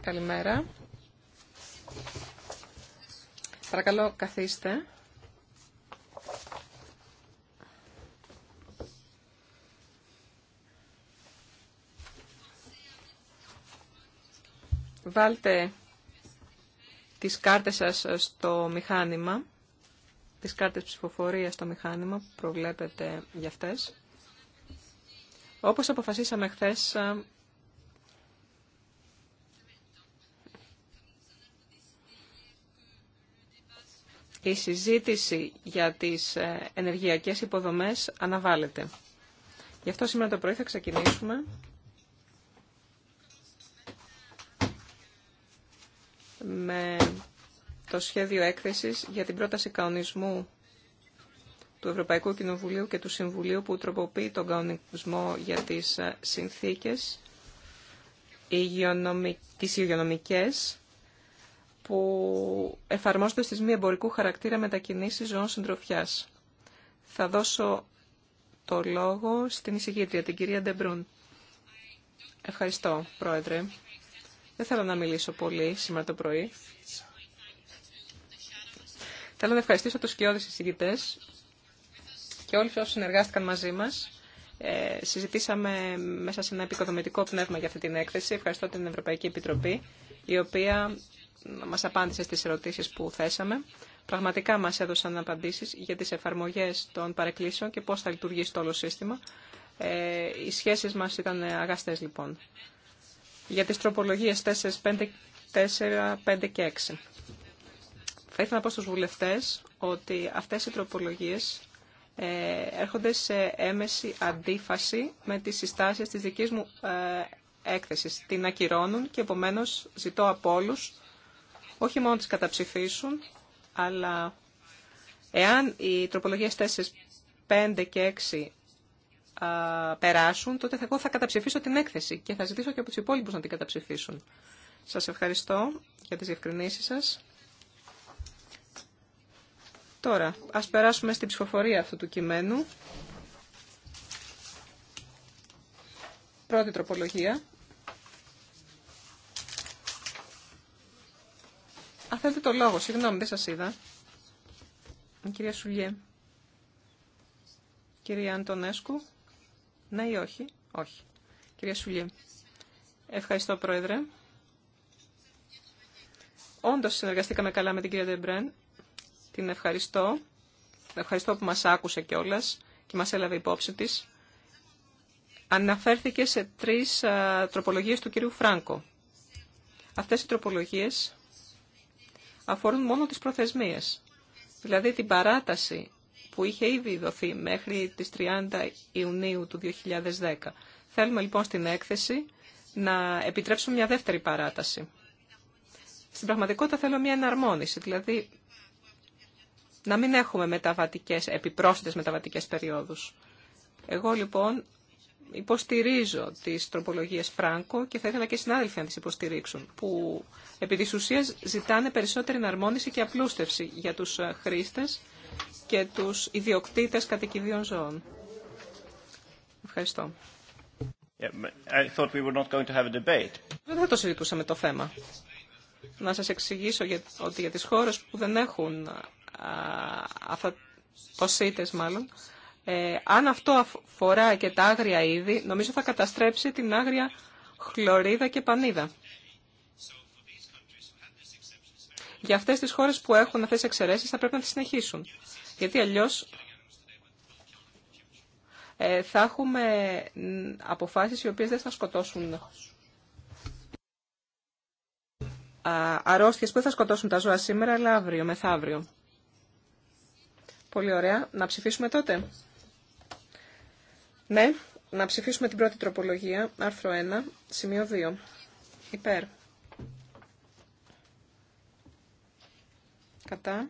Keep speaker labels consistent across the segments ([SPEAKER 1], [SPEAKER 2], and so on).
[SPEAKER 1] Καλημέρα. Παρακαλώ, καθίστε. Βάλτε τις κάρτες σας στο μηχάνημα, τις κάρτες ψηφοφορίας στο μηχάνημα που προβλέπετε για αυτές. Όπως αποφασίσαμε χθες, η συζήτηση για τις ε, ενεργειακές υποδομές αναβάλλεται. Γι' αυτό σήμερα το πρωί θα ξεκινήσουμε με το σχέδιο έκθεσης για την πρόταση καονισμού του Ευρωπαϊκού Κοινοβουλίου και του Συμβουλίου που τροποποιεί τον κανονισμό για τις ε, συνθήκες τις υγειονομικές που εφαρμόζονται στις μη εμπορικού χαρακτήρα μετακινήσεις ζώων συντροφιάς. Θα δώσω το λόγο στην εισηγήτρια, την κυρία Ντεμπρούν. Ευχαριστώ, Πρόεδρε. Δεν θέλω να μιλήσω πολύ σήμερα το πρωί. Θέλω να ευχαριστήσω τους σκιώδες εισηγητές και όλους όσους συνεργάστηκαν μαζί μας. Ε, συζητήσαμε μέσα σε ένα επικοδομητικό πνεύμα για αυτή την έκθεση. Ευχαριστώ την Ευρωπαϊκή Επιτροπή, η οποία μας απάντησε στις ερωτήσεις που θέσαμε. Πραγματικά μας έδωσαν απαντήσεις για τις εφαρμογές των παρεκκλήσεων και πώς θα λειτουργήσει το όλο σύστημα. Ε, οι σχέσεις μας ήταν αγαστές λοιπόν. Για τις τροπολογίες 4, 5, 4, 5 και 6. Θα ήθελα να πω στους βουλευτές ότι αυτές οι τροπολογίες ε, έρχονται σε έμεση αντίφαση με τις συστάσεις της δικής μου ε, έκθεσης. Την ακυρώνουν και επομένως ζητώ από όλους όχι μόνο τις καταψηφίσουν, αλλά εάν οι τροπολογίες 4, 5 και 6 περάσουν, τότε εγώ θα καταψηφίσω την έκθεση και θα ζητήσω και από τους υπόλοιπους να την καταψηφίσουν. Σας ευχαριστώ για τις διευκρινήσεις σας. Τώρα, ας περάσουμε στην ψηφοφορία αυτού του κειμένου. Πρώτη τροπολογία, Α, θέλετε το λόγο. Συγγνώμη, δεν σας είδα. κυρία Σουλιέ. Κυρία Αντωνέσκου. Ναι ή όχι. Όχι. Κυρία Σουλιέ. Ευχαριστώ, Πρόεδρε. Όντως συνεργαστήκαμε καλά με την κυρία Ντεμπρέν. Την ευχαριστώ. ευχαριστώ που μας άκουσε κιόλα και μας έλαβε υπόψη της. Αναφέρθηκε σε τρεις α, τροπολογίες του κυρίου Φράνκο. Αυτές οι τροπολογίες αφορούν μόνο τις προθεσμίες. Δηλαδή την παράταση που είχε ήδη δοθεί μέχρι τις 30 Ιουνίου του 2010. Θέλουμε λοιπόν στην έκθεση να επιτρέψουμε μια δεύτερη παράταση. Στην πραγματικότητα θέλω μια εναρμόνιση, δηλαδή να μην έχουμε μεταβατικές, επιπρόσθετες μεταβατικές περιόδους. Εγώ λοιπόν υποστηρίζω τις τροπολογίες Φράνκο και θα ήθελα και οι συνάδελφοι να τις υποστηρίξουν, που επί της ουσίας ζητάνε περισσότερη εναρμόνιση και απλούστευση για τους χρήστες και τους ιδιοκτήτες κατοικιδίων ζώων. Ευχαριστώ. Δεν θα το συζητούσαμε το θέμα. Να σας εξηγήσω ότι για τις χώρες που δεν έχουν α, μάλλον, ε, αν αυτό αφορά και τα άγρια είδη, νομίζω θα καταστρέψει την άγρια χλωρίδα και πανίδα. Για αυτές τις χώρες που έχουν αυτές τις εξαιρέσεις θα πρέπει να τις συνεχίσουν. Γιατί αλλιώς ε, θα έχουμε αποφάσεις οι οποίες δεν θα σκοτώσουν αρρώστιες που θα σκοτώσουν τα ζώα σήμερα, αλλά αύριο, μεθαύριο. Πολύ ωραία. Να ψηφίσουμε τότε. Ναι, να ψηφίσουμε την πρώτη τροπολογία, άρθρο 1, σημείο 2. Υπέρ. Κατά.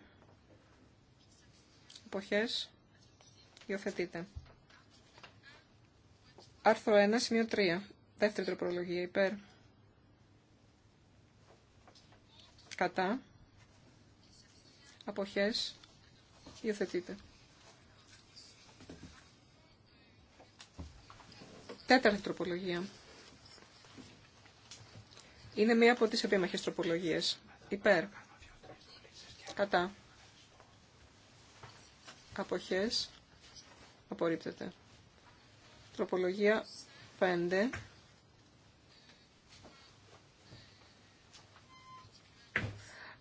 [SPEAKER 1] Εποχές. Υιοθετείτε. Άρθρο 1, σημείο 3. Δεύτερη τροπολογία, υπέρ. Κατά. Αποχές. Υιοθετείτε. Τέταρτη τροπολογία. Είναι μία από τις επίμαχες τροπολογίες. Υπέρ. Κατά. Αποχές. Απορρίπτεται. Τροπολογία 5.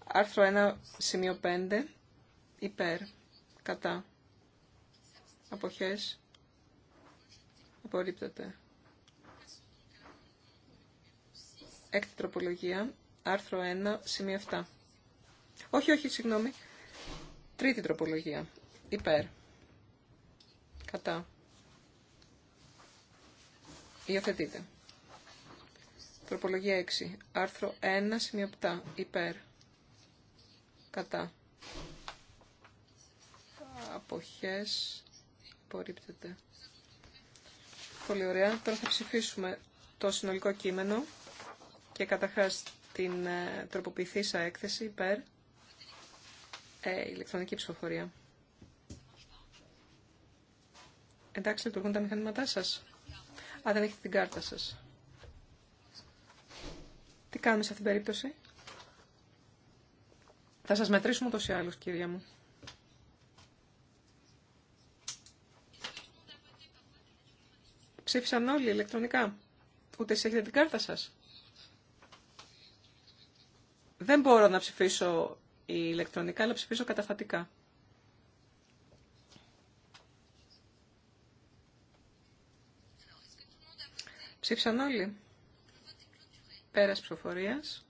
[SPEAKER 1] Άρθρο 1, σημείο 5. Υπέρ. Κατά. Αποχές. Απορρίπτεται. Έκτη τροπολογία, άρθρο 1, σημείο 7. Όχι, όχι, συγγνώμη. Τρίτη τροπολογία. Υπέρ. Κατά. Υιοθετείτε. Τροπολογία 6. Άρθρο 1, σημείο 7. Υπέρ. Κατά. Αποχές. Απορρίπτεται. Πολύ ωραία. Τώρα θα ψηφίσουμε το συνολικό κείμενο και καταρχάς την ε, τροποποιηθήσα έκθεση υπέρ ε, ηλεκτρονική ψηφοφορία. Εντάξει, λειτουργούν τα μηχανήματά σας. Α, δεν έχετε την κάρτα σας. Τι κάνουμε σε αυτήν την περίπτωση. Θα σας μετρήσουμε ούτως ή άλλως, κυρία μου. Ψήφισαν όλοι ηλεκτρονικά. Ούτε εσείς έχετε την κάρτα σας. Δεν μπορώ να ψηφίσω ηλεκτρονικά, αλλά ψηφίσω καταφατικά. Ψήφισαν όλοι. Πέρας ψηφοφορίας.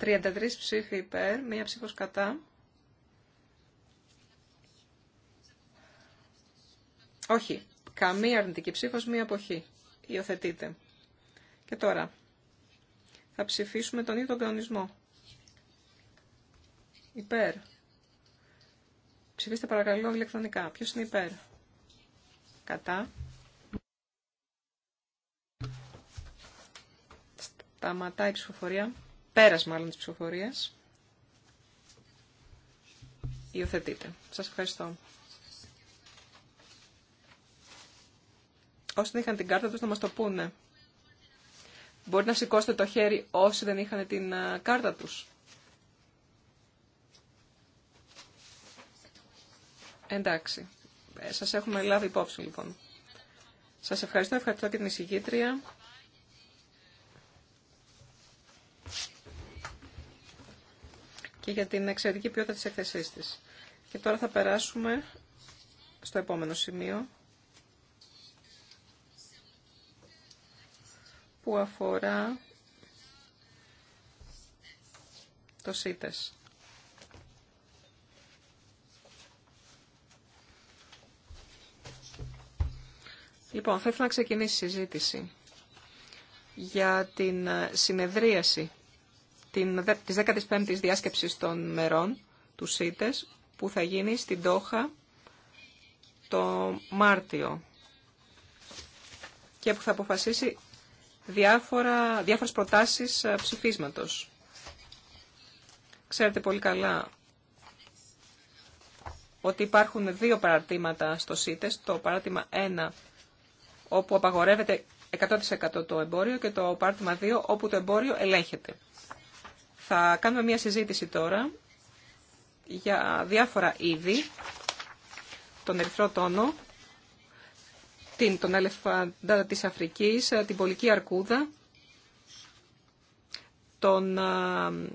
[SPEAKER 1] 33 ψήφοι υπέρ, μία ψήφος κατά. Όχι, Καμία αρνητική ψήφος, μία αποχή. Υιοθετείτε. Και τώρα θα ψηφίσουμε τον ίδιο τον κανονισμό. Υπέρ. Ψηφίστε παρακαλώ ηλεκτρονικά. Ποιος είναι υπέρ. Κατά. Σταματάει η ψηφοφορία. Πέρας μάλλον της ψηφοφορίας. Υιοθετείτε. Σας ευχαριστώ. Όσοι δεν είχαν την κάρτα τους να μας το πούνε. Μπορεί να σηκώσετε το χέρι όσοι δεν είχαν την κάρτα τους. Εντάξει. Ε, σας έχουμε λάβει υπόψη λοιπόν. Σας ευχαριστώ. Ευχαριστώ και την εισηγήτρια. και για την εξαιρετική ποιότητα της έκθεσής της. Και τώρα θα περάσουμε στο επόμενο σημείο. που αφορά το ΣΥΤΕΣ. Λοιπόν, θα ήθελα να ξεκινήσει η συζήτηση για την ε, συνεδρίαση την, της 15ης διάσκεψης των μερών του ΣΥΤΕΣ που θα γίνει στην Τόχα το Μάρτιο και που θα αποφασίσει διάφορα, διάφορες προτάσεις ε, ψηφίσματος. Ξέρετε πολύ καλά ότι υπάρχουν δύο παρατήματα στο ΣΥΤΕΣ, το παράρτημα 1 όπου απαγορεύεται 100% το εμπόριο και το παράρτημα 2 όπου το εμπόριο ελέγχεται. Θα κάνουμε μια συζήτηση τώρα για διάφορα είδη, τον ερυθρό τόνο, την, τον ελεφαντά της Αφρικής, ε, την Πολική Αρκούδα, τον ε,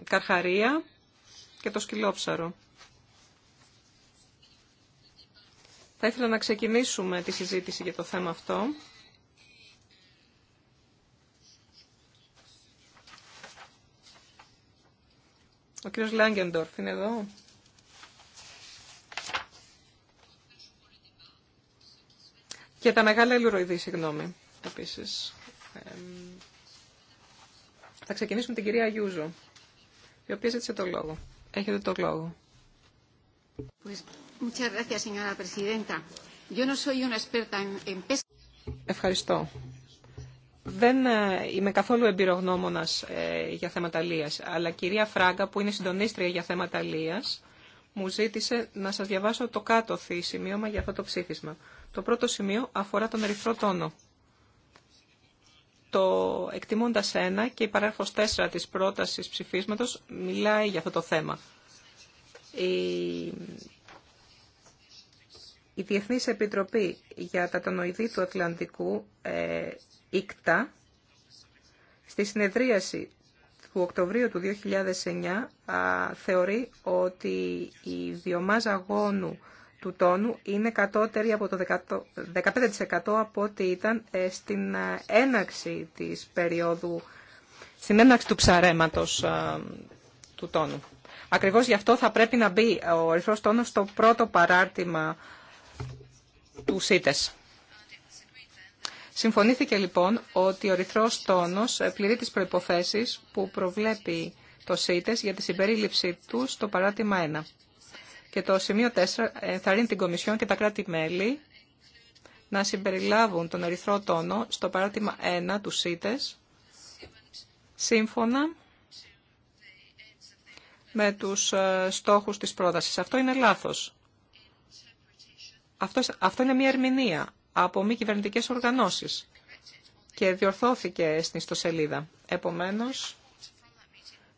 [SPEAKER 1] Καρχαρία και το Σκυλόψαρο. Θα ήθελα να ξεκινήσουμε τη συζήτηση για το θέμα αυτό. Ο κύριος Λάγκεντορφ είναι εδώ. Και τα μεγάλα λουροειδή, συγγνώμη, επίση. Ε, θα ξεκινήσουμε την κυρία Γιούζο, η οποία ζήτησε το λόγο. Έχετε το λόγο. Ευχαριστώ. Δεν ε, είμαι καθόλου εμπειρογνώμονας ε, για θέματα λίας, αλλά κυρία Φράγκα, που είναι συντονίστρια για θέματα λίας, μου ζήτησε να σας διαβάσω το κάτω σημείωμα για αυτό το ψήφισμα. Το πρώτο σημείο αφορά τον ερυθρό τόνο. Το εκτιμώντα 1 και η παράγραφο 4 της πρότασης ψηφίσματος μιλάει για αυτό το θέμα. Η... Η Επιτροπή για τα Τονοειδή του Ατλαντικού, ε, ΙΚΤΑ, στη συνεδρίαση του Οκτωβρίου του 2009 α, θεωρεί ότι η βιομάζα γόνου του τόνου είναι κατώτερη από το 15% από ό,τι ήταν ε, στην ε, έναξη της περίοδου, στην του ψαρέματος ε, του τόνου. Ακριβώς γι' αυτό θα πρέπει να μπει ο ρυθρός τόνος στο πρώτο παράρτημα του ΣΥΤΕΣ. Συμφωνήθηκε λοιπόν ότι ο ρυθρός τόνος πληρεί τις προϋποθέσεις που προβλέπει το ΣΥΤΕΣ για τη συμπερίληψή του στο παράρτημα 1. Και το σημείο 4 θα την Κομισιόν και τα κράτη-μέλη να συμπεριλάβουν τον ερυθρό τόνο στο παράδειγμα 1 του ΣΥΤΕΣ, σύμφωνα με τους ε, στόχους της πρότασης. Αυτό είναι λάθος. Αυτό, αυτό είναι μια ερμηνεία από μη κυβερνητικές οργανώσεις και διορθώθηκε στην ιστοσελίδα. Επομένως,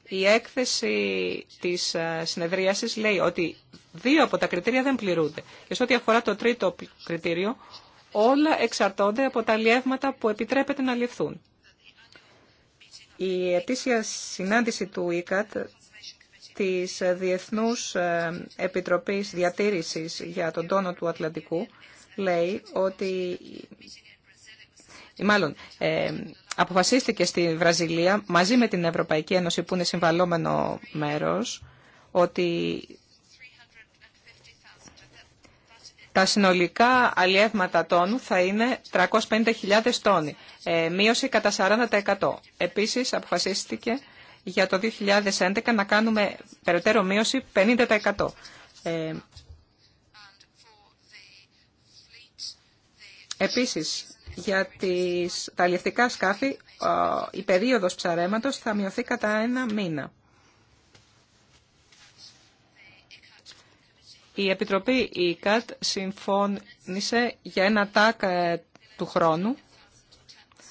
[SPEAKER 1] η έκθεση της ε, συνεδρίασης λέει ότι Δύο από τα κριτήρια δεν πληρούνται. Και σε ό,τι αφορά το τρίτο κριτήριο, όλα εξαρτώνται από τα λιεύματα που επιτρέπεται να ληφθούν. Η ετήσια συνάντηση του ΙΚΑΤ της Διεθνούς ε, Επιτροπής Διατήρησης για τον τόνο του Ατλαντικού λέει ότι μάλλον ε, αποφασίστηκε στη Βραζιλία μαζί με την Ευρωπαϊκή Ένωση που είναι συμβαλόμενο μέρος ότι Τα συνολικά αλλιεύματα τόνου θα είναι 350.000 τόνοι, ε, μείωση κατά 40%. Επίσης αποφασίστηκε για το 2011 να κάνουμε περαιτέρω μείωση 50%. Ε, επίσης, για τις, τα αλλιευτικά σκάφη, η περίοδος ψαρέματος θα μειωθεί κατά ένα μήνα. Η Επιτροπή ΙΚΑΤ συμφώνησε για ένα τάκ ε, του χρόνου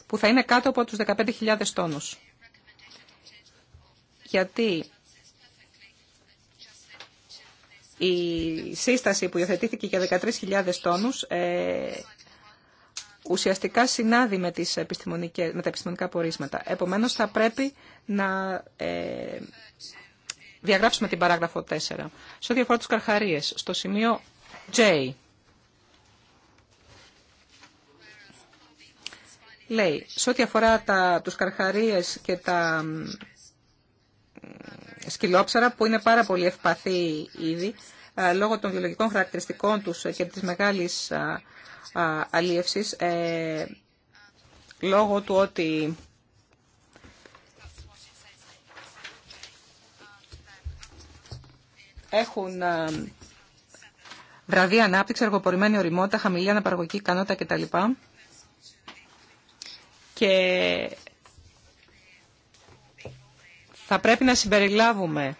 [SPEAKER 1] που θα είναι κάτω από τους 15.000 τόνους. Γιατί η σύσταση που υιοθετήθηκε για 13.000 τόνους ε, ουσιαστικά συνάδει με, τις με τα επιστημονικά πορίσματα. Επομένως, θα πρέπει να ε, διαγράψουμε την παράγραφο 4. Σε ό,τι αφορά τους καρχαρίες, στο σημείο J, λέει, σε ό,τι αφορά τα, τους καρχαρίες και τα σκυλόψαρα, που είναι πάρα πολύ ευπαθή ήδη, λόγω των βιολογικών χαρακτηριστικών τους και της μεγάλης αλίευσης, ε, λόγω του ότι έχουν ε, βραδύ ανάπτυξη, αργοπορημένη οριμότητα, χαμηλή αναπαραγωγική ικανότητα κτλ. Και θα πρέπει να συμπεριλάβουμε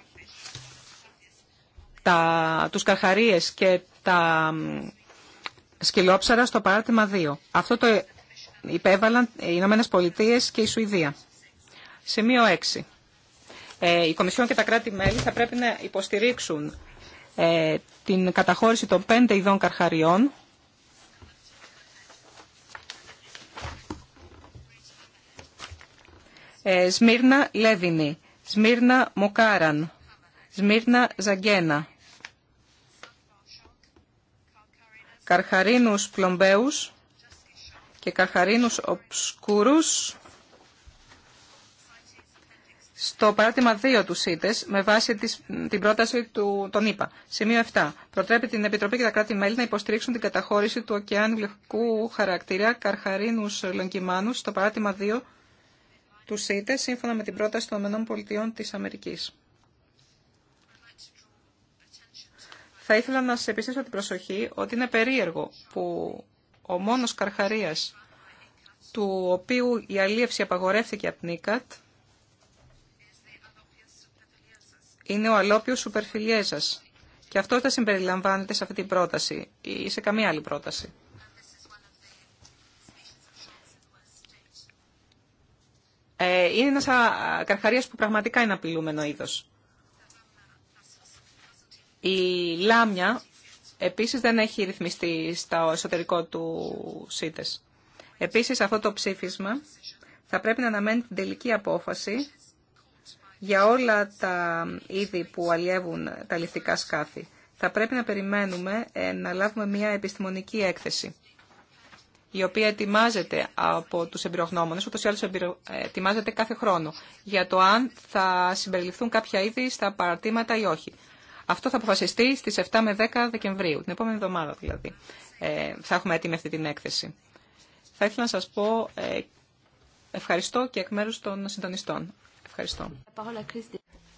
[SPEAKER 1] τα, τους καρχαρίες και τα σκυλόψαρα στο παράδειγμα 2. Αυτό το υπέβαλαν οι Ηνωμένε Πολιτείε και η Σουηδία. Σημείο 6. Ε, η Κομισιόν και τα κράτη-μέλη θα πρέπει να υποστηρίξουν ε, την καταχώρηση των πέντε ειδών καρχαριών ε, Σμύρνα Λέβινη, Σμύρνα Μοκάραν, Σμύρνα Ζαγκένα, Καρχαρίνους Πλομπέους και Καρχαρίνους Οψκούρους στο παράτημα 2 του ΣΥΤΕΣ με βάση την πρόταση του, των ΗΠΑ. Σημείο 7. Προτρέπει την Επιτροπή και τα κράτη-μέλη να υποστηρίξουν την καταχώρηση του ωκεάνου χαρακτήρα καρχαρίνου Λογκυμάνου στο παράτημα 2 του ΣΥΤΕΣ σύμφωνα με την πρόταση των ΗΠΑ της Αμερικής. Θα ήθελα να σα επιστήσω την προσοχή ότι είναι περίεργο που ο μόνο καρχαρία του οποίου η αλίευση απαγορεύθηκε από την ΙΚΑΤ είναι ο αλόπιος σας Και αυτό θα συμπεριλαμβάνεται σε αυτή την πρόταση ή σε καμία άλλη πρόταση. Ε, είναι ένας καρχαρίας που πραγματικά είναι απειλούμενο είδος. Η λάμια επίσης δεν έχει ρυθμιστεί στο εσωτερικό του ΣΥΤΕΣ. Επίσης αυτό το ψήφισμα θα πρέπει να αναμένει την τελική απόφαση για όλα τα είδη που αλλιεύουν τα ληφτικά σκάφη. Θα πρέπει να περιμένουμε ε, να λάβουμε μια επιστημονική έκθεση, η οποία ετοιμάζεται από τους εμπειρογνώμονες, ούτως ή άλλως ε, ετοιμάζεται κάθε χρόνο, για το αν θα συμπεριληφθούν κάποια είδη στα παρατήματα ή όχι. Αυτό θα αποφασιστεί στις 7 με 10 Δεκεμβρίου, την επόμενη εβδομάδα δηλαδή. Ε, θα έχουμε έτοιμη αυτή την έκθεση. Θα ήθελα να σας πω ευχαριστώ και εκ μέρους των συντονιστών.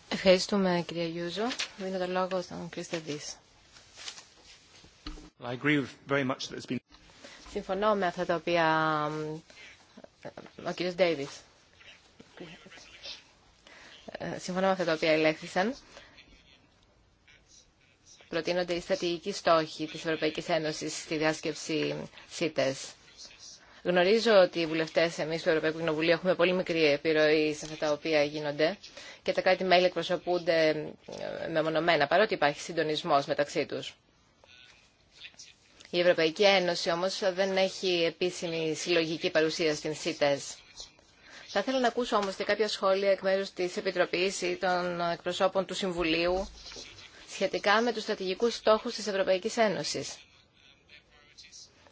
[SPEAKER 1] Ευχαριστούμε κύριε Γιούζο. Δίνω το λόγο στον Κρίστε Δης.
[SPEAKER 2] Συμφωνώ με αυτά τα οποία ο κύριος Ντέιβις. Ε, συμφωνώ με αυτά τα οποία ελέγχθησαν. Προτείνονται οι στρατηγικοί στόχοι της Ευρωπαϊκής Ένωσης στη διάσκεψη ΣΥΤΕΣ. Γνωρίζω ότι οι βουλευτέ εμεί του Ευρωπαϊκού Κοινοβουλίου έχουμε πολύ μικρή επιρροή σε αυτά τα οποία γίνονται και τα κράτη-μέλη εκπροσωπούνται ε, μεμονωμένα, παρότι υπάρχει συντονισμό μεταξύ του. Η Ευρωπαϊκή Ένωση όμω δεν έχει επίσημη συλλογική παρουσία στην ΣΥΤΕΣ. Θα ήθελα να ακούσω όμω και κάποια σχόλια εκ μέρου τη επιτροπή ή των εκπροσώπων του Συμβουλίου σχετικά με του στρατηγικού στόχου τη Ευρωπαϊκή Ένωση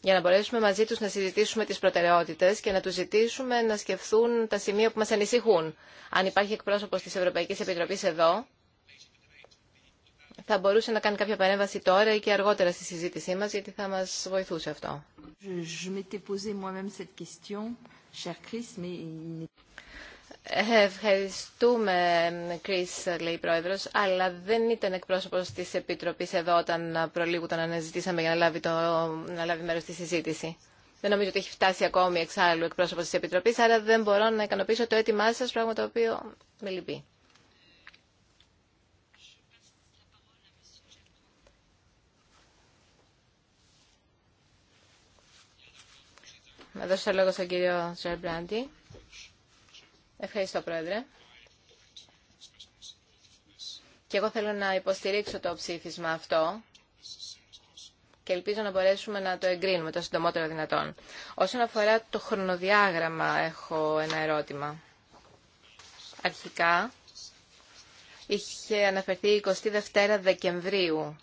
[SPEAKER 2] για να μπορέσουμε μαζί τους να συζητήσουμε τις προτεραιότητες και να τους ζητήσουμε να σκεφτούν τα σημεία που μας ανησυχούν. Αν υπάρχει εκπρόσωπος της Ευρωπαϊκής Επιτροπής εδώ, θα μπορούσε να κάνει κάποια παρέμβαση τώρα ή και αργότερα στη συζήτησή μας, γιατί θα μας βοηθούσε αυτό. Ευχαριστούμε, Κρίς, λέει η Πρόεδρος, αλλά δεν ήταν εκπρόσωπος της Επιτροπής εδώ όταν προλίγου τον αναζητήσαμε για να λάβει, το, να λάβει μέρος στη συζήτηση. Δεν νομίζω ότι έχει φτάσει ακόμη εξάλλου εκπρόσωπος της Επιτροπής, άρα δεν μπορώ να ικανοποιήσω το έτοιμά σας, πράγμα το οποίο με λυπεί. Να δώσω λόγο στον κύριο Σερμπράντι. Ευχαριστώ, Πρόεδρε. Και εγώ θέλω να υποστηρίξω το ψήφισμα αυτό και ελπίζω να μπορέσουμε να το εγκρίνουμε το συντομότερο δυνατόν. Όσον αφορά το χρονοδιάγραμμα, έχω ένα ερώτημα. Αρχικά, είχε αναφερθεί 22 Δεκεμβρίου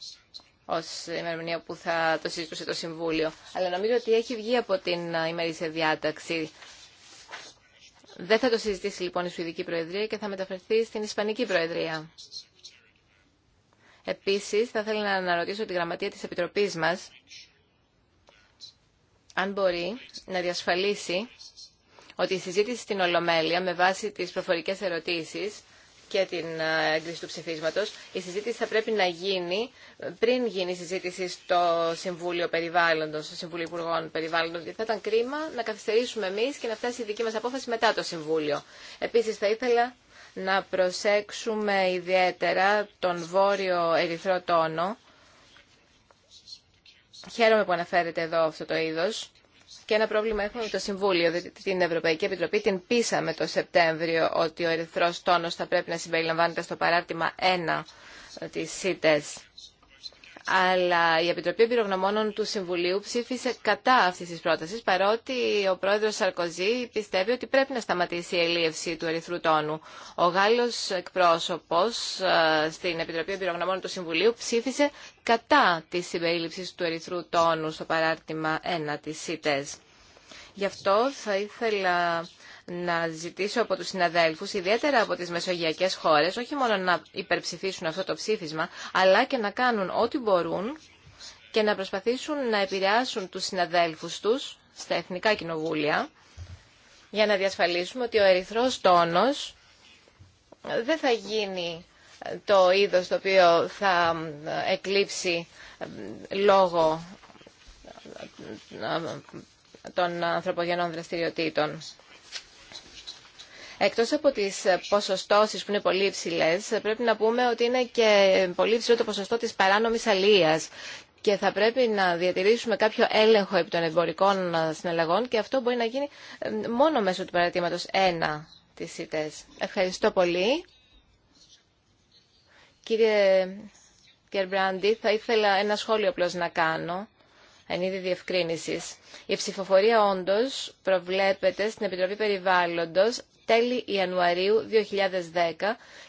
[SPEAKER 2] ως ημερομηνία που θα το συζητούσε το Συμβούλιο. Αλλά νομίζω ότι έχει βγει από την ημερήσια διάταξη δεν θα το συζητήσει λοιπόν η Σουηδική Προεδρία και θα μεταφερθεί στην Ισπανική Προεδρία. Επίσης, θα ήθελα να αναρωτήσω τη γραμματεία της Επιτροπής μας αν μπορεί να διασφαλίσει ότι η συζήτηση στην Ολομέλεια με βάση τις προφορικές ερωτήσεις και την ε, έγκριση του ψηφίσματο. Η συζήτηση θα πρέπει να γίνει πριν γίνει η συζήτηση στο Συμβούλιο Περιβάλλοντος, στο Συμβούλιο Υπουργών Περιβάλλοντος, γιατί θα ήταν κρίμα να καθυστερήσουμε εμείς και να φτάσει η δική μας απόφαση μετά το Συμβούλιο. Επίσης θα ήθελα να προσέξουμε ιδιαίτερα τον βόρειο ερυθρό τόνο. Χαίρομαι που αναφέρεται εδώ αυτό το είδος. Και ένα πρόβλημα έχουμε με το Συμβούλιο, διότι την Ευρωπαϊκή Επιτροπή την πείσαμε το Σεπτέμβριο ότι ο ερυθρός τόνος θα πρέπει να συμπεριλαμβάνεται στο παράρτημα 1 της ΣΥΤΕΣ αλλά η Επιτροπή Εμπειρογνωμόνων του Συμβουλίου ψήφισε κατά αυτή τη πρόταση, παρότι ο πρόεδρο Σαρκοζή πιστεύει ότι πρέπει να σταματήσει η ελίευση του ερυθρού τόνου. Ο Γάλλο εκπρόσωπο ε, στην Επιτροπή Εμπειρογνωμόνων του Συμβουλίου ψήφισε κατά τη συμπερίληψη του ερυθρού τόνου στο παράρτημα 1 τη ΣΥΤΕΣ. Γι' αυτό θα ήθελα να ζητήσω από τους συναδέλφους, ιδιαίτερα από τις μεσογειακές χώρες, όχι μόνο να υπερψηφίσουν αυτό το ψήφισμα, αλλά και να κάνουν ό,τι μπορούν και να προσπαθήσουν να επηρεάσουν τους συναδέλφους τους στα εθνικά κοινοβούλια, για να διασφαλίσουμε ότι ο ερυθρός τόνος δεν θα γίνει το είδος το οποίο θα εκλείψει λόγω των ανθρωπογενών δραστηριοτήτων. Εκτός από τις ποσοστώσεις που είναι πολύ υψηλέ, πρέπει να πούμε ότι είναι και πολύ υψηλό το ποσοστό της παράνομης αλίας και θα πρέπει να διατηρήσουμε κάποιο έλεγχο επί των εμπορικών συναλλαγών και αυτό μπορεί να γίνει ε, μόνο μέσω του παρατήματος 1 της ΙΤΕΣ. Ευχαριστώ πολύ. Κύριε Κερμπραντή, θα ήθελα ένα σχόλιο απλώς να κάνω εν είδη διευκρίνηση. Η ψηφοφορία όντω προβλέπεται στην Επιτροπή περιβάλλοντο τέλη Ιανουαρίου 2010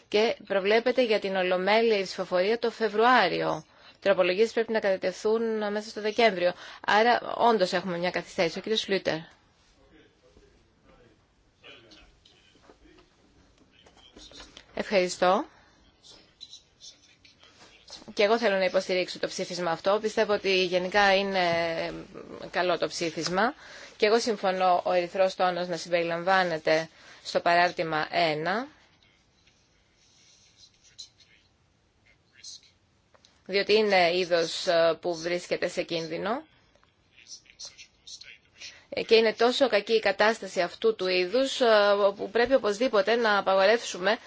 [SPEAKER 2] και προβλέπεται για την Ολομέλεια η ψηφοφορία το Φεβρουάριο. τροπολογίε πρέπει να κατατεθούν μέσα στο Δεκέμβριο. Άρα όντω έχουμε μια καθυστέρηση. Ο κ. Σλούτερ. Ευχαριστώ και εγώ θέλω να υποστηρίξω το ψήφισμα αυτό. Πιστεύω ότι γενικά είναι καλό το ψήφισμα και εγώ συμφωνώ ο ερυθρός τόνος να συμπεριλαμβάνεται στο παράρτημα 1 διότι είναι είδος ε, που βρίσκεται σε κίνδυνο ε, και είναι τόσο κακή η κατάσταση αυτού του είδους ε, που πρέπει οπωσδήποτε να απαγορεύσουμε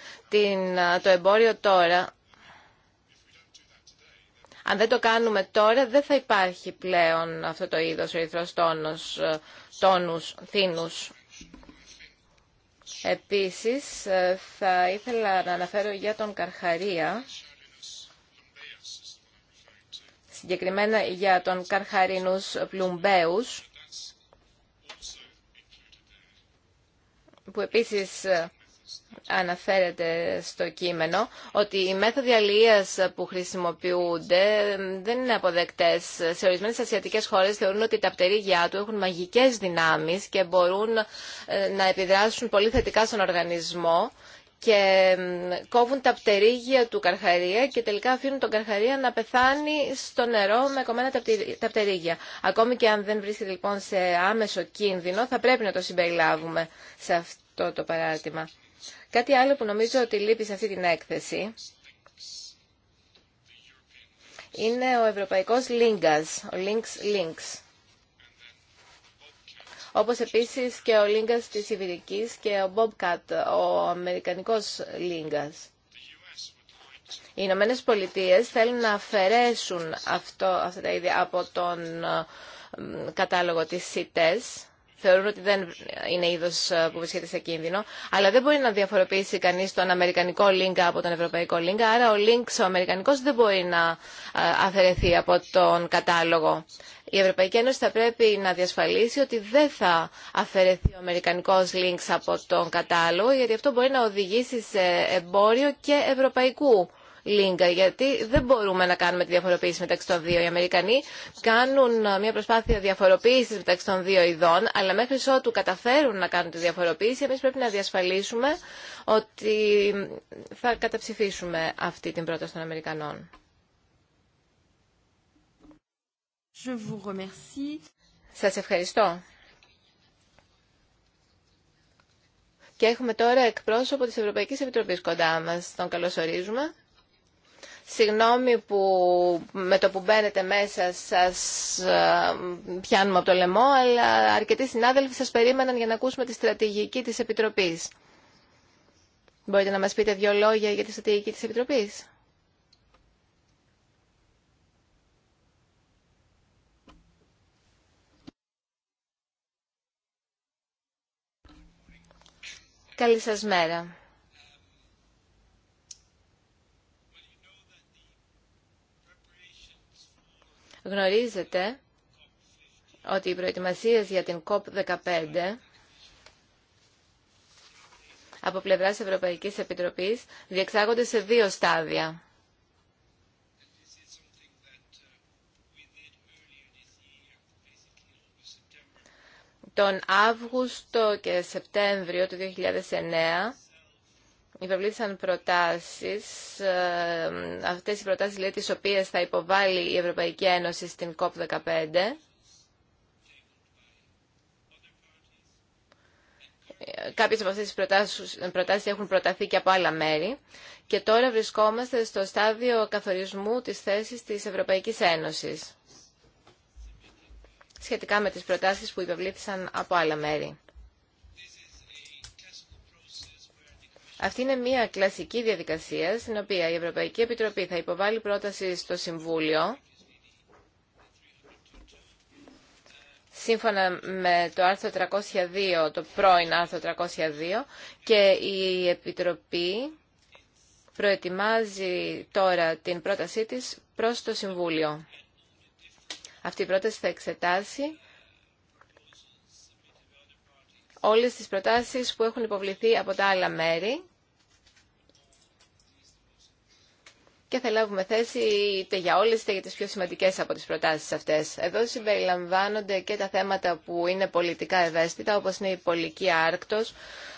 [SPEAKER 2] το εμπόριο τώρα αν δεν το κάνουμε τώρα, δεν θα υπάρχει πλέον αυτό το είδος ερυθρός τόνος, ε, τόνους, θύνους. Επίσης, ε, θα ήθελα να αναφέρω για τον Καρχαρία, συγκεκριμένα για τον Καρχαρίνους πλουμπέους, που επίσης ε, αναφέρεται στο κείμενο ότι οι μέθοδοι αλληλείας που χρησιμοποιούνται δεν είναι αποδεκτές. Σε ορισμένες ασιατικές χώρες θεωρούν ότι τα πτερήγια του έχουν μαγικές δυνάμεις και μπορούν ε, να επιδράσουν πολύ θετικά στον οργανισμό και κόβουν τα πτερήγια του καρχαρία και τελικά αφήνουν τον καρχαρία να πεθάνει στο νερό με κομμένα τα πτερήγια. Ακόμη και αν δεν βρίσκεται λοιπόν σε άμεσο κίνδυνο θα πρέπει να το συμπεριλάβουμε σε αυτό το παράδειγμα. Κάτι άλλο που νομίζω ότι λείπει σε αυτή την έκθεση είναι ο Ευρωπαϊκός Λίγκας, ο Links Links. Όπως επίσης και ο Λίγκας της Ιβηρικής και ο Bobcat, ο Αμερικανικός Λίγκας. Οι Ηνωμένε Πολιτείε θέλουν να αφαιρέσουν αυτό, αυτά τα από τον ε, κατάλογο της ΣΥΤΕΣ θεωρούν ότι δεν είναι είδο ε, που βρίσκεται σε κίνδυνο. Αλλά δεν μπορεί να διαφοροποιήσει κανεί τον Αμερικανικό link από τον Ευρωπαϊκό link, Άρα ο link ο Αμερικανικό δεν μπορεί να ε, αφαιρεθεί από τον κατάλογο. Η Ευρωπαϊκή Ένωση θα πρέπει να διασφαλίσει ότι δεν θα αφαιρεθεί ο Αμερικανικό link από τον κατάλογο, γιατί αυτό μπορεί να οδηγήσει σε εμπόριο και ευρωπαϊκού Λίγκα, γιατί δεν μπορούμε να κάνουμε τη διαφοροποίηση μεταξύ των δύο. Οι Αμερικανοί κάνουν ε, μια προσπάθεια διαφοροποίηση μεταξύ των δύο ειδών, αλλά μέχρι ότου καταφέρουν να κάνουν τη διαφοροποίηση, Εμεί πρέπει να διασφαλίσουμε ότι θα καταψηφίσουμε αυτή την πρόταση των Αμερικανών. Σα Σας ευχαριστώ. Και έχουμε τώρα εκπρόσωπο της Ευρωπαϊκής Επιτροπής κοντά μας. Τον καλωσορίζουμε. Συγγνώμη που με το που μπαίνετε μέσα σας ε, πιάνουμε από το λαιμό, αλλά αρκετοί συνάδελφοι σας περίμεναν για να ακούσουμε τη στρατηγική της Επιτροπής. Μπορείτε να μας πείτε δύο λόγια για τη στρατηγική της Επιτροπής. Καλή σας μέρα. Γνωρίζετε ότι οι προετοιμασίες για την COP15 από πλευράς Ευρωπαϊκής Επιτροπής διεξάγονται σε δύο στάδια. Τον Αύγουστο και Σεπτέμβριο του 2009 Υπευλήθησαν προτάσεις, ε, αυτές οι προτάσεις λέει τις οποίες θα υποβάλει η Ευρωπαϊκή Ένωση στην COP15. Κάποιες από αυτές τις προτάσεις, έχουν προταθεί και από άλλα μέρη και τώρα βρισκόμαστε στο στάδιο καθορισμού της θέσης της Ευρωπαϊκής Ένωσης σχετικά με τις προτάσεις που υπευλήθησαν από άλλα μέρη. Αυτή είναι μια κλασική διαδικασία στην οποία η Ευρωπαϊκή Επιτροπή θα υποβάλει πρόταση στο Συμβούλιο σύμφωνα με το άρθρο 302, το πρώην άρθρο 302 και η Επιτροπή προετοιμάζει τώρα την πρότασή της προς το Συμβούλιο. Αυτή η πρόταση θα εξετάσει όλες τις προτάσεις που έχουν υποβληθεί από τα άλλα μέρη και θα λάβουμε θέση είτε για όλες είτε για τις πιο σημαντικές από τις προτάσεις αυτές. Εδώ συμπεριλαμβάνονται και τα θέματα που είναι πολιτικά ευαίσθητα όπως είναι η πολική άρκτος,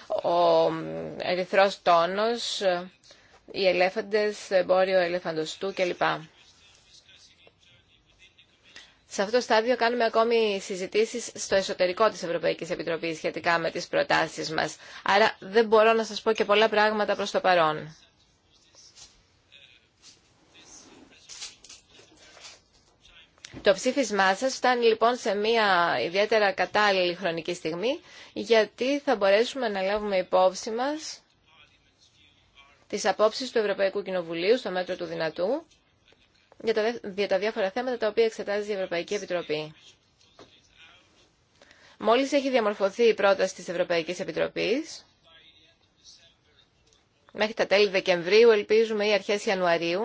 [SPEAKER 2] ο ερυθρός τόνος, οι ελέφαντες, το εμπόριο ελεφαντοστού κλπ. Σε αυτό το στάδιο κάνουμε ακόμη συζητήσεις στο εσωτερικό της Ευρωπαϊκής Επιτροπής σχετικά με τις προτάσεις μας. Άρα δεν μπορώ να σας πω και πολλά πράγματα προς το παρόν. Το ψήφισμά σας φτάνει λοιπόν σε μια ιδιαίτερα κατάλληλη χρονική στιγμή, γιατί θα μπορέσουμε να λάβουμε υπόψη μας τις απόψεις του Ευρωπαϊκού Κοινοβουλίου στο μέτρο του δυνατού για τα διάφορα θέματα τα οποία εξετάζει η Ευρωπαϊκή Επιτροπή. Μόλις έχει διαμορφωθεί η πρόταση της Ευρωπαϊκής Επιτροπής, μέχρι τα τέλη Δεκεμβρίου, ελπίζουμε, ή αρχές Ιανουαρίου,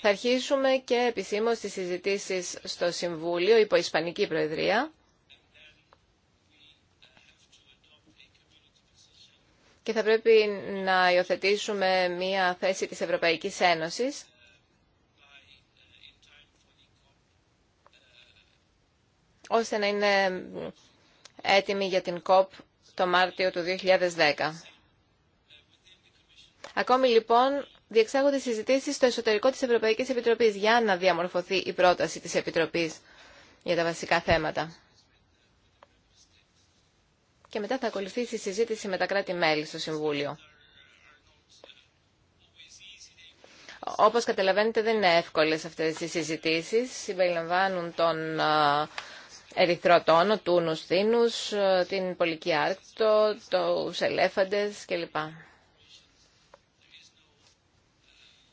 [SPEAKER 2] θα αρχίσουμε και επισήμως τις συζητήσεις στο Συμβούλιο υπό Ισπανική Προεδρία. Και θα πρέπει να υιοθετήσουμε μία θέση της Ευρωπαϊκής Ένωσης ώστε να είναι έτοιμη για την ΚΟΠ το Μάρτιο του 2010. Ακόμη λοιπόν διεξάγονται συζητήσει στο εσωτερικό τη Ευρωπαϊκή Επιτροπή για να διαμορφωθεί η πρόταση τη Επιτροπής για τα βασικά θέματα. Και μετά θα ακολουθήσει η συζήτηση με τα κράτη-μέλη στο Συμβούλιο. Όπως καταλαβαίνετε δεν είναι εύκολες αυτές οι συζητήσεις. Συμπεριλαμβάνουν τον ερυθρό τόνο, τούνους, την πολική άρκτο, τους ελέφαντες κλπ.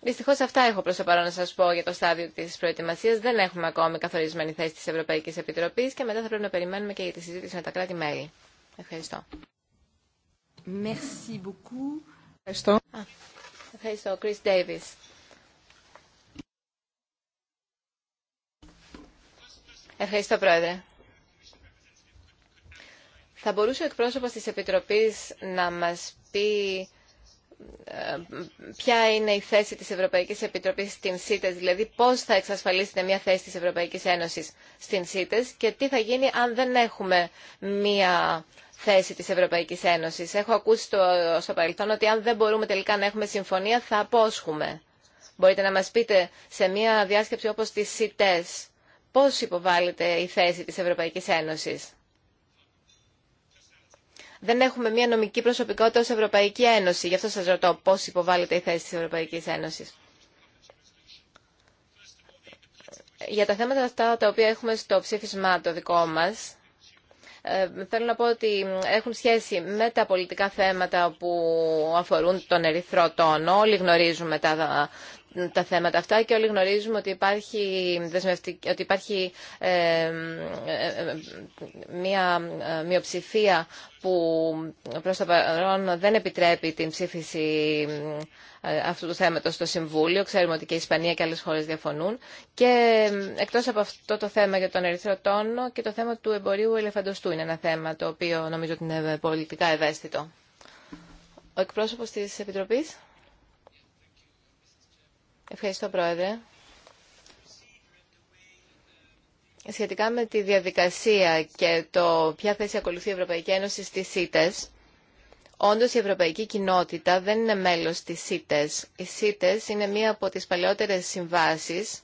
[SPEAKER 2] Δυστυχώς αυτά έχω προς το παρόν να σας πω για το στάδιο της προετοιμασίας. Δεν έχουμε ακόμη καθορισμένη θέση της Ευρωπαϊκής Επιτροπής και μετά θα πρέπει να περιμένουμε και για τη συζήτηση με τα κράτη-μέλη. Ευχαριστώ. Ευχαριστώ. ευχαριστώ. Chris Davis. Ευχαριστώ, Πρόεδρε. Θα μπορούσε ο εκπρόσωπος της Επιτροπής να μας πει ε, ποια είναι η θέση της Ευρωπαϊκής Επιτροπής στην ΣΥΤΕΣ, δηλαδή πώς θα εξασφαλίσετε μια θέση της Ευρωπαϊκής Ένωσης στην ΣΥΤΕΣ και τι θα γίνει αν δεν έχουμε μια θέση της Ευρωπαϊκής Ένωσης. Έχω ακούσει το, στο παρελθόν ότι αν δεν μπορούμε τελικά να έχουμε συμφωνία θα απόσχουμε. Μπορείτε να μας πείτε σε μια διάσκεψη όπως τη ΣΥΤΕΣ πώς υποβάλλεται η θέση της Ευρωπαϊκής Ένωσης δεν έχουμε μια νομική προσωπικότητα ως Ευρωπαϊκή Ένωση. Γι' αυτό σας ρωτώ πώς υποβάλλεται η θέση της Ευρωπαϊκής Ένωσης. Για τα θέματα αυτά τα οποία έχουμε στο ψήφισμα το δικό μας, ε, θέλω να πω ότι έχουν σχέση με τα πολιτικά θέματα που αφορούν τον ερυθρό τόνο. Όλοι γνωρίζουμε τα τα θέματα αυτά και όλοι γνωρίζουμε ότι υπάρχει, ότι υπάρχει ε, ε μια μειοψηφία που προς το παρόν δεν επιτρέπει την ψήφιση ε, αυτού του θέματος στο Συμβούλιο. Ξέρουμε ότι και η Ισπανία και άλλες χώρες διαφωνούν. Και ε, εκτός από αυτό το θέμα για τον ερυθρό τόνο και το θέμα του εμπορίου ελεφαντοστού είναι ένα θέμα το οποίο νομίζω ότι είναι πολιτικά ευαίσθητο. Ο εκπρόσωπος της Επιτροπής. Ευχαριστώ, Πρόεδρε. Σχετικά με τη διαδικασία και το ποια θέση ακολουθεί η Ευρωπαϊκή Ένωση στις ΣΥΤΕΣ, όντως η Ευρωπαϊκή Κοινότητα δεν είναι μέλος της ΣΥΤΕΣ. Οι ΣΥΤΕΣ είναι μία από τις παλαιότερες συμβάσεις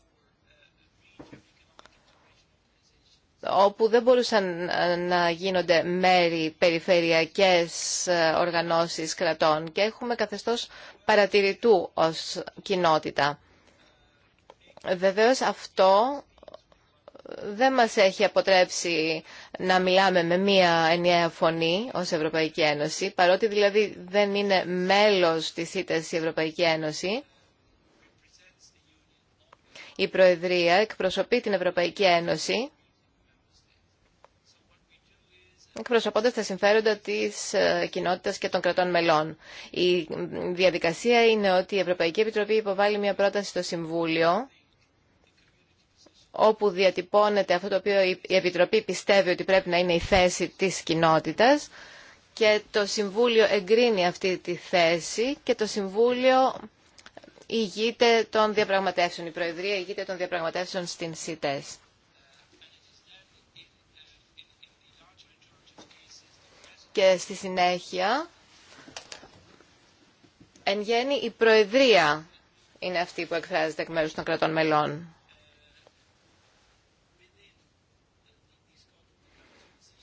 [SPEAKER 2] όπου δεν μπορούσαν ε, να γίνονται μέρη περιφερειακές ε, οργανώσεις κρατών και έχουμε καθεστώς παρατηρητού ως κοινότητα. Βεβαίως αυτό δεν μας έχει αποτρέψει να μιλάμε με μία ενιαία φωνή ως Ευρωπαϊκή Ένωση, παρότι δηλαδή δεν είναι μέλος της ΣΥΤΕΣ η Ευρωπαϊκή Ένωση. Η Προεδρία εκπροσωπεί την Ευρωπαϊκή Ένωση εκπροσωπώντας τα συμφέροντα της ε, κοινότητας και των κρατών μελών. Η διαδικασία είναι ότι η Ευρωπαϊκή Επιτροπή υποβάλλει μια πρόταση στο Συμβούλιο όπου διατυπώνεται αυτό το οποίο η Επιτροπή πιστεύει ότι πρέπει να είναι η θέση της κοινότητας και το Συμβούλιο εγκρίνει αυτή τη θέση και το Συμβούλιο ηγείται των διαπραγματεύσεων. Η Προεδρία ηγείται των διαπραγματεύσεων στην ΣΥΤΕΣ. και στη συνέχεια εν γέννη η Προεδρία είναι αυτή που εκφράζεται εκ μέρους των κρατών μελών.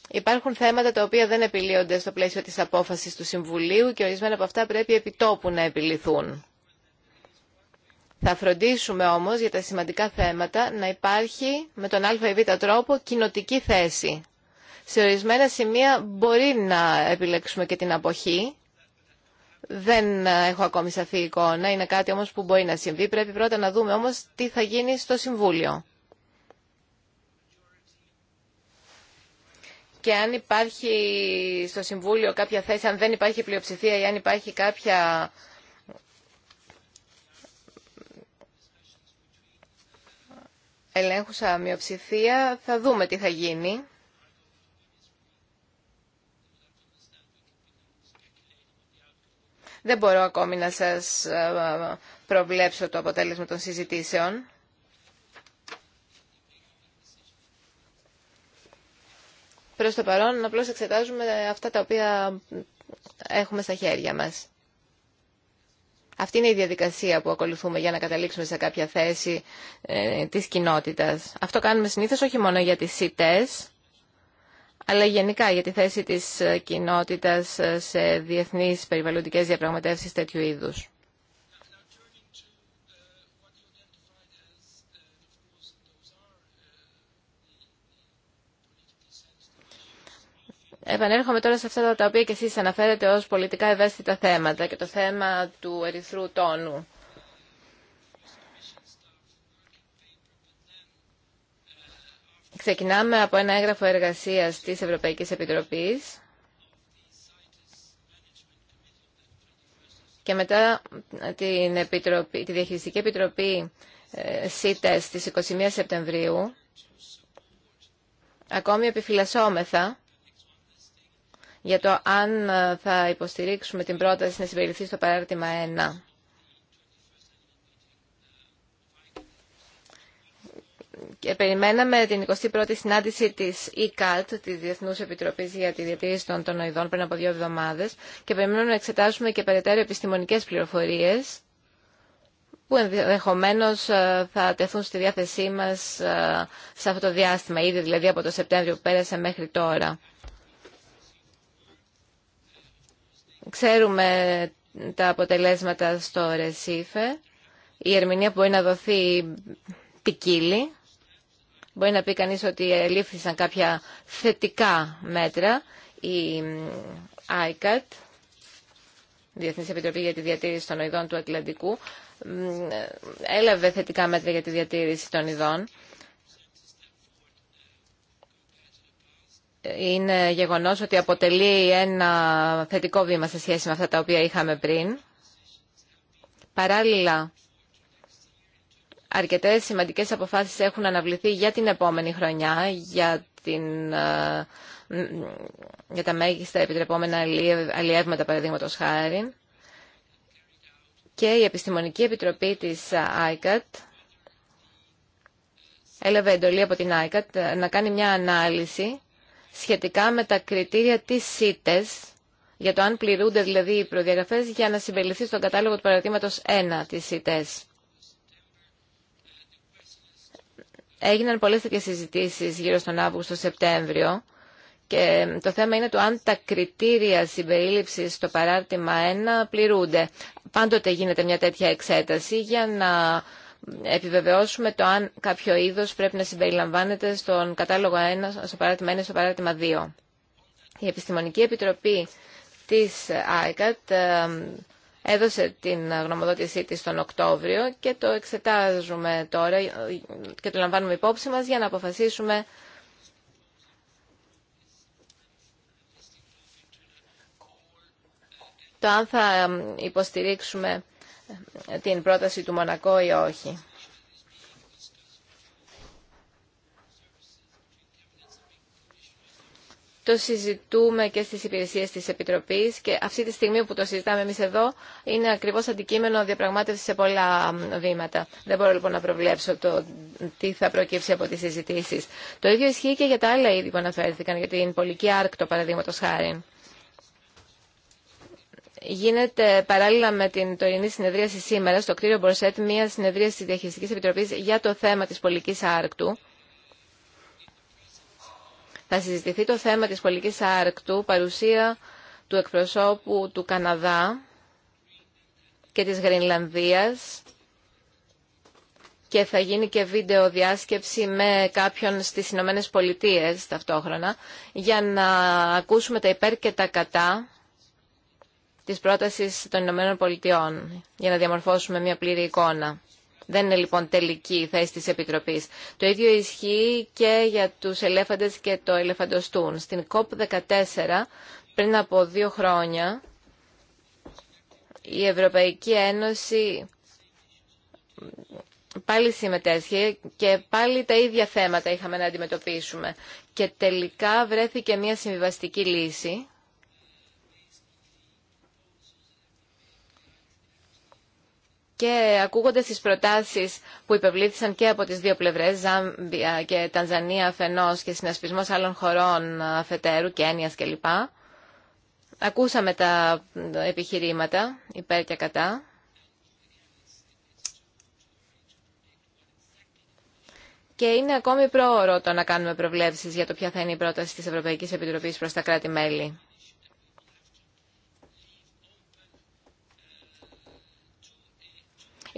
[SPEAKER 2] Υπάρχουν θέματα τα οποία δεν επιλύονται στο πλαίσιο της απόφασης του Συμβουλίου και ορισμένα από αυτά πρέπει επιτόπου να επιληθούν. Θα φροντίσουμε όμως για τα σημαντικά θέματα να υπάρχει με τον α ή β τρόπο κοινοτική θέση. Σε ορισμένα σημεία μπορεί να επιλέξουμε και την αποχή. Δεν έχω ακόμη σαφή εικόνα. Είναι κάτι όμως που μπορεί να συμβεί. Πρέπει πρώτα να δούμε όμως τι θα γίνει στο Συμβούλιο. και αν υπάρχει στο Συμβούλιο κάποια θέση, αν δεν υπάρχει πλειοψηφία ή αν υπάρχει κάποια ελέγχουσα μειοψηφία, θα δούμε τι θα γίνει. Δεν μπορώ ακόμη να σας ε, προβλέψω το αποτέλεσμα των συζητήσεων. Προς το παρόν, απλώς εξετάζουμε αυτά τα οποία έχουμε στα χέρια μας. Αυτή είναι η διαδικασία που ακολουθούμε για να καταλήξουμε σε κάποια θέση ε, της κοινότητας. Αυτό κάνουμε συνήθως όχι μόνο για τις ΣΥΤΕΣ, αλλά γενικά για τη θέση της ε, κοινότητας ε, σε διεθνείς περιβαλλοντικές διαπραγματεύσεις τέτοιου είδους. Επανέρχομαι τώρα σε αυτά τα οποία και εσείς αναφέρετε ως πολιτικά ευαίσθητα θέματα και το θέμα του ερυθρού τόνου. Ξεκινάμε από ένα έγγραφο εργασίας της Ευρωπαϊκής Επιτροπής και μετά την Επιτροπή, τη Διαχειριστική Επιτροπή ε, ΣΥΤΕΣ της 21 Σεπτεμβρίου ακόμη επιφυλασσόμεθα για το αν ε, θα υποστηρίξουμε την πρόταση να συμπεριληφθεί στο παράρτημα 1. περιμέναμε την 21η συνάντηση της ECALT, της Διεθνούς Επιτροπής για τη Διατήρηση των Τονοειδών, πριν από δύο εβδομάδες και περιμένουμε να εξετάσουμε και περαιτέρω επιστημονικές πληροφορίες που ενδεχομένως ε, θα τεθούν στη διάθεσή μας ε, σε αυτό το διάστημα, ήδη δηλαδή από το Σεπτέμβριο που πέρασε μέχρι τώρα. Ξέρουμε τα αποτελέσματα στο Ρεσίφε. Η ερμηνεία που μπορεί να δοθεί ποικίλει. Μπορεί να πει κανείς ότι ελήφθησαν κάποια θετικά μέτρα. Η ICAT, Διεθνής Επιτροπή για τη Διατήρηση των Ειδών του Ατλαντικού, έλαβε θετικά μέτρα για τη διατήρηση των ειδών. Είναι γεγονός ότι αποτελεί ένα θετικό βήμα σε σχέση με αυτά τα οποία είχαμε πριν. Παράλληλα, αρκετές σημαντικές αποφάσεις έχουν αναβληθεί για την επόμενη χρονιά, για, την, ε, για τα μέγιστα επιτρεπόμενα αλλιεύματα, παραδείγματος χάρη. Και η Επιστημονική Επιτροπή της ICAT έλαβε εντολή από την ICAT να κάνει μια ανάλυση σχετικά με τα κριτήρια της ΣΥΤΕΣ, για το αν πληρούνται δηλαδή οι προδιαγραφές για να συμπεριληφθεί στον κατάλογο του παραδείγματος 1 της ΣΥΤΕΣ. Έγιναν πολλές τέτοιες συζητήσεις γύρω στον Αύγουστο-Σεπτέμβριο και το θέμα είναι το αν τα κριτήρια συμπερίληψης στο παράρτημα 1 πληρούνται. Πάντοτε γίνεται μια τέτοια εξέταση για να επιβεβαιώσουμε το αν κάποιο είδος πρέπει να συμπεριλαμβάνεται στον κατάλογο 1, στο παράρτημα 1, στο παράρτημα 2. Η Επιστημονική Επιτροπή της ΆΕΚΑΤ ε, Έδωσε την γνωμοδότησή της τον Οκτώβριο και το εξετάζουμε τώρα και το λαμβάνουμε υπόψη μας για να αποφασίσουμε το αν θα υποστηρίξουμε την πρόταση του Μονακό ή όχι. Το συζητούμε και στις υπηρεσίες της Επιτροπής και αυτή τη στιγμή που το συζητάμε εμείς εδώ είναι ακριβώς αντικείμενο διαπραγμάτευση σε πολλά βήματα. Δεν μπορώ λοιπόν να προβλέψω το τι θα προκύψει από τις συζητήσεις. Το ίδιο ισχύει και για τα άλλα είδη που αναφέρθηκαν, για την πολική άρκτο παραδείγματο χάρη. Γίνεται παράλληλα με την τωρινή συνεδρίαση σήμερα στο κτίριο Μπορσέτ μια συνεδρίαση της Διαχειριστικής Επιτροπής για το θέμα της πολική άρκτου θα συζητηθεί το θέμα της πολιτικής άρκτου, παρουσία του εκπροσώπου του Καναδά και της Γρινλανδίας και θα γίνει και βίντεο διάσκεψη με κάποιον στις Ηνωμένε Πολιτείε ταυτόχρονα για να ακούσουμε τα υπέρ και τα κατά της πρότασης των Ηνωμένων Πολιτειών για να διαμορφώσουμε μια πλήρη εικόνα. Δεν είναι λοιπόν τελική η θέση της Επιτροπής. Το ίδιο ισχύει και για τους ελέφαντες και το ελεφαντοστούν. Στην COP14 πριν από δύο χρόνια η Ευρωπαϊκή Ένωση πάλι συμμετέχει και πάλι τα ίδια θέματα είχαμε να αντιμετωπίσουμε. Και τελικά βρέθηκε μια συμβιβαστική λύση Και ακούγονται στις προτάσεις που υπευλήθησαν και από τις δύο πλευρές, Ζάμπια και Τανζανία αφενός και συνασπισμός άλλων χωρών αφετέρου, Κένιας κλπ. Ακούσαμε τα επιχειρήματα υπέρ και κατά. Και είναι ακόμη πρόωρο το να κάνουμε προβλέψεις για το ποια θα είναι η πρόταση της Ευρωπαϊκής Επιτροπής προς τα κράτη-μέλη.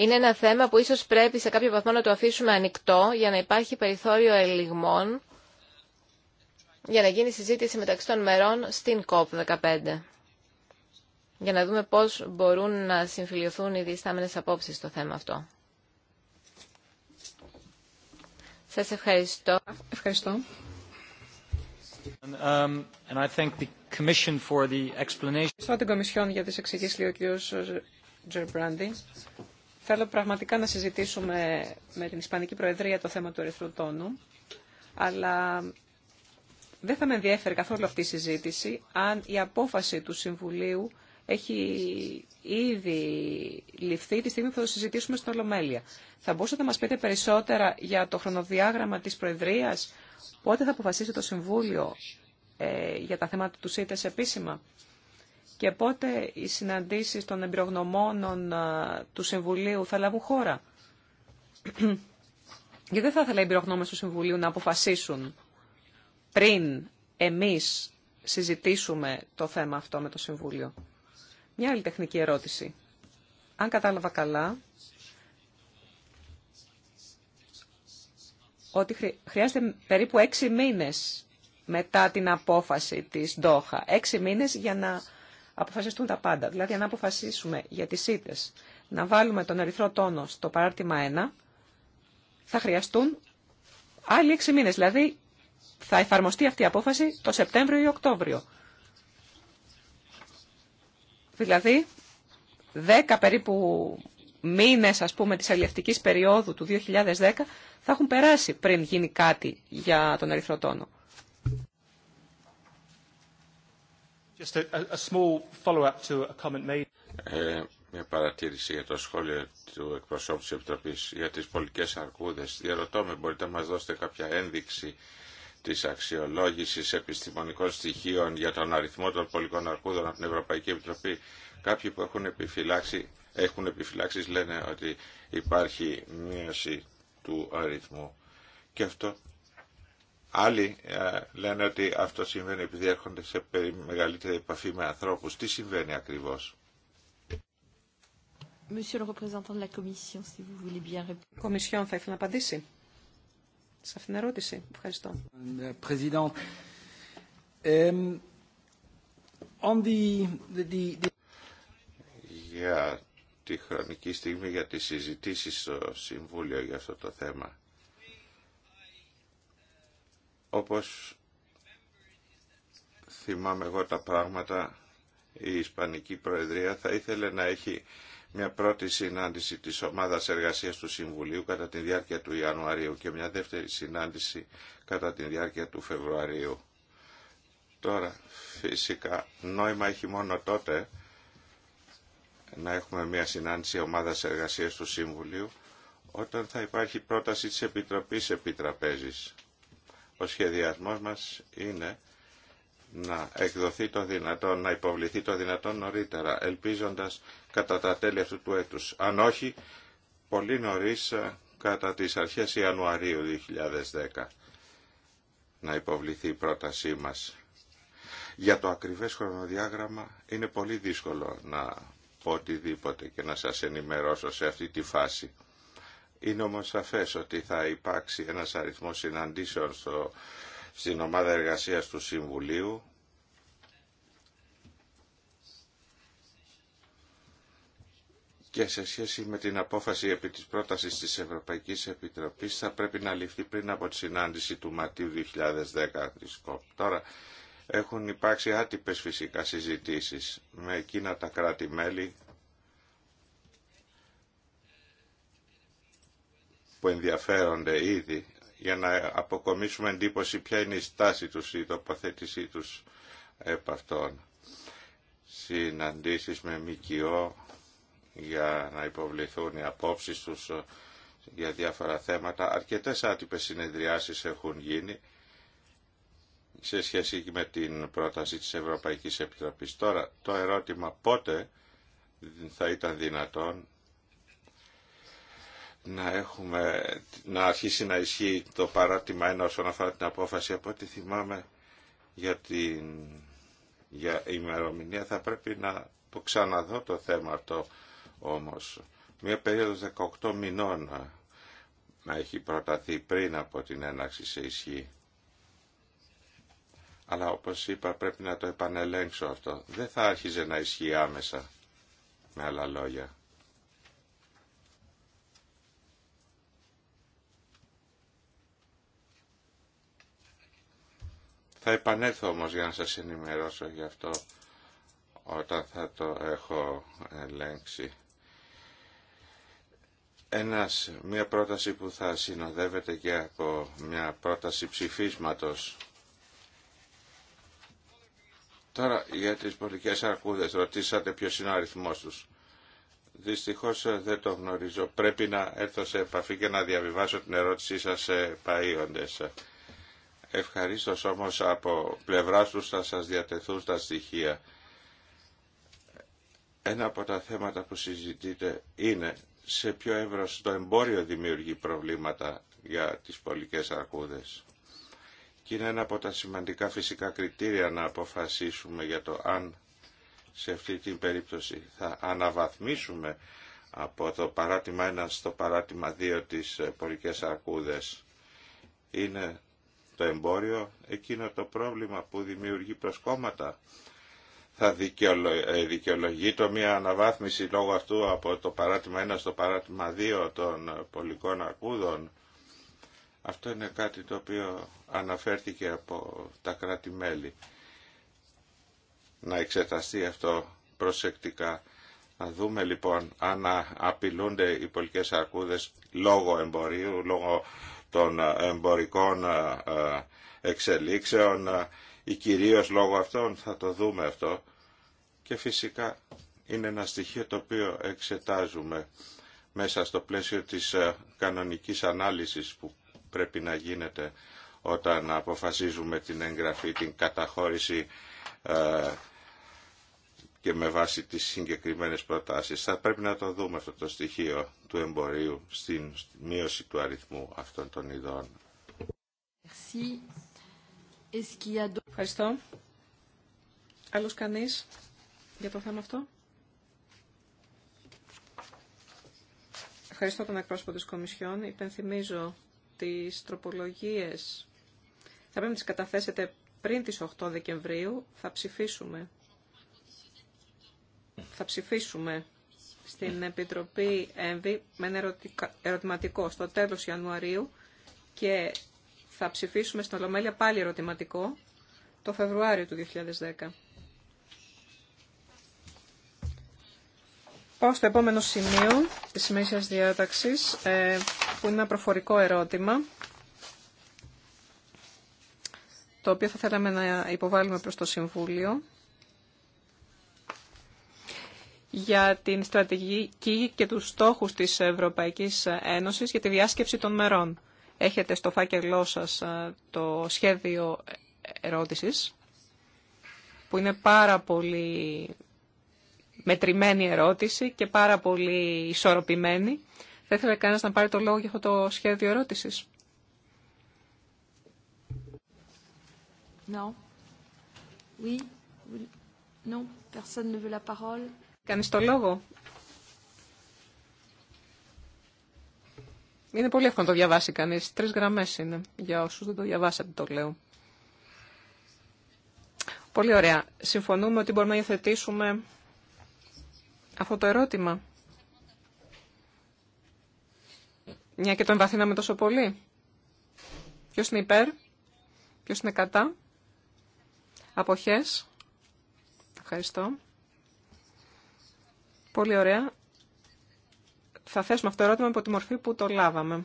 [SPEAKER 2] Είναι ένα θέμα που ίσως πρέπει σε κάποιο βαθμό να το αφήσουμε ανοιχτό για να υπάρχει περιθώριο ελιγμών για να γίνει συζήτηση μεταξύ των μερών στην COP15 για να δούμε πώς μπορούν να συμφιλειωθούν οι διεστάμενες απόψεις στο θέμα αυτό. Σας ευχαριστώ. Ευχαριστώ. Um, ευχαριστώ
[SPEAKER 1] την Κομισιόν για τις εξηγήσεις, λέει ο κ. Θέλω πραγματικά να συζητήσουμε με την Ισπανική Προεδρία το θέμα του ερυθρού τόνου, αλλά δεν θα με ενδιαφέρει καθόλου αυτή η συζήτηση αν η απόφαση του Συμβουλίου έχει ήδη ληφθεί τη στιγμή που θα το συζητήσουμε στο Ολομέλεια. Θα μπορούσατε να μας πείτε περισσότερα για το χρονοδιάγραμμα της Προεδρίας, πότε θα αποφασίσει το Συμβούλιο ε, για τα θέματα του ΣΥΤΕΣ επίσημα και πότε οι συναντήσεις των εμπειρογνωμόνων του Συμβουλίου θα λάβουν χώρα. Γιατί δεν θα ήθελα οι εμπειρογνώμες του Συμβουλίου να αποφασίσουν πριν εμείς συζητήσουμε το θέμα αυτό με το Συμβούλιο. Μια άλλη τεχνική ερώτηση. Αν κατάλαβα καλά, ότι χρειάζεται περίπου έξι μήνες μετά την απόφαση της Ντόχα. Έξι μήνες για να αποφασιστούν τα πάντα. Δηλαδή, αν αποφασίσουμε για τις ΣΥΤΕΣ να βάλουμε τον ερυθρό τόνο στο παράρτημα 1, θα χρειαστούν άλλοι 6 μήνες. Δηλαδή, θα εφαρμοστεί αυτή η απόφαση το Σεπτέμβριο ή Οκτώβριο. Δηλαδή, 10 περίπου μήνες, ας πούμε, της αλληλευτικής περίοδου του 2010 θα έχουν περάσει πριν γίνει κάτι για τον ερυθρό τόνο.
[SPEAKER 3] μια παρατήρηση για το σχόλιο του εκπροσώπου της Επιτροπής για τις πολιτικές αρκούδες. Διαρωτώ με, μπορείτε να μας δώσετε κάποια ένδειξη της αξιολόγησης επιστημονικών στοιχείων για τον αριθμό των πολιτικών αρκούδων από την Ευρωπαϊκή Επιτροπή. Κάποιοι που έχουν επιφυλάξει, έχουν λένε ότι υπάρχει μείωση του αριθμού. Και αυτό Άλλοι ε, λένε ότι αυτό συμβαίνει επειδή έρχονται σε μεγαλύτερη επαφή με ανθρώπους. Τι συμβαίνει ακριβώς.
[SPEAKER 1] Monsieur le représentant de la Commission, si vous voulez bien répondre. Commission, θα ήθελα να απαντήσει σε αυτήν την ερώτηση. Ευχαριστώ.
[SPEAKER 4] President, um, on the, the, the...
[SPEAKER 3] Για τη χρονική στιγμή για τις συζητήσεις στο Συμβούλιο για αυτό το θέμα. Όπως θυμάμαι εγώ τα πράγματα, η Ισπανική Προεδρία θα ήθελε να έχει μια πρώτη συνάντηση της ομάδας εργασίας του Συμβουλίου κατά τη διάρκεια του Ιανουαρίου και μια δεύτερη συνάντηση κατά τη διάρκεια του Φεβρουαρίου. Τώρα φυσικά νόημα έχει μόνο τότε να έχουμε μια συνάντηση ομάδας εργασίας του Συμβουλίου όταν θα υπάρχει πρόταση της Επιτροπής Επιτραπέζης. Ο σχεδιασμός μας είναι να εκδοθεί το δυνατόν, να υποβληθεί το δυνατόν νωρίτερα, ελπίζοντας κατά τα τέλη αυτού του έτους. Αν όχι, πολύ νωρίς ε, κατά τις αρχές Ιανουαρίου 2010 να υποβληθεί η πρότασή μας. Για το ακριβές χρονοδιάγραμμα είναι πολύ δύσκολο να πω οτιδήποτε και να σας ενημερώσω σε αυτή τη φάση. Είναι όμως σαφές ότι θα υπάρξει ένας αριθμός συναντήσεων στο, στην ομάδα εργασίας του Συμβουλίου και σε σχέση με την απόφαση επί της πρότασης της Ευρωπαϊκής Επιτροπής θα πρέπει να ληφθεί πριν από τη συνάντηση του ματιού 2010 της ΚΟΠ. Τώρα έχουν υπάρξει άτυπες φυσικά συζητήσεις με εκείνα τα κράτη-μέλη που ενδιαφέρονται ήδη για να αποκομίσουμε εντύπωση ποια είναι η στάση τους ή η τοποθέτησή τους επ' αυτών. Συναντήσεις με ΜΚΟ για να υποβληθούν οι απόψεις τους για διάφορα θέματα. Αρκετές άτυπες συνεδριάσεις έχουν γίνει σε σχέση με την πρόταση της Ευρωπαϊκής Επιτροπής. Τώρα το ερώτημα πότε θα ήταν δυνατόν να, έχουμε, να αρχίσει να ισχύει το παράτημα ένα όσον αφορά την απόφαση. Από ό,τι θυμάμαι για την για ημερομηνία θα πρέπει να το ξαναδώ το θέμα αυτό όμως. Μία περίοδο 18 μηνών να έχει προταθεί πριν από την έναξη σε ισχύ. Αλλά όπως είπα πρέπει να το επανελέγξω αυτό. Δεν θα άρχιζε να ισχύει άμεσα. Με άλλα λόγια. Θα επανέλθω όμως για να σας ενημερώσω γι' αυτό όταν θα το έχω ελέγξει. Ένας, μια πρόταση που θα συνοδεύεται και από μια πρόταση ψηφίσματος. Τώρα για τις πολιτικές αρκούδες, ρωτήσατε ποιος είναι ο αριθμός τους. Δυστυχώς ε, δεν το γνωρίζω. Πρέπει να έρθω σε επαφή και να διαβιβάσω την ερώτησή σας σε παίοντες. Ευχαρίστως όμως από πλευρά τους θα σας διατεθούν τα στοιχεία. Ένα από τα θέματα που συζητείτε είναι σε ποιο εύρος το εμπόριο δημιουργεί προβλήματα για τις πολικές αρκούδες. Και είναι ένα από τα σημαντικά φυσικά κριτήρια να αποφασίσουμε για το αν σε αυτή την περίπτωση θα αναβαθμίσουμε από το παράτημα 1 στο παράτημα 2 τις ε, πολικές αρκούδες. Είναι το εμπόριο, εκείνο το πρόβλημα που δημιουργεί προσκόμματα θα ε, δικαιολογεί το μία αναβάθμιση λόγω αυτού από το παράτημα 1 στο παράτημα 2 των πολικών αρκούδων. Αυτό είναι κάτι το οποίο αναφέρθηκε από τα κράτη-μέλη. Να εξεταστεί αυτό προσεκτικά. Να δούμε λοιπόν αν απειλούνται οι πολικές αρκούδες λόγω εμπορίου, λόγω των ε, εμπορικών ε, ε, εξελίξεων ή κυρίως λόγω αυτών θα το δούμε αυτό και φυσικά είναι ένα στοιχείο το οποίο εξετάζουμε μέσα στο πλαίσιο της κανονικής ανάλυσης που πρέπει να γίνεται όταν αποφασίζουμε την εγγραφή, την καταχώρηση και με βάση τις συγκεκριμένες προτάσεις. Θα πρέπει να το δούμε αυτό το στοιχείο του εμπορίου στην μείωση του αριθμού αυτών των ειδών.
[SPEAKER 1] Ευχαριστώ. Άλλος κανείς για το θέμα αυτό. Ευχαριστώ τον εκπρόσωπο της Κομισιόν. Υπενθυμίζω τις τροπολογίες. Θα πρέπει να τις καταθέσετε πριν τις 8 Δεκεμβρίου. Θα ψηφίσουμε θα ψηφίσουμε στην Επιτροπή ΕΜΒΗ με ένα ερωτηματικό στο τέλος Ιανουαρίου και θα ψηφίσουμε στην Ολομέλεια πάλι ερωτηματικό το Φεβρουάριο του 2010. Πάω στο επόμενο σημείο της σημερισίας διάταξης, ε, που είναι ένα προφορικό ερώτημα, το οποίο θα θέλαμε να υποβάλουμε προς το Συμβούλιο για την στρατηγική και τους στόχους της Ευρωπαϊκής Ένωσης για τη διάσκεψη των μερών. Έχετε στο φάκελό σας το σχέδιο ερώτησης, που είναι πάρα πολύ μετρημένη ερώτηση και πάρα πολύ ισορροπημένη. Θα ήθελε κανένας να πάρει το λόγο για αυτό το σχέδιο ερώτησης. No. Oui. Personne ne veut la parole. Κανείς το λόγο. Είναι πολύ εύκολο να το διαβάσει κανείς. Τρεις γραμμές είναι για όσους δεν το διαβάσατε το λέω. Πολύ ωραία. Συμφωνούμε ότι μπορούμε να υιοθετήσουμε αυτό το ερώτημα. Μια και το εμβαθύναμε τόσο πολύ. Ποιο είναι υπέρ, Ποιο είναι κατά. Αποχές. Ευχαριστώ. Πολύ ωραία. Θα θέσουμε αυτό το ερώτημα από τη μορφή που το λάβαμε.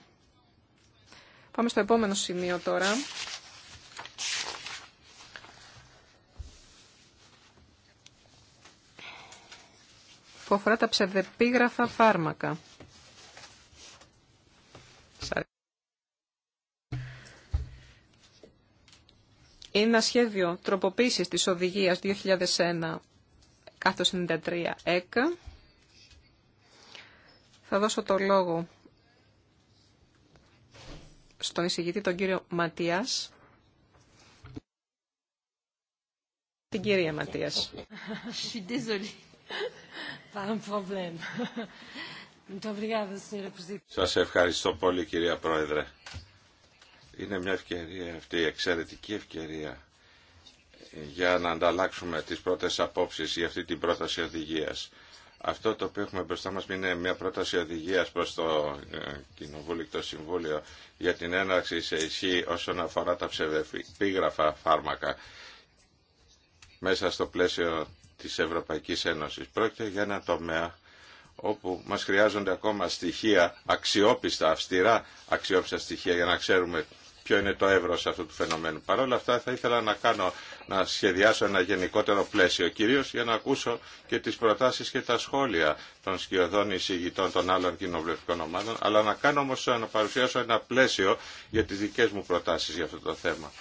[SPEAKER 1] Πάμε στο επόμενο σημείο τώρα. Που αφορά τα ψευδεπίγραφα φάρμακα. Είναι ένα σχέδιο τροποποίησης της οδηγίας 2001 93 εκα θα δώσω το λόγο στον εισηγητή, τον κύριο Ματίας. Την κυρία Ματίας.
[SPEAKER 3] Σας ευχαριστώ πολύ κυρία Πρόεδρε. Είναι μια ευκαιρία αυτή, εξαιρετική ευκαιρία ε, για να ανταλλάξουμε τις πρώτες απόψεις για αυτή την πρόταση οδηγίας. Αυτό το οποίο έχουμε μπροστά μας είναι μια πρόταση οδηγίας προς το ε, Κοινοβούλιο και το Συμβούλιο για την έναρξη σε ισχύ όσον αφορά τα ψευδεπίγραφα φάρμακα μέσα στο πλαίσιο της Ευρωπαϊκής Ένωσης. Πρόκειται για ένα τομέα όπου μας χρειάζονται ακόμα στοιχεία αξιόπιστα, αυστηρά αξιόπιστα στοιχεία για να ξέρουμε ποιο είναι το εύρος αυτού του φαινομένου. Παρ' όλα αυτά θα ήθελα να κάνω, να σχεδιάσω ένα γενικότερο πλαίσιο, κυρίω για να ακούσω και τις προτάσεις και τα σχόλια των σκιωδών εισηγητών των άλλων κοινοβουλευτικών ομάδων, αλλά να κάνω όμως να παρουσιάσω ένα πλαίσιο για τις δικές μου προτάσεις για αυτό το θέμα.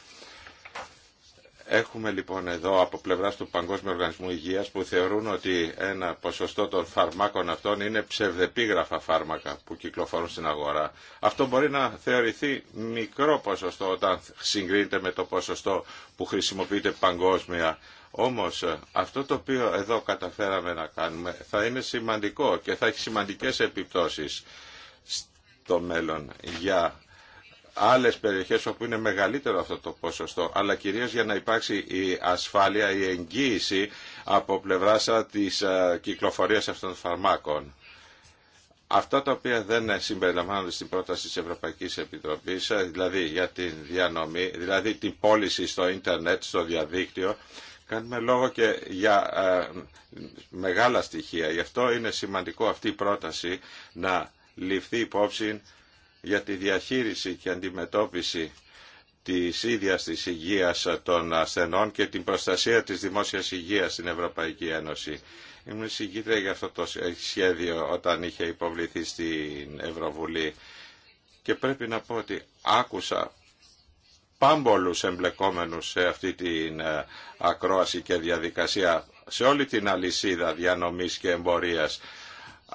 [SPEAKER 3] Έχουμε λοιπόν εδώ από πλευρά του Παγκόσμιου Οργανισμού Υγείας που θεωρούν ότι ένα ποσοστό των φαρμάκων αυτών είναι ψευδεπίγραφα φάρμακα που κυκλοφορούν στην αγορά. Αυτό μπορεί να θεωρηθεί μικρό ποσοστό όταν συγκρίνεται με το ποσοστό που χρησιμοποιείται παγκόσμια. Όμως αυτό το οποίο εδώ καταφέραμε να κάνουμε θα είναι σημαντικό και θα έχει σημαντικές επιπτώσεις στο μέλλον για άλλες περιοχές όπου είναι μεγαλύτερο αυτό το ποσοστό, αλλά κυρίως για να υπάρξει η ασφάλεια, η εγγύηση από πλευράς της κυκλοφορίας αυτών των φαρμάκων. Αυτά τα οποία δεν συμπεριλαμβάνονται στην πρόταση της Ευρωπαϊκής Επιτροπής, δηλαδή για την διανομή, δηλαδή την πώληση στο ίντερνετ, στο διαδίκτυο, κάνουμε λόγο και για μεγάλα στοιχεία. Γι' αυτό είναι σημαντικό αυτή η πρόταση να ληφθεί υπόψη για τη διαχείριση και αντιμετώπιση της ίδιας της υγείας των ασθενών και την προστασία της δημόσιας υγείας στην Ευρωπαϊκή Ένωση. Ήμουν συγκίτρια για αυτό το σχέδιο όταν είχε υποβληθεί στην Ευρωβουλή και πρέπει να πω ότι άκουσα πάμπολους εμπλεκόμενους σε αυτή την ε, ακρόαση και διαδικασία σε όλη την αλυσίδα διανομής και εμπορίας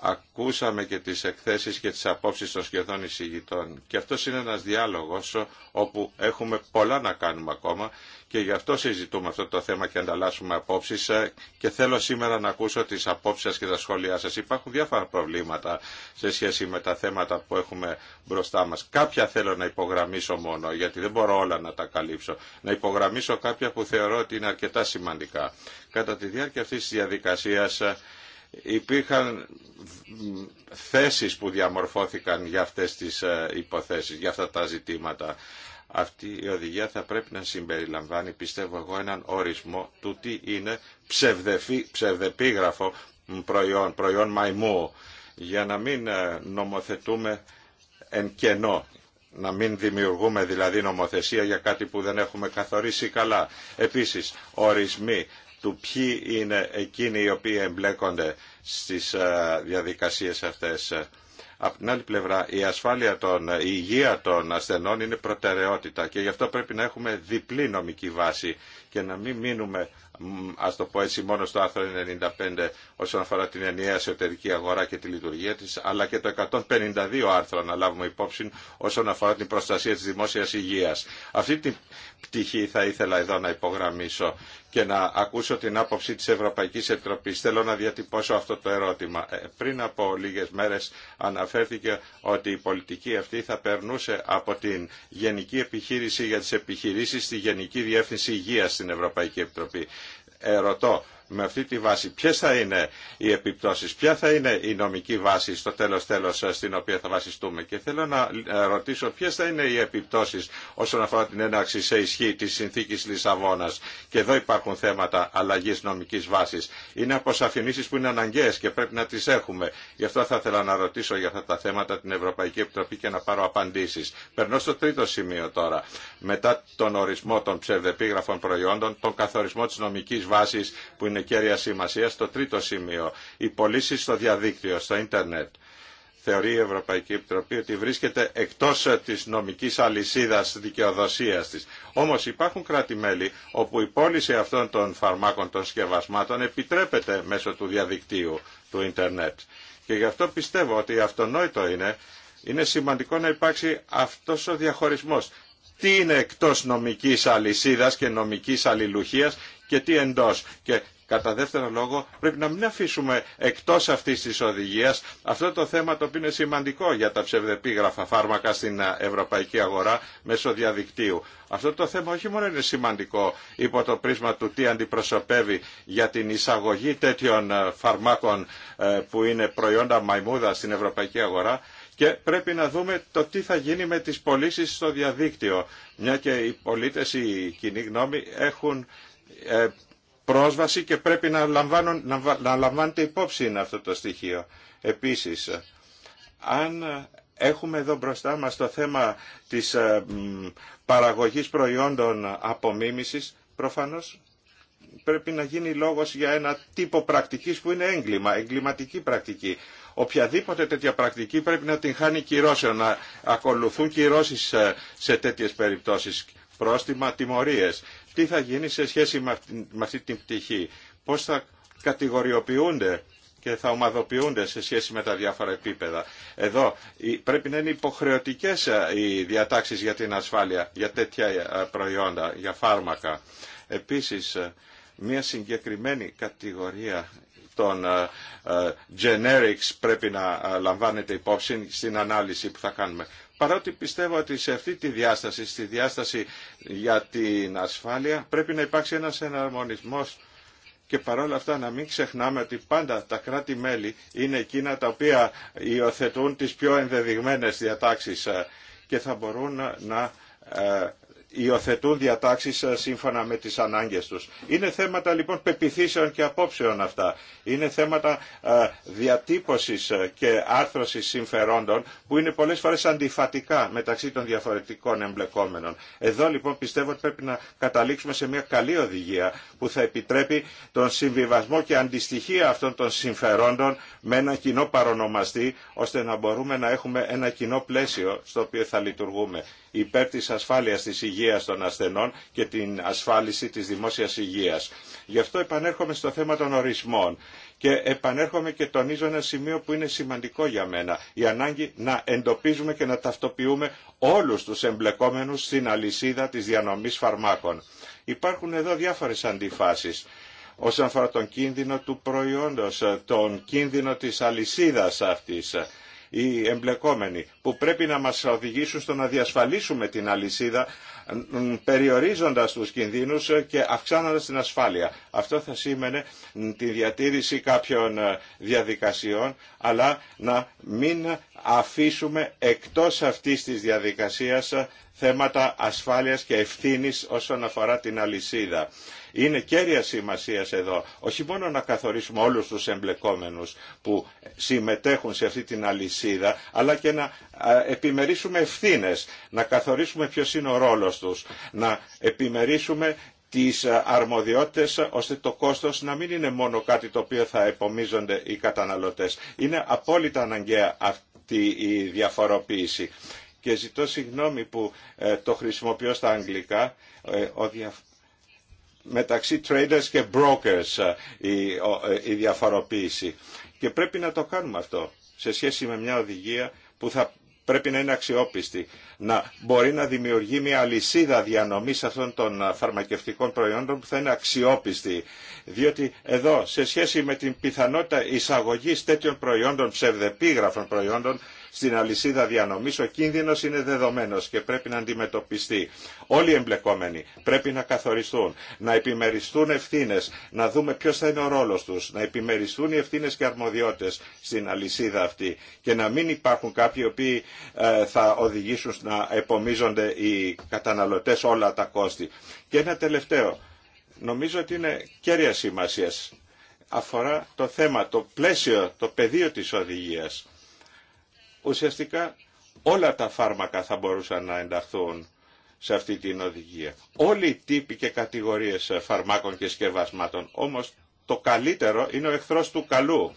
[SPEAKER 3] ακούσαμε και τις εκθέσεις και τις απόψεις των σχεδόν εισηγητών. Και αυτό είναι ένας διάλογος όπου έχουμε πολλά να κάνουμε ακόμα και γι' αυτό συζητούμε αυτό το θέμα και ανταλλάσσουμε απόψεις και θέλω σήμερα να ακούσω τις απόψεις σας και τα σχόλιά σας. Υπάρχουν διάφορα προβλήματα σε σχέση με τα θέματα που έχουμε μπροστά μας. Κάποια θέλω να υπογραμμίσω μόνο γιατί δεν μπορώ όλα να τα καλύψω. Να υπογραμμίσω κάποια που θεωρώ ότι είναι αρκετά σημαντικά. Κατά τη διάρκεια αυτής της διαδικασίας υπήρχαν θέσεις που διαμορφώθηκαν για αυτές τις ε, υποθέσεις, για αυτά τα ζητήματα. Αυτή η οδηγία θα πρέπει να συμπεριλαμβάνει, πιστεύω εγώ, έναν ορισμό του τι είναι ψευδεπίγραφο προϊόν, προϊόν μαϊμού, για να μην ε, νομοθετούμε εν κενό να μην δημιουργούμε δηλαδή νομοθεσία για κάτι που δεν έχουμε καθορίσει καλά. Επίσης, ορισμοί του ποιοι είναι εκείνοι οι οποίοι εμπλέκονται στις ε, διαδικασίες αυτές. Από την άλλη πλευρά, η ασφάλεια των, η υγεία των ασθενών είναι προτεραιότητα και γι' αυτό πρέπει να έχουμε διπλή νομική βάση και να μην μείνουμε, ας το πω έτσι, μόνο στο άρθρο 95 όσον αφορά την ενιαία εσωτερική αγορά και τη λειτουργία της, αλλά και το 152 άρθρο να λάβουμε υπόψη όσον αφορά την προστασία της δημόσιας υγείας. Αυτή την πτυχή θα ήθελα εδώ να υπογραμμίσω και να ακούσω την άποψη της Ευρωπαϊκής Επιτροπής. Θέλω να διατυπώσω αυτό το ερώτημα. Ε, πριν από λίγες μέρες αναφέρθηκε ότι η πολιτική αυτή θα περνούσε από την Γενική Επιχείρηση για τις Επιχειρήσεις στη Γενική Διεύθυνση Υγείας στην Ευρωπαϊκή Επιτροπή. Ερωτώ, με αυτή τη βάση ποιε θα είναι οι επιπτώσεις, ποια θα είναι η νομική βάση στο τέλος τέλος ε, στην οποία θα βασιστούμε και θέλω να ε, ρωτήσω ποιε θα είναι οι επιπτώσεις όσον αφορά την έναρξη σε ισχύ της συνθήκης Λισαβόνας και εδώ υπάρχουν θέματα αλλαγής νομικής βάσης. Είναι αποσαφηνήσεις που είναι αναγκαίες και πρέπει να τις έχουμε. Γι' αυτό θα ήθελα να ρωτήσω για αυτά τα θέματα την Ευρωπαϊκή Επιτροπή και να πάρω απαντήσεις. Περνώ στο τρίτο σημείο τώρα. Μετά τον ορισμό των ψευδεπίγραφων προϊόντων, τον καθορισμό της νομικής βάσης που είναι κέρια σημασία στο τρίτο σημείο, οι πωλήσει στο διαδίκτυο, στο ίντερνετ. Θεωρεί η Ευρωπαϊκή Επιτροπή ότι βρίσκεται εκτό τη νομική αλυσίδα δικαιοδοσία τη. Όμω υπαρχουν υπάρχουν κράτη-μέλη όπου η πώληση αυτών των φαρμάκων των σκευασμάτων επιτρέπεται μέσω του διαδικτύου, του ίντερνετ. Και γι' αυτό πιστεύω ότι αυτονόητο είναι, είναι σημαντικό να υπάρξει αυτό ο διαχωρισμό. Τι είναι εκτό νομική αλυσίδα και νομική αλληλουχία και τι εντό. Κατά δεύτερον λόγο, πρέπει να μην αφήσουμε εκτό αυτή τη οδηγία αυτό το θέμα το οποίο είναι σημαντικό για τα ψευδεπίγραφα φάρμακα στην ε, ευρωπαϊκή αγορά μέσω διαδικτύου. Αυτό το θέμα όχι μόνο είναι σημαντικό υπό το πρίσμα του τι αντιπροσωπεύει για την εισαγωγή τέτοιων ε, φαρμάκων ε, που είναι προϊόντα μαϊμούδα στην ευρωπαϊκή αγορά, και πρέπει να δούμε το τι θα γίνει με τις πωλήσει στο διαδίκτυο. Μια και οι πολίτες, οι κοινοί γνώμοι, έχουν πρόσβαση και πρέπει να, λαμβάνεται να υπόψη είναι αυτό το στοιχείο. Επίσης, αν έχουμε εδώ μπροστά μας το θέμα της ε, παραγωγής προϊόντων απομίμησης, προφανώς πρέπει να γίνει λόγος για ένα τύπο πρακτικής που είναι έγκλημα, εγκληματική πρακτική. Οποιαδήποτε τέτοια πρακτική πρέπει να την χάνει κυρώσεων, να ακολουθούν κυρώσεις ε, σε τέτοιες περιπτώσεις, πρόστιμα, τιμωρίες τι θα γίνει σε σχέση με αυτή, την πτυχή, πώς θα κατηγοριοποιούνται και θα ομαδοποιούνται σε σχέση με τα διάφορα επίπεδα. Εδώ πρέπει να είναι υποχρεωτικές ε, οι διατάξεις για την ασφάλεια, για τέτοια ε, προϊόντα, για φάρμακα. Επίσης, ε, μια συγκεκριμένη κατηγορία των generics πρέπει να λαμβάνεται υπόψη στην ανάλυση που θα κάνουμε παρότι πιστεύω ότι σε αυτή τη διάσταση, στη διάσταση για την ασφάλεια, πρέπει να υπάρξει ένας εναρμονισμός και παρόλα αυτά να μην ξεχνάμε ότι πάντα τα κράτη-μέλη είναι εκείνα τα οποία υιοθετούν τις πιο ενδεδειγμένες διατάξεις ε, και θα μπορούν να ε, υιοθετούν διατάξεις ε, σύμφωνα με τις ανάγκες τους. Είναι θέματα λοιπόν πεπιθήσεων και απόψεων αυτά. Είναι θέματα ε, διατύπωσης ε, και άρθρωσης συμφερόντων που είναι πολλές φορές αντιφατικά μεταξύ των διαφορετικών εμπλεκόμενων. Εδώ λοιπόν πιστεύω ότι πρέπει να καταλήξουμε σε μια καλή οδηγία που θα επιτρέπει τον συμβιβασμό και αντιστοιχεία αυτών των συμφερόντων με ένα κοινό παρονομαστή ώστε να μπορούμε να έχουμε ένα κοινό πλαίσιο στο οποίο θα λειτουργούμε υπέρ της ασφάλειας της υγείας των ασθενών και την ασφάλιση της δημόσιας υγείας. Γι' αυτό επανέρχομαι στο θέμα των ορισμών και επανέρχομαι και τονίζω ένα σημείο που είναι σημαντικό για μένα. Η ανάγκη να εντοπίζουμε και να ταυτοποιούμε όλους τους εμπλεκόμενους στην αλυσίδα της διανομής φαρμάκων. Υπάρχουν εδώ διάφορες αντιφάσεις όσον αφορά τον κίνδυνο του προϊόντος, τον κίνδυνο της αλυσίδας αυτής οι εμπλεκόμενοι που πρέπει να μας οδηγήσουν στο να διασφαλίσουμε την αλυσίδα περιορίζοντας τους κινδύνους και αυξάνοντας την ασφάλεια. Αυτό θα σήμαινε τη διατήρηση κάποιων ε, διαδικασιών αλλά να μην αφήσουμε εκτός αυτής της διαδικασίας ε, θέματα ασφάλειας και ευθύνης όσον αφορά την αλυσίδα είναι κέρια σημασία εδώ. Όχι μόνο να καθορίσουμε όλους τους εμπλεκόμενους που συμμετέχουν σε αυτή την αλυσίδα, αλλά και να επιμερίσουμε ευθύνε, να καθορίσουμε ποιο είναι ο ρόλος τους, να επιμερίσουμε τις αρμοδιότητες ώστε το κόστος να μην είναι μόνο κάτι το οποίο θα επομίζονται οι καταναλωτές. Είναι απόλυτα αναγκαία αυτή η διαφοροποίηση. Και ζητώ συγγνώμη που ε, το χρησιμοποιώ στα αγγλικά. Ε, μεταξύ traders και brokers ε, ε, η διαφοροποίηση. Και πρέπει να το κάνουμε αυτό σε σχέση με μια οδηγία που θα πρέπει να είναι αξιόπιστη, να μπορεί να δημιουργεί μια αλυσίδα διανομής αυτών των ε, φαρμακευτικών προϊόντων που θα είναι αξιόπιστη. Διότι εδώ, σε σχέση με την πιθανότητα εισαγωγής τέτοιων προϊόντων, ψευδεπίγραφων προϊόντων, στην αλυσίδα διανομής, ο κίνδυνος είναι δεδομένος και πρέπει να αντιμετωπιστεί. Όλοι οι εμπλεκόμενοι πρέπει να καθοριστούν, να επιμεριστούν ευθύνες, να δούμε ποιος θα είναι ο ρόλος τους, να επιμεριστούν οι ευθύνες και αρμοδιότητες στην αλυσίδα αυτή και να μην υπάρχουν κάποιοι οι οποίοι ε, θα οδηγήσουν να επομίζονται οι καταναλωτές όλα τα κόστη. Και ένα τελευταίο, νομίζω ότι είναι κέρια σημασίας αφορά το θέμα, το πλαίσιο, το πεδίο της οδηγίας ουσιαστικά όλα τα φάρμακα θα μπορούσαν να ενταχθούν σε αυτή την οδηγία. Όλοι οι τύποι και κατηγορίες φαρμάκων και σκευασμάτων, όμως το καλύτερο είναι ο εχθρός του καλού.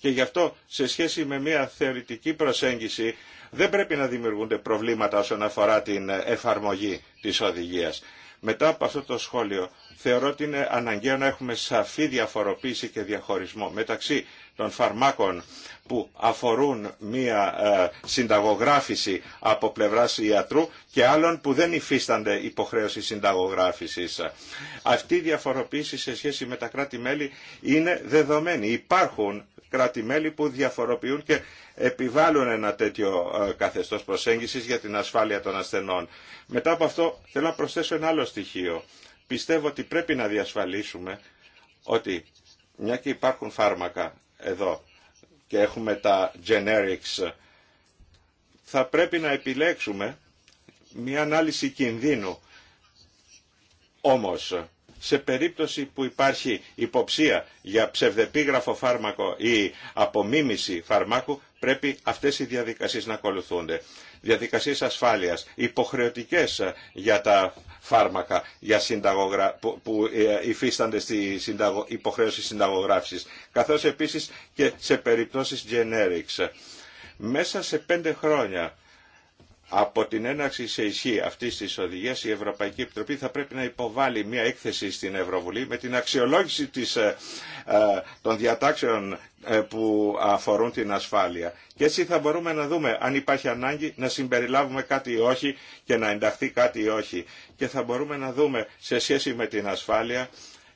[SPEAKER 3] Και γι' αυτό σε σχέση με μια θεωρητική προσέγγιση δεν πρέπει να δημιουργούνται προβλήματα όσον αφορά την εφαρμογή της οδηγίας. Μετά από αυτό το σχόλιο θεωρώ ότι είναι αναγκαίο να έχουμε σαφή διαφοροποίηση και διαχωρισμό μεταξύ των φαρμάκων που αφορούν μία ε, συνταγογράφηση από πλευράς ιατρού και άλλων που δεν υφίστανται υποχρέωση συνταγογράφησης. Αυτή η διαφοροποίηση σε σχέση με τα κράτη-μέλη είναι δεδομένη. Υπάρχουν κράτη-μέλη που διαφοροποιούν και επιβάλλουν ένα τέτοιο ε, καθεστώς προσέγγισης για την ασφάλεια των ασθενών. Μετά από αυτό θέλω να προσθέσω ένα άλλο στοιχείο. Πιστεύω ότι πρέπει να διασφαλίσουμε ότι μια και υπάρχουν φάρμακα εδώ και έχουμε τα generics, θα πρέπει να επιλέξουμε μια ανάλυση κινδύνου. Όμως, σε περίπτωση που υπάρχει υποψία για ψευδεπίγραφο φάρμακο ή απομίμηση φαρμάκου, πρέπει αυτές οι διαδικασίες να ακολουθούνται. Διαδικασίες ασφάλειας, υποχρεωτικές για τα φάρμακα για που ε, υφίστανται στη υποχρέωση συνταγογράφησης, καθώς επίσης και σε περιπτώσεις generics. Μέσα σε πέντε χρόνια από την έναρξη σε ισχύ αυτή τη οδηγία, η Ευρωπαϊκή Επιτροπή θα πρέπει να υποβάλει μια έκθεση στην Ευρωβουλή με την αξιολόγηση της, ε, ε, των διατάξεων ε, που αφορούν την ασφάλεια. Και έτσι θα μπορούμε να δούμε αν υπάρχει ανάγκη να συμπεριλάβουμε κάτι ή όχι και να ενταχθεί κάτι ή όχι. Και θα μπορούμε να δούμε σε σχέση με την ασφάλεια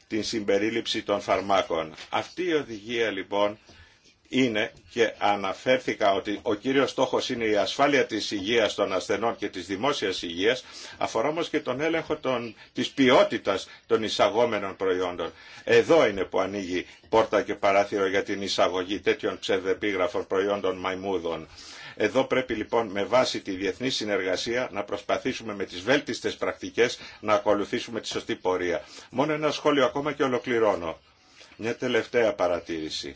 [SPEAKER 3] την συμπερίληψη των φαρμάκων. Αυτή η οδηγία λοιπόν είναι και αναφέρθηκα ότι ο κύριος στόχος είναι η ασφάλεια της υγείας των ασθενών και της δημόσιας υγείας, αφορά όμως και τον έλεγχο των, της ποιότητας των εισαγόμενων προϊόντων. Εδώ είναι που ανοίγει πόρτα και παράθυρο για την εισαγωγή τέτοιων ψευδεπίγραφων προϊόντων μαϊμούδων. Εδώ πρέπει λοιπόν με βάση τη διεθνή συνεργασία να προσπαθήσουμε με τις βέλτιστες πρακτικές να ακολουθήσουμε τη σωστή πορεία. Μόνο ένα σχόλιο ακόμα και ολοκληρώνω. Μια τελευταία παρατήρηση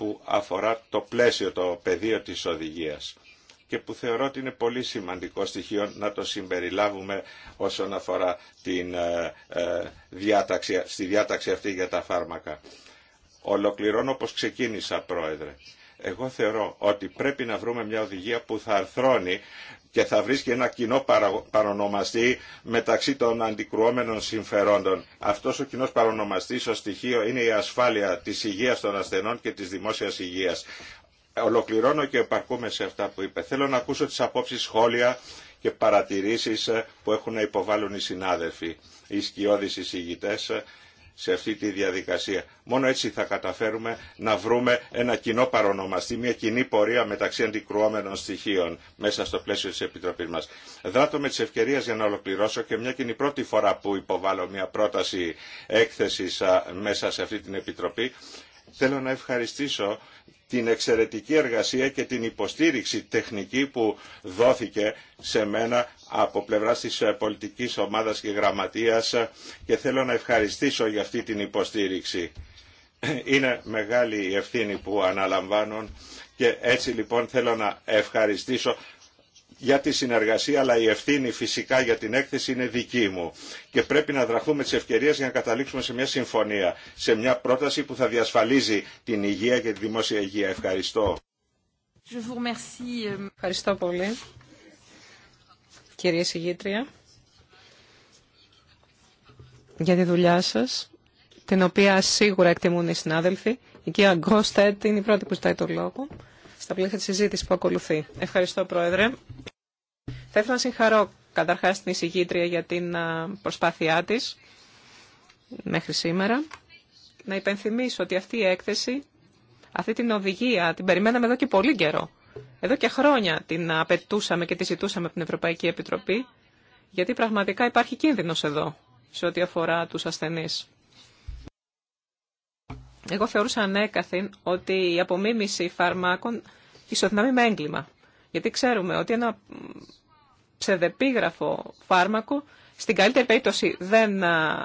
[SPEAKER 3] που αφορά το πλαίσιο, το πεδίο της οδηγίας και που θεωρώ ότι είναι πολύ σημαντικό στοιχείο να το συμπεριλάβουμε όσον αφορά την, ε, ε, διάταξη, στη διάταξη αυτή για τα φάρμακα. Ολοκληρώνω όπως ξεκίνησα, Πρόεδρε. Εγώ θεωρώ ότι πρέπει να βρούμε μια οδηγία που θα αρθρώνει και θα βρίσκει ένα κοινό παρονομαστή μεταξύ των αντικρουόμενων συμφερόντων. Αυτός ο κοινό παρονομαστής ως στοιχείο είναι η ασφάλεια της υγείας των ασθενών και της δημόσιας υγείας. Ολοκληρώνω και επαρκούμε σε αυτά που είπε. Θέλω να ακούσω τις απόψεις σχόλια και παρατηρήσεις που έχουν να υποβάλουν οι συνάδελφοι, οι σκιώδεις εισηγητές σε αυτή τη διαδικασία. Μόνο έτσι θα καταφέρουμε να βρούμε ένα κοινό παρονομαστή, μια κοινή πορεία μεταξύ αντικρουόμενων στοιχείων μέσα στο πλαίσιο της Επιτροπής μας. Δράτω με τις ευκαιρίες για να ολοκληρώσω και μια κοινή πρώτη φορά που υποβάλλω μια πρόταση έκθεσης μέσα σε αυτή την Επιτροπή Θέλω να ευχαριστήσω την εξαιρετική εργασία και την υποστήριξη τεχνική που δόθηκε σε μένα από πλευράς της πολιτικής ομάδας και γραμματείας και θέλω να ευχαριστήσω για αυτή την υποστήριξη. Είναι μεγάλη η ευθύνη που αναλαμβάνουν και έτσι λοιπόν θέλω να ευχαριστήσω για τη συνεργασία αλλά η ευθύνη φυσικά για την έκθεση είναι δική μου και πρέπει να δραχθούμε τι ευκαιρίες για να καταλήξουμε σε μια συμφωνία, σε μια πρόταση που θα διασφαλίζει την υγεία και τη δημόσια υγεία. Ευχαριστώ.
[SPEAKER 1] Euh, Ευχαριστώ πολύ. Κυρία Συγήτρια, για τη δουλειά σας, την οποία σίγουρα εκτιμούν οι συνάδελφοι. Η κυρία Γκόστετ είναι η πρώτη που ζητάει τον λόγο στα πλαίσια της συζήτησης που ακολουθεί. Ευχαριστώ, Πρόεδρε. Θα ήθελα να συγχαρώ καταρχάς την εισηγήτρια για την προσπάθειά της μέχρι σήμερα. Να υπενθυμίσω ότι αυτή η έκθεση, αυτή την οδηγία, την περιμέναμε εδώ και πολύ καιρό. Εδώ και χρόνια την απαιτούσαμε και τη ζητούσαμε από την Ευρωπαϊκή Επιτροπή, γιατί πραγματικά υπάρχει κίνδυνος εδώ, σε ό,τι αφορά τους ασθενείς. Εγώ θεωρούσα ανέκαθεν ότι η απομίμηση φαρμάκων ισοδυναμεί με έγκλημα. Γιατί ξέρουμε ότι ένα ψευδεπίγραφο φάρμακο στην καλύτερη περίπτωση δεν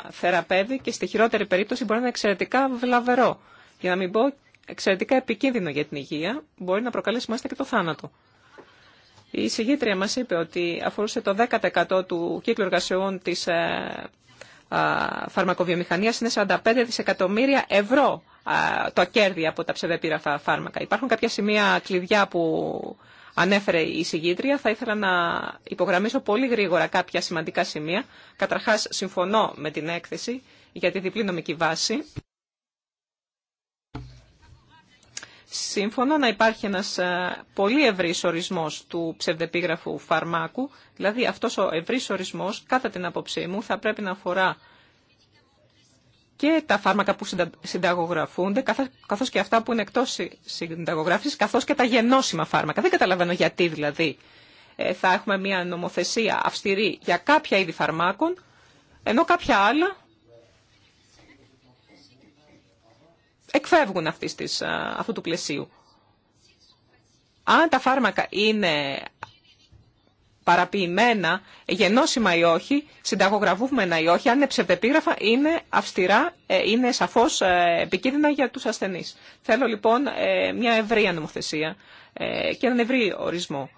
[SPEAKER 1] θεραπεύει και στη χειρότερη περίπτωση μπορεί να είναι εξαιρετικά βλαβερό. Για να μην πω εξαιρετικά επικίνδυνο για την υγεία, μπορεί να προκαλέσει μάλιστα και το θάνατο. Η συγγήτρια μας είπε ότι αφορούσε το 10% του κύκλου εργασιών της ε, φαρμακοβιομηχανίας είναι 45 δισεκατομμύρια ευρώ το κέρδη από τα ψευδεπίραφα φάρμακα. Υπάρχουν κάποια σημεία κλειδιά που ανέφερε η συγγήτρια, θα ήθελα να υπογραμμίσω πολύ γρήγορα κάποια σημαντικά σημεία. Καταρχάς, συμφωνώ με την έκθεση για τη διπλή νομική βάση. Συμφωνώ να υπάρχει ένας ε, πολύ ευρύς ορισμός του ψευδεπίγραφου φαρμάκου, δηλαδή αυτός ο ευρύς ορισμός, κατά την άποψή μου, θα πρέπει να αφορά και τα φάρμακα που συνταγογραφούνται, καθώς και αυτά που είναι εκτός συνταγογράφησης, καθώς και τα γενώσιμα φάρμακα. Δεν καταλαβαίνω γιατί δηλαδή ε, θα έχουμε μια νομοθεσία αυστηρή για κάποια είδη φαρμάκων, ενώ κάποια άλλα εκφεύγουν αυτού του πλαισίου. Αν τα φάρμακα είναι παραποιημένα, γενώσιμα ή όχι, συνταγογραφούμενα ή όχι, αν είναι ψευδεπίγραφα, είναι αυστηρά, ε, είναι σαφώς ε, επικίνδυνα για τους ασθενείς. Θέλω λοιπόν ε, μια ευρία νομοθεσία και έναν ευρύ ορισμό.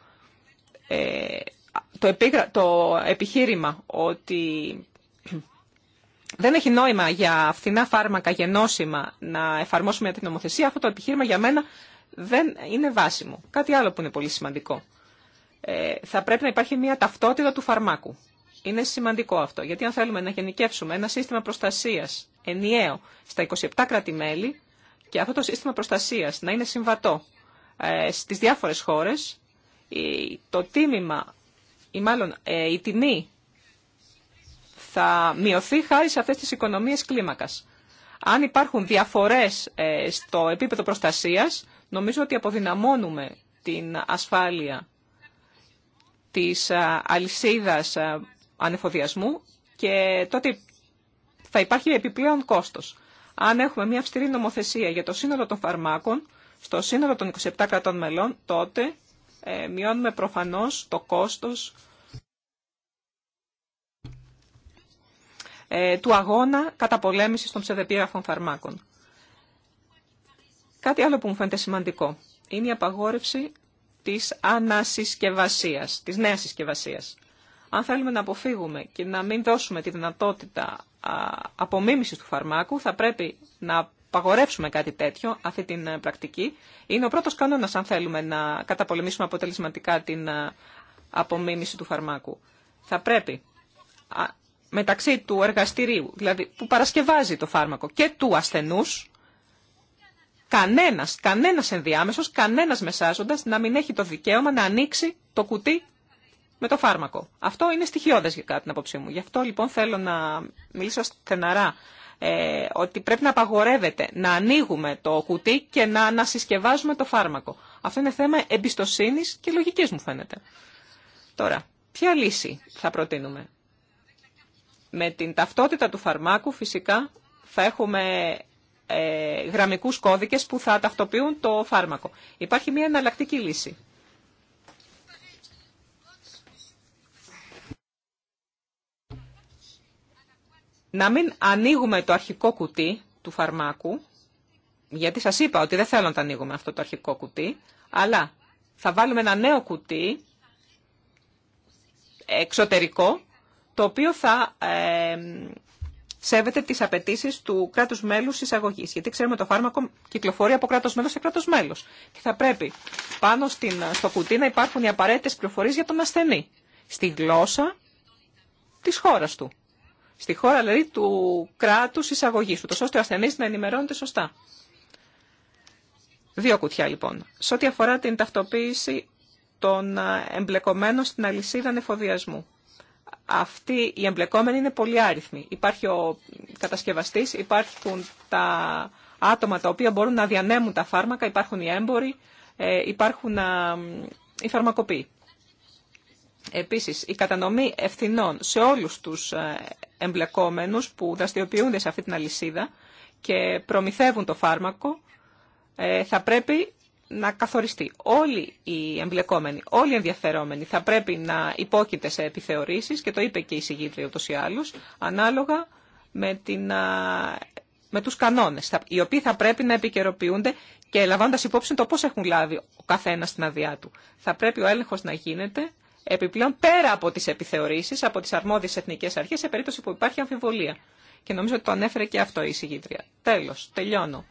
[SPEAKER 1] Το επιχείρημα ότι δεν έχει νόημα για φθηνά φάρμακα γενώσιμα να εφαρμόσουμε την νομοθεσία, αυτό το επιχείρημα για μένα δεν είναι βάσιμο. Κάτι άλλο που είναι πολύ σημαντικό. Ε, θα πρέπει να υπάρχει μια ταυτότητα του φαρμάκου. Είναι σημαντικό αυτό, γιατί αν θέλουμε να γενικεύσουμε ένα σύστημα προστασίας ενιαίο στα 27 κράτη-μέλη και αυτό το σύστημα προστασίας να είναι συμβατό ε, στις διάφορες χώρες, το τίμημα ή μάλλον ε, η τιμή θα μειωθεί χάρη σε αυτές τις οικονομίες κλίμακας. Αν υπάρχουν διαφορές στο επίπεδο προστασίας, νομίζω ότι αποδυναμώνουμε την ασφάλεια της αλυσίδας ανεφοδιασμού και τότε θα υπάρχει επιπλέον κόστος. Αν έχουμε μια αυστηρή νομοθεσία για το σύνολο των φαρμάκων, στο σύνολο των 27 κρατών μελών, τότε ε, μειώνουμε προφανώς το κόστος ε, του αγώνα καταπολέμησης των ψευδεπίγραφων φαρμάκων. Κάτι άλλο που μου φαίνεται σημαντικό είναι η απαγόρευση της ανασυσκευασίας, της νέας συσκευασίας. Αν θέλουμε να αποφύγουμε και να μην δώσουμε τη δυνατότητα απομίμησης του φαρμάκου, θα πρέπει να απαγορεύσουμε κάτι τέτοιο, αυτή την ε, πρακτική. Είναι ο πρώτος κανόνας αν θέλουμε να καταπολεμήσουμε αποτελεσματικά την ε, απομίμηση του φαρμάκου. Θα πρέπει μεταξύ του εργαστηρίου, δηλαδή που παρασκευάζει το φάρμακο και του ασθενούς, κανένας, κανένας ενδιάμεσος, κανένας μεσάζοντας να μην έχει το δικαίωμα να ανοίξει το κουτί με το φάρμακο. Αυτό είναι στοιχειώδες για κάτι την απόψή μου. Γι' αυτό λοιπόν θέλω να μιλήσω στεναρά ε, ότι πρέπει να απαγορεύεται να ανοίγουμε το κουτί και να ανασυσκευάζουμε το φάρμακο. Αυτό είναι θέμα εμπιστοσύνη και λογική μου φαίνεται. Τώρα, ποια λύση θα προτείνουμε. Με την ταυτότητα του φαρμάκου φυσικά θα έχουμε ε, γραμμικούς που θα ταυτοποιούν το φάρμακο. Υπάρχει μια εναλλακτική λύση. Να μην ανοίγουμε το αρχικό κουτί του φαρμάκου, γιατί σας είπα ότι δεν θέλω να το ανοίγουμε αυτό το αρχικό κουτί, αλλά θα βάλουμε ένα νέο κουτί εξωτερικό, το οποίο θα ε, σέβεται τις απαιτήσει του κράτους μέλους εισαγωγής. Γιατί ξέρουμε το φάρμακο κυκλοφορεί από κράτος μέλος σε κράτος μέλος. Και θα πρέπει πάνω στην, στο κουτί να υπάρχουν οι απαραίτητες πληροφορίες για τον ασθενή. Στη γλώσσα της χώρας του. Στη χώρα δηλαδή του κράτους εισαγωγής του, ώστε ο ασθενής να ενημερώνεται σωστά. Δύο κουτιά λοιπόν. Σε ό,τι αφορά την ταυτοποίηση των εμπλεκομένων στην αλυσίδα νεφοδιασμού αυτοί οι εμπλεκόμενοι είναι πολύ άριθμοι. Υπάρχει ο κατασκευαστής, υπάρχουν τα άτομα τα οποία μπορούν να διανέμουν τα φάρμακα, υπάρχουν οι έμποροι, ε, υπάρχουν οι φαρμακοποιοί. Επίσης, η κατανομή ευθυνών σε όλους τους ε, εμπλεκόμενους που δραστηριοποιούνται σε αυτή την αλυσίδα και προμηθεύουν το φάρμακο, ε, θα πρέπει να καθοριστεί. Όλοι οι εμπλεκόμενοι, όλοι οι ενδιαφερόμενοι θα πρέπει να υπόκειται σε επιθεωρήσεις και το είπε και η συγγήτρια ούτως ή άλλως, ανάλογα με, την, με τους κανόνες, οι οποίοι θα πρέπει να επικαιροποιούνται και λαμβάνοντας υπόψη το πώς έχουν λάβει ο καθένας την αδειά του. Θα πρέπει ο έλεγχος να γίνεται επιπλέον πέρα από τις επιθεωρήσεις, από τις αρμόδιες εθνικές αρχές, σε περίπτωση που υπάρχει αμφιβολία. Και νομίζω ότι το ανέφερε και αυτό η συγγήτρια. Τέλος, τελειώνω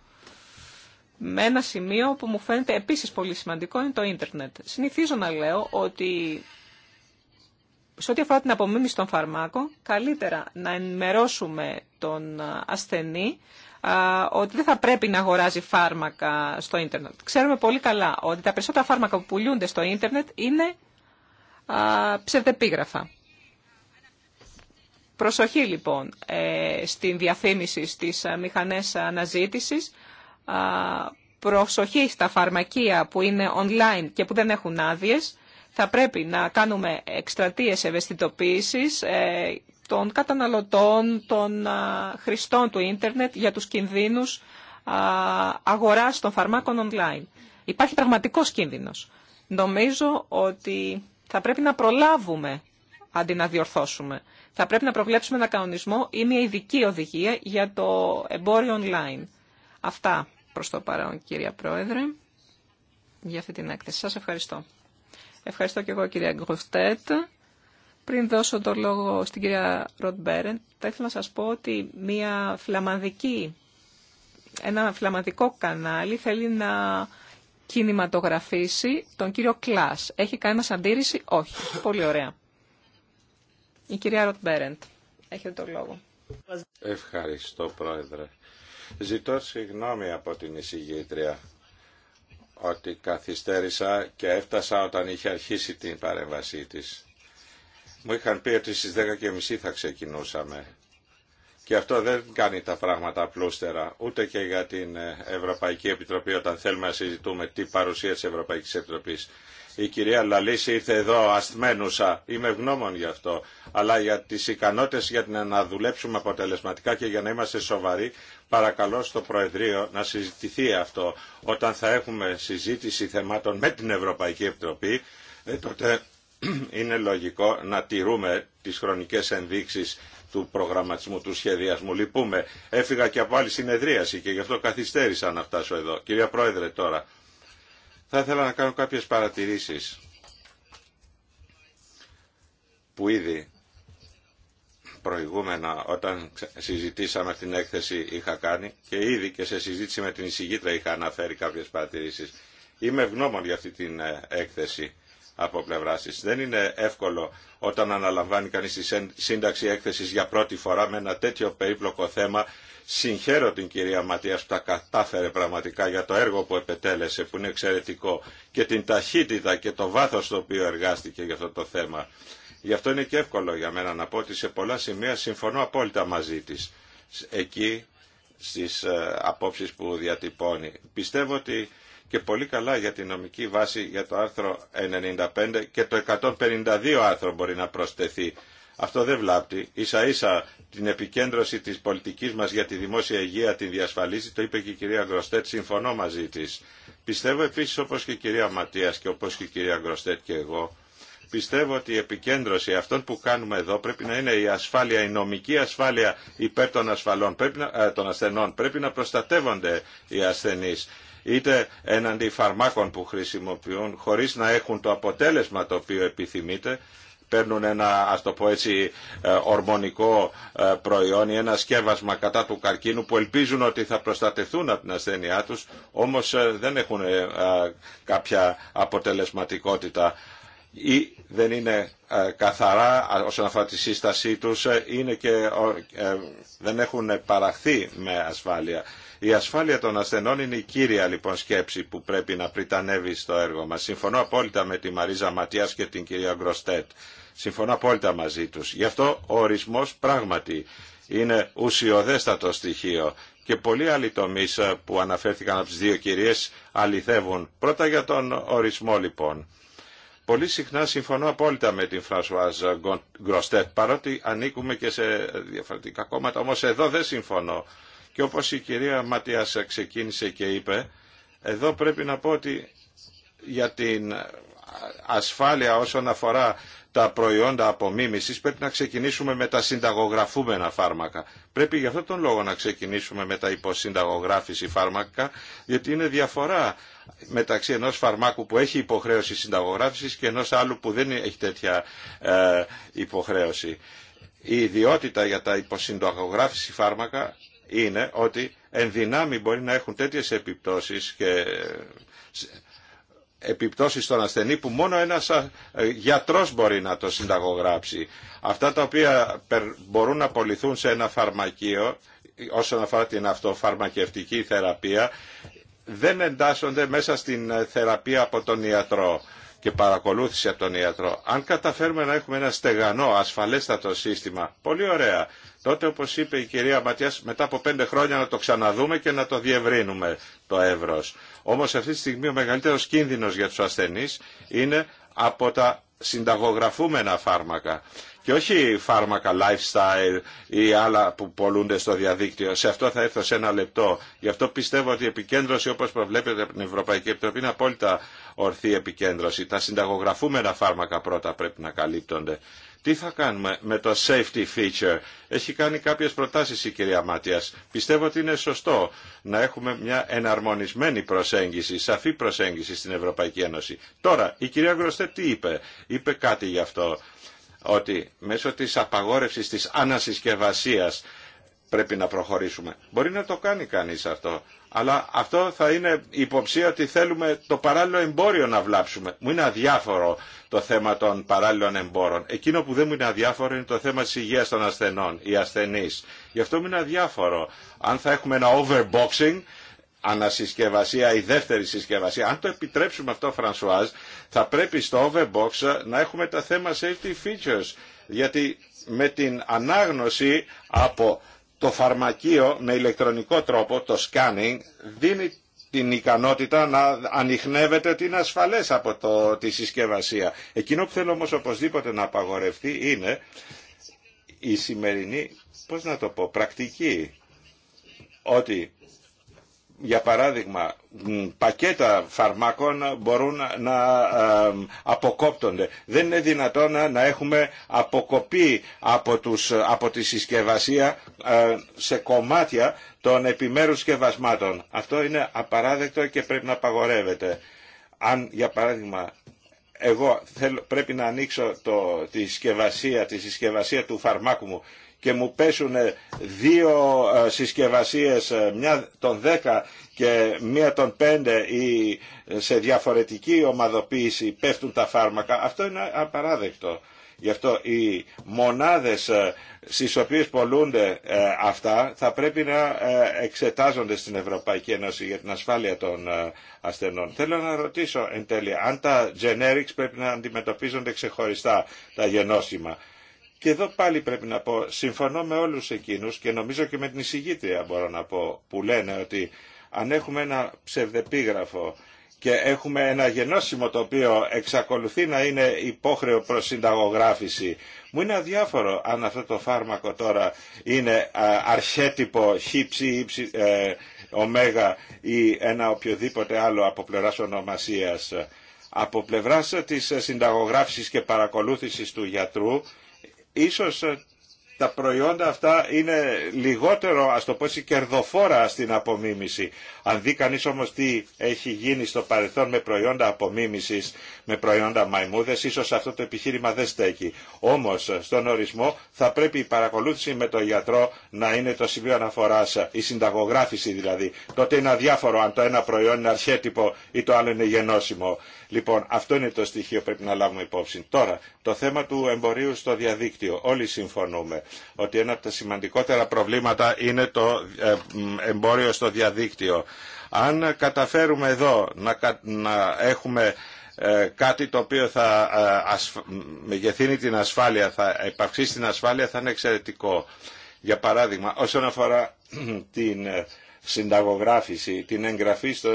[SPEAKER 1] με ένα σημείο που μου φαίνεται επίσης πολύ σημαντικό είναι το ίντερνετ. Συνηθίζω να λέω ότι σε ό,τι αφορά την απομίμηση των φαρμάκων, καλύτερα να ενημερώσουμε τον ασθενή ότι δεν θα πρέπει να αγοράζει φάρμακα στο ίντερνετ. Ξέρουμε πολύ καλά ότι τα περισσότερα φάρμακα που πουλούνται στο ίντερνετ είναι ψευδεπίγραφα. Προσοχή λοιπόν ε, στην διαφήμιση στις ε, μηχανές αναζήτησης προσοχή στα φαρμακεία που είναι online και που δεν έχουν άδειε. Θα πρέπει να κάνουμε εκστρατείες ευαισθητοποίησης ε, των καταναλωτών, των χρηστών του ίντερνετ για τους κινδύνους αγοράς των φαρμάκων online. Υπάρχει πραγματικός κίνδυνος. Νομίζω ότι θα πρέπει να προλάβουμε αντί να διορθώσουμε. Θα πρέπει να προβλέψουμε ένα κανονισμό ή μια ειδική οδηγία για το εμπόριο online. Αυτά προς το παρόν, κυρία Πρόεδρε, για αυτή την έκθεση. Σας ευχαριστώ. Ευχαριστώ και εγώ, κυρία Γκοστέτ. Πριν δώσω το λόγο στην κυρία Μπέρεντ, θα ήθελα να σας πω ότι μια φλαμανδική, ένα φλαμανδικό κανάλι θέλει να κινηματογραφήσει τον κύριο Κλάς. Έχει κανένα αντίρρηση? Όχι. Πολύ ωραία. Η κυρία Μπέρεντ Έχετε το λόγο.
[SPEAKER 3] Ευχαριστώ, Πρόεδρε. Ζητώ συγγνώμη από την εισηγήτρια ότι καθυστέρησα και έφτασα όταν είχε αρχίσει την παρέμβασή της. Μου είχαν πει ότι στις 10.30 θα ξεκινούσαμε. Και αυτό δεν κάνει τα πράγματα απλούστερα, ούτε και για την Ευρωπαϊκή Επιτροπή όταν θέλουμε να συζητούμε τι παρουσία της Ευρωπαϊκής Επιτροπής. Η κυρία Λαλίση ήρθε εδώ ασθμένουσα. Είμαι ευγνώμων γι' αυτό. Αλλά για τις ικανότητες για να δουλέψουμε αποτελεσματικά και για να είμαστε σοβαροί, παρακαλώ στο Προεδρείο να συζητηθεί αυτό. Όταν θα έχουμε συζήτηση θεμάτων με την Ευρωπαϊκή Επιτροπή, ε, τότε είναι λογικό να τηρούμε τις χρονικές ενδείξεις του προγραμματισμού, του σχεδιασμού. Λυπούμε. Έφυγα και από άλλη συνεδρίαση και γι' αυτό καθυστέρησα να φτάσω εδώ. Κυρία Πρόεδρε τώρα, θα ήθελα να κάνω κάποιες παρατηρήσεις που ήδη προηγούμενα όταν συζητήσαμε την έκθεση είχα κάνει και ήδη και σε συζήτηση με την εισηγήτρα είχα αναφέρει κάποιες παρατηρήσεις. Είμαι ευγνώμων για αυτή την ε, έκθεση από πλευρά τη. Δεν είναι εύκολο όταν αναλαμβάνει κανεί τη σύνταξη έκθεση για πρώτη φορά με ένα τέτοιο περίπλοκο θέμα. Συγχαίρω την κυρία Ματίας που τα κατάφερε πραγματικά για το έργο που επετέλεσε, που είναι εξαιρετικό, και την ταχύτητα και το βάθος στο οποίο εργάστηκε για αυτό το θέμα. Γι' αυτό είναι και εύκολο για μένα να πω ότι σε πολλά σημεία συμφωνώ απόλυτα μαζί τη Εκεί στις ε, απόψεις που διατυπώνει. Πιστεύω ότι και πολύ καλά για την νομική βάση για το άρθρο 95 και το 152 άρθρο μπορεί να προσθεθεί. Αυτό δεν βλάπτει. Ίσα ίσα την επικέντρωση της πολιτικής μας για τη δημόσια υγεία την διασφαλίζει, το είπε και η κυρία Γκροστέτ, συμφωνώ μαζί της. Πιστεύω επίσης όπως και η κυρία Ματίας και όπως και η κυρία Γκροστέτ και εγώ, πιστεύω ότι η επικέντρωση αυτών που κάνουμε εδώ πρέπει να είναι η ασφάλεια, η νομική ασφάλεια υπέρ των, ασφαλών, πρέπει να, ε, ασθενών. Πρέπει να προστατεύονται οι ασθενείς είτε εναντί φαρμάκων που χρησιμοποιούν χωρίς να έχουν το αποτέλεσμα το οποίο επιθυμείτε παίρνουν ένα ας το πω έτσι ε, ορμονικό ε, προϊόν ή ένα σκεύασμα κατά του καρκίνου που ελπίζουν ότι θα προστατευτούν από την ασθένειά τους όμως ε, δεν έχουν κάποια αποτελεσματικότητα ή δεν είναι καθαρά όσον αφορά τη σύστασή τους είναι και δεν έχουν παραχθεί με ασφάλεια. Η ασφάλεια των ασθενών είναι η κύρια λοιπόν σκέψη που πρέπει να πριτανεύει στο έργο μα. Συμφωνώ απόλυτα με τη Μαρίζα Ματιάς και την κυρία Γκροστέτ. Συμφωνώ απόλυτα μαζί τους. Γι' αυτό ο ορισμός πράγματι είναι ουσιοδέστατο στοιχείο και πολλοί άλλοι τομεί ε, που αναφέρθηκαν από τις δύο κυρίες αληθεύουν. Πρώτα για τον ορισμό λοιπόν. Πολύ συχνά συμφωνώ απόλυτα με την Φρανσουάζ Γκροστέτ, παρότι ανήκουμε και σε διαφορετικά κόμματα, όμως εδώ δεν συμφωνώ και όπως η κυρία Ματίας ξεκίνησε και είπε, εδώ πρέπει να πω ότι για την ασφάλεια όσον αφορά τα προϊόντα απομίμησης πρέπει να ξεκινήσουμε με τα συνταγογραφούμενα φάρμακα. Πρέπει γι' αυτό τον λόγο να ξεκινήσουμε με τα υποσυνταγογράφηση φάρμακα, γιατί είναι διαφορά μεταξύ ενός φαρμάκου που έχει υποχρέωση συνταγογράφησης και ενός άλλου που δεν έχει τέτοια ε, υποχρέωση. Η ιδιότητα για τα υποσυνταγογράφηση φάρμακα είναι ότι εν δυνάμει μπορεί να έχουν τέτοιες επιπτώσεις και ε, επιπτώσεις στον ασθενή που μόνο ένας ε, γιατρός μπορεί να το συνταγογράψει. Αυτά τα οποία μπορούν να απολυθούν σε ένα φαρμακείο όσον αφορά την αυτοφαρμακευτική θεραπεία δεν εντάσσονται μέσα στην ε, θεραπεία από τον ιατρό και παρακολούθηση από τον ιατρό. Αν καταφέρουμε να έχουμε ένα στεγανό, ασφαλέστατο σύστημα, πολύ ωραία τότε όπως είπε η κυρία Ματιάς μετά από πέντε χρόνια να το ξαναδούμε και να το διευρύνουμε το εύρος. Όμως αυτή τη στιγμή ο μεγαλύτερος κίνδυνος για τους ασθενείς είναι από τα συνταγογραφούμενα φάρμακα και όχι φάρμακα lifestyle ή άλλα που πολλούνται στο διαδίκτυο. Σε αυτό θα έρθω σε ένα λεπτό. Γι' αυτό πιστεύω ότι η επικέντρωση όπως προβλέπεται από την Ευρωπαϊκή Επιτροπή είναι απόλυτα ορθή επικέντρωση. Τα συνταγογραφούμενα φάρμακα πρώτα πρέπει να καλύπτονται. Τι θα κάνουμε με το safety feature. Έχει κάνει κάποιες προτάσεις η κυρία Μάτιας. Πιστεύω ότι είναι σωστό να έχουμε μια εναρμονισμένη προσέγγιση, σαφή προσέγγιση στην Ευρωπαϊκή Ένωση. Τώρα, η κυρία Γκροστέ τι είπε. Είπε κάτι γι' αυτό ότι μέσω της απαγόρευσης της ανασυσκευασίας πρέπει να προχωρήσουμε. Μπορεί να το κάνει κανείς αυτό. Αλλά αυτό θα είναι υποψία ότι θέλουμε το παράλληλο εμπόριο να βλάψουμε. Μου είναι αδιάφορο το θέμα των παράλληλων εμπόρων. Εκείνο που δεν μου είναι αδιάφορο είναι το θέμα της υγείας των ασθενών, οι ασθενείς. Γι' αυτό μου είναι αδιάφορο. Αν θα έχουμε ένα overboxing, ανασυσκευασία, η δεύτερη συσκευασία. Αν το επιτρέψουμε αυτό, Φρανσουάζ, θα πρέπει στο overbox να έχουμε τα θέμα safety features. Γιατί με την ανάγνωση από το φαρμακείο με ηλεκτρονικό τρόπο, το scanning, δίνει την ικανότητα να ανοιχνεύεται ότι είναι ασφαλές από το, τη συσκευασία. Εκείνο που θέλω όμως οπωσδήποτε να απαγορευτεί είναι η σημερινή, πώς να το πω, πρακτική. Ότι για παράδειγμα, πακέτα φαρμάκων μπορούν να ε, αποκόπτονται. Δεν είναι δυνατόν να έχουμε αποκοπή από, τους, από τη συσκευασία ε, σε κομμάτια των επιμέρους συσκευασμάτων. Αυτό είναι απαράδεκτο και πρέπει να απαγορεύεται. Αν, για παράδειγμα, εγώ πρέπει να ανοίξω το, τη συσκευασία, τη συσκευασία του φαρμάκου μου και μου πέσουν δύο ε, συσκευασίες, ε, μια των 10 και μία των 5 ή σε διαφορετική ομαδοποίηση πέφτουν τα φάρμακα, αυτό είναι απαράδεκτο. Γι' αυτό οι μονάδες ε, στις οποίες πολλούνται αυτά θα πρέπει να εξετάζονται στην Ευρωπαϊκή Ένωση για την ασφάλεια των ασθενών. Θέλω να ρωτήσω εν τέλει αν τα generics πρέπει να αντιμετωπίζονται ξεχωριστά τα γενώσιμα και εδώ πάλι πρέπει να πω, συμφωνώ με όλους εκείνους και νομίζω και με την εισηγήτρια μπορώ να πω, που λένε ότι αν έχουμε ένα ψευδεπίγραφο και έχουμε ένα γενώσιμο το οποίο εξακολουθεί να είναι υπόχρεο προς συνταγογράφηση. Μου είναι αδιάφορο αν αυτό το φάρμακο τώρα είναι αρχέτυπο χύψη ή ε, ε, ωμέγα ή ένα οποιοδήποτε άλλο από πλευράς ονομασίας. Από πλευράς της συνταγογράφησης και παρακολούθησης του γιατρού ίσως ε, τα προϊόντα αυτά είναι λιγότερο, ας το πω έτσι, κερδοφόρα στην απομίμηση. Αν δει κανείς όμως τι έχει γίνει στο παρελθόν με προϊόντα απομίμησης, με προϊόντα μαϊμούδες, ίσως αυτό το επιχείρημα δεν στέκει. Όμως, στον ορισμό θα πρέπει η παρακολούθηση με τον γιατρό να είναι το σημείο αναφοράς, η συνταγογράφηση δηλαδή. Τότε είναι αδιάφορο αν το ένα προϊόν είναι αρχέτυπο ή το άλλο είναι γενώσιμο. Λοιπόν, αυτό είναι το στοιχείο που πρέπει να λάβουμε υπόψη. Τώρα, το θέμα του εμπορίου στο διαδίκτυο. Όλοι συμφωνούμε ότι ένα από τα σημαντικότερα προβλήματα είναι το ε, εμπόριο στο διαδίκτυο. Αν καταφέρουμε εδώ να έχουμε ε, κάτι το οποίο θα ε, μεγεθύνει την ασφάλεια, θα επαυξήσει την ασφάλεια, θα είναι εξαιρετικό. Για παράδειγμα, όσον αφορά την συνταγογράφηση, την εγγραφή στο,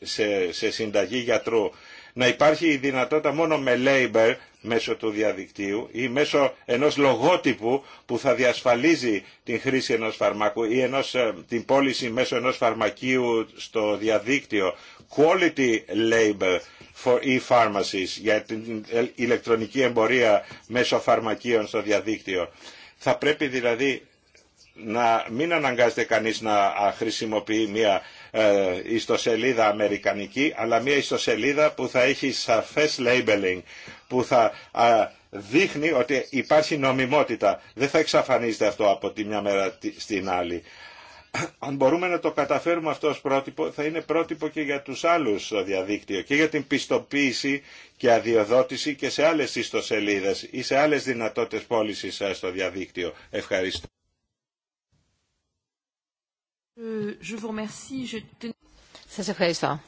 [SPEAKER 3] σε, σε συνταγή γιατρού, να υπάρχει η δυνατότητα μόνο με labor μέσω του διαδικτύου ή μέσω ενός λογότυπου που θα διασφαλίζει την χρήση ενός φαρμάκου ή ενός, ε, την πώληση μέσω ενός φαρμακείου στο διαδίκτυο. Quality labor for e-pharmacies για την ηλεκτρονική εμπορία μέσω φαρμακείων στο διαδίκτυο. Θα πρέπει δηλαδή να μην αναγκάζεται κανείς να χρησιμοποιεί μια ε, ιστοσελίδα αμερικανική, αλλά μια ιστοσελίδα που θα έχει σαφές labeling, που θα δείχνει ότι υπάρχει νομιμότητα. Δεν θα εξαφανίζεται αυτό από τη μια μέρα στην άλλη. Αν μπορούμε να το καταφέρουμε αυτό ως πρότυπο, θα είναι πρότυπο και για τους άλλους στο διαδίκτυο και για την πιστοποίηση και αδειοδότηση και σε άλλες ιστοσελίδες ή σε άλλες δυνατότητες πώλησης ε, στο διαδίκτυο. Ευχαριστώ.
[SPEAKER 2] Σας ευχαριστώ.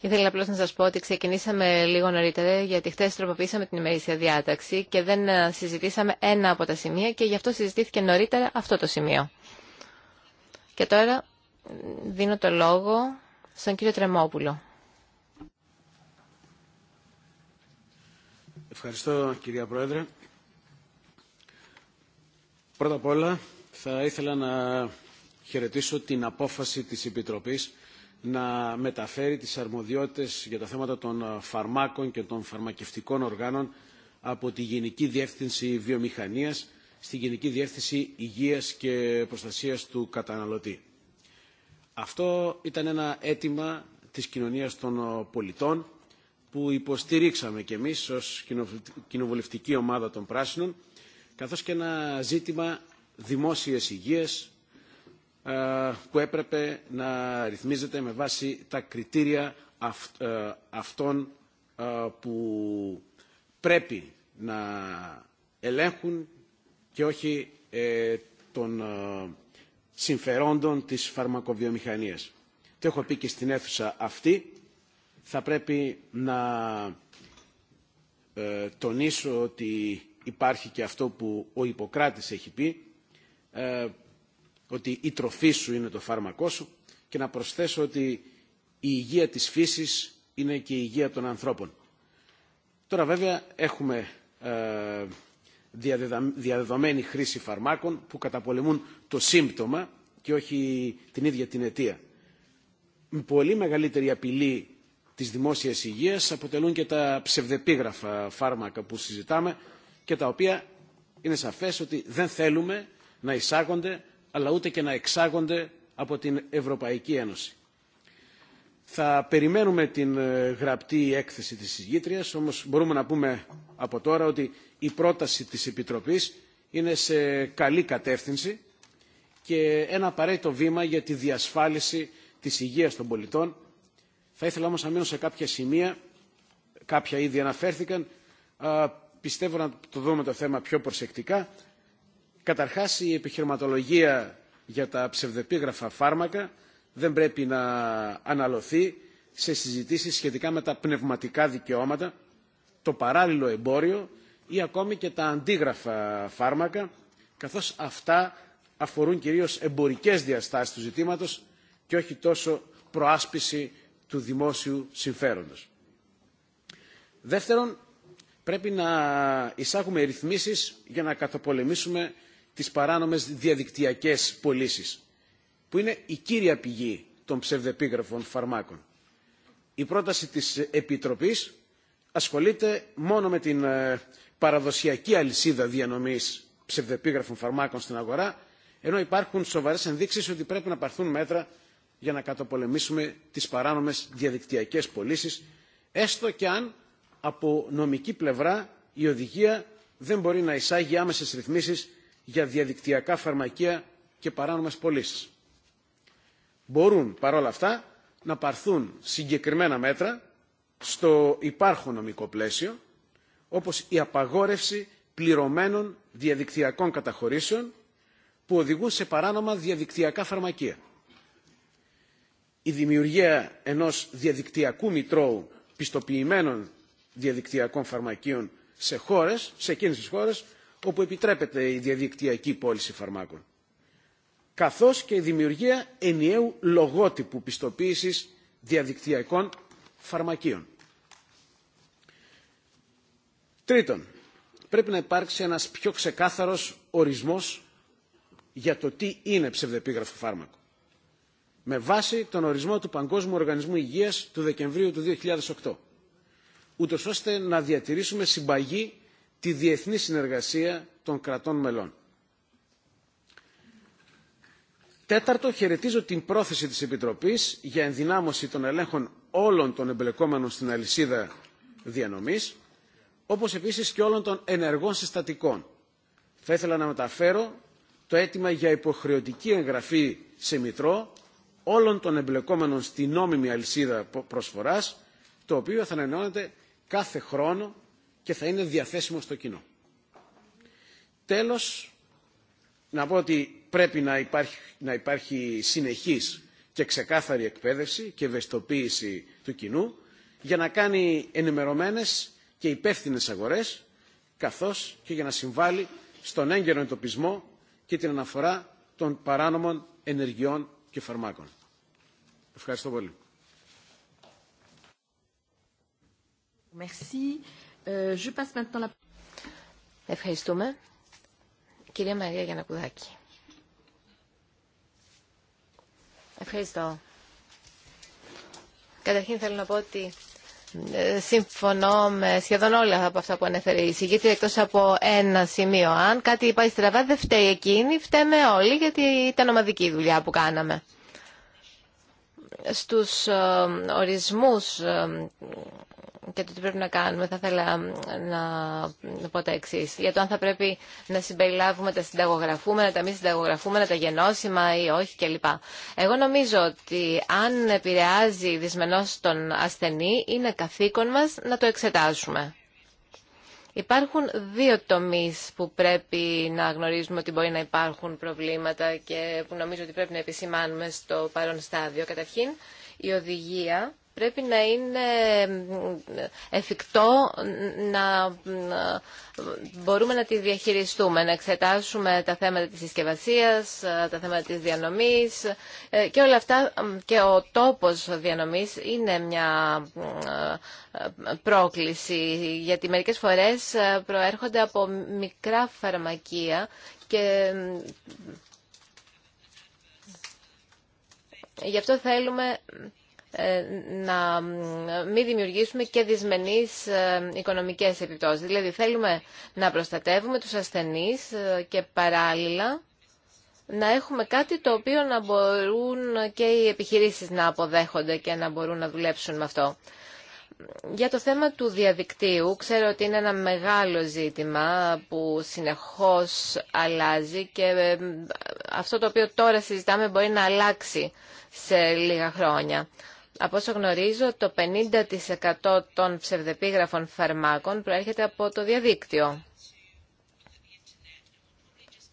[SPEAKER 2] Ήθελα απλώ να σα πω ότι ξεκινήσαμε λίγο νωρίτερα, γιατί χθε τροποποιήσαμε την ημερήσια διάταξη και δεν ε, συζητήσαμε ένα από τα σημεία και γι' αυτό συζητήθηκε νωρίτερα αυτό το σημείο. Και τώρα δίνω το λόγο στον κύριο Τρεμόπουλο.
[SPEAKER 4] Ευχαριστώ κυρία Πρόεδρε. Πρώτα απ' όλα θα ήθελα να χαιρετήσω την απόφαση της Επιτροπής να μεταφέρει τις αρμοδιότητες για τα θέματα των φαρμάκων και των φαρμακευτικών οργάνων από τη Γενική Διεύθυνση Βιομηχανίας στη Γενική Διεύθυνση Υγείας και Προστασίας του Καταναλωτή. Αυτό ήταν ένα αίτημα της κοινωνίας των πολιτών που υποστηρίξαμε και εμείς ως κοινοβουλευτική ομάδα των Πράσινων καθώς και ένα ζήτημα δημόσιες υγείας ε, που έπρεπε να ρυθμίζεται με βάση τα κριτήρια ε, αυτών ε, που πρέπει να ελέγχουν και όχι των συμφερόντων της φαρμακοβιομηχανίας. Το έχω πει και στην αίθουσα αυτή. Θα πρέπει να τονίσω ότι υπάρχει και αυτό που ο Ιπποκράτης έχει πει ε, ότι η τροφή σου είναι το φάρμακό σου και να προσθέσω ότι η υγεία της φύσης είναι και η υγεία των ανθρώπων. Τώρα βέβαια έχουμε ε, διαδεδομένη χρήση φαρμάκων που καταπολεμούν το σύμπτωμα και όχι την ίδια την αιτία. Με πολύ μεγαλύτερη απειλή της δημόσιας υγείας αποτελούν και τα ψευδεπίγραφα φάρμακα που συζητάμε και τα οποία είναι σαφές ότι δεν θέλουμε να εισάγονται αλλά ούτε και να εξάγονται από την Ευρωπαϊκή Ένωση. Θα περιμένουμε την ε, γραπτή έκθεση της συγγήτριας... όμως μπορούμε να πούμε από τώρα ότι η πρόταση της Επιτροπής είναι σε καλή κατεύθυνση και ένα απαραίτητο βήμα για τη διασφάλιση της υγείας των πολιτών. Θα ήθελα όμως να μείνω σε κάποια σημεία, κάποια ήδη αναφέρθηκαν, πιστεύω να το δούμε το θέμα πιο προσεκτικά Καταρχάς η επιχειρηματολογία για τα ψευδεπίγραφα φάρμακα δεν πρέπει να αναλωθεί σε συζητήσεις σχετικά με τα πνευματικά δικαιώματα, το παράλληλο εμπόριο ή ακόμη και τα αντίγραφα φάρμακα, καθώς αυτά αφορούν κυρίως εμπορικές διαστάσεις του ζητήματος και όχι τόσο προάσπιση του δημόσιου συμφέροντος. Δεύτερον, πρέπει να εισάγουμε ρυθμίσεις για να καταπολεμήσουμε τις παράνομες διαδικτυακές πωλήσει, που είναι η κύρια πηγή των ψευδεπίγραφων φαρμάκων. Η πρόταση της Επιτροπής ασχολείται μόνο με την ε, παραδοσιακή αλυσίδα διανομής ψευδεπίγραφων φαρμάκων στην αγορά, ενώ υπάρχουν σοβαρές ενδείξεις ότι πρέπει να παρθούν μέτρα για να καταπολεμήσουμε τις παράνομες διαδικτυακές πωλήσει, έστω και αν από νομική πλευρά η οδηγία δεν μπορεί να εισάγει άμεσε ρυθμίσει για διαδικτυακά φαρμακεία και παράνομες πωλήσει. Μπορούν παρόλα αυτά να παρθούν συγκεκριμένα μέτρα στο υπάρχον νομικό πλαίσιο, όπως η απαγόρευση πληρωμένων διαδικτυακών καταχωρήσεων που οδηγούν σε παράνομα διαδικτυακά φαρμακεία. Η δημιουργία ενός διαδικτυακού μητρώου πιστοποιημένων διαδικτυακών φαρμακείων σε χώρες, σε εκείνες τις χώρες όπου επιτρέπεται η διαδικτυακή πώληση φαρμάκων. Καθώς και η δημιουργία ενιαίου λογότυπου πιστοποίησης διαδικτυακών φαρμακείων. Τρίτον, πρέπει να υπάρξει ένας πιο ξεκάθαρος ορισμός για το τι είναι ψευδεπίγραφο φάρμακο. Με βάση τον ορισμό του Παγκόσμιου Οργανισμού Υγείας του Δεκεμβρίου του 2008. Ούτως ώστε να διατηρήσουμε συμπαγή τη διεθνή συνεργασία των κρατών μελών. Τέταρτο, χαιρετίζω την πρόθεση της Επιτροπής για ενδυνάμωση των ελέγχων όλων των εμπλεκόμενων στην αλυσίδα διανομής, όπως επίσης και όλων των ενεργών συστατικών. Θα ήθελα να μεταφέρω το αίτημα για υποχρεωτική εγγραφή σε Μητρό όλων των εμπλεκόμενων στην νόμιμη αλυσίδα προσφοράς, το οποίο θα ανανεώνεται κάθε χρόνο και θα είναι διαθέσιμο στο κοινό. Τέλος, να πω ότι πρέπει να υπάρχει, να υπάρχει συνεχής και ξεκάθαρη εκπαίδευση και ευαισθητοποίηση του κοινού για να κάνει ενημερωμένες και υπεύθυνες αγορές καθώς και για να συμβάλλει στον έγκαιρο εντοπισμό και την αναφορά των παράνομων ενεργειών και φαρμάκων. Ευχαριστώ πολύ.
[SPEAKER 2] Ε, Ευχαριστούμε. Κυρία Μαρία Γιανακουδάκη. Ευχαριστώ. Καταρχήν θέλω να πω ότι ε, συμφωνώ με σχεδόν όλα από αυτά που ανέφερε η συγκήτρια εκτός από ένα σημείο. Αν κάτι πάει στραβά δεν φταίει εκείνη, φταίμε όλοι γιατί ήταν ομαδική η δουλειά που κάναμε. Στους ε, ορισμούς και το τι πρέπει να κάνουμε. Θα ήθελα να πω τα εξή. Για το αν θα πρέπει να συμπεριλάβουμε τα συνταγογραφούμενα, τα μη συνταγογραφούμενα, τα γενώσιμα ή όχι κλπ. Εγώ νομίζω ότι αν επηρεάζει δυσμενώ τον ασθενή, είναι καθήκον μα να το εξετάσουμε. Υπάρχουν δύο τομείς που πρέπει να γνωρίζουμε ότι μπορεί να υπάρχουν προβλήματα και που νομίζω ότι πρέπει να επισημάνουμε στο παρόν στάδιο. Καταρχήν, η οδηγία πρέπει να είναι εφικτό να μπορούμε να τη διαχειριστούμε, να εξετάσουμε τα θέματα της συσκευασία, τα θέματα της διανομής ε, και όλα αυτά και ο τόπος διανομής είναι μια πρόκληση γιατί μερικές φορές ε, προέρχονται από μικρά φαρμακεία και γι' αυτό θέλουμε ε, να μην δημιουργήσουμε και δυσμενείς ε, οικονομικές επιπτώσεις. Δηλαδή θέλουμε να προστατεύουμε τους ασθενείς ε, και παράλληλα να έχουμε κάτι το οποίο να μπορούν και οι επιχειρήσεις να αποδέχονται και να μπορούν να δουλέψουν με αυτό. Για το θέμα του διαδικτύου, ξέρω ότι είναι ένα μεγάλο ζήτημα που συνεχώς αλλάζει και αυτό το οποίο τώρα συζητάμε μπορεί να αλλάξει σε λίγα χρόνια. Από όσο γνωρίζω, το 50% των ψευδεπίγραφων φαρμάκων προέρχεται από το διαδίκτυο.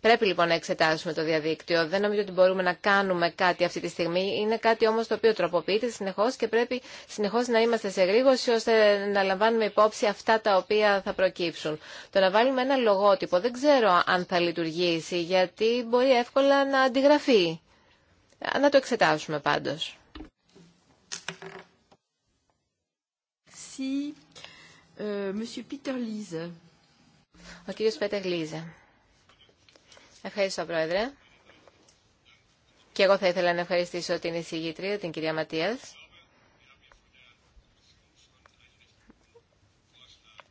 [SPEAKER 2] Πρέπει λοιπόν να εξετάσουμε το διαδίκτυο. Δεν νομίζω ότι μπορούμε να κάνουμε κάτι αυτή τη στιγμή. Είναι κάτι όμω το οποίο τροποποιείται συνεχώ και πρέπει συνεχώ να είμαστε σε γρήγορση ώστε να λαμβάνουμε υπόψη αυτά τα οποία θα προκύψουν. Το να βάλουμε ένα λογότυπο δεν ξέρω αν θα λειτουργήσει γιατί μπορεί εύκολα να αντιγραφεί. Να το εξετάσουμε πάντως. Euh, Ο κύριος Πέτερ Λίζα. Ευχαριστώ, Πρόεδρε. Και εγώ θα ήθελα να ευχαριστήσω την εισηγήτρια, την κυρία Ματίας.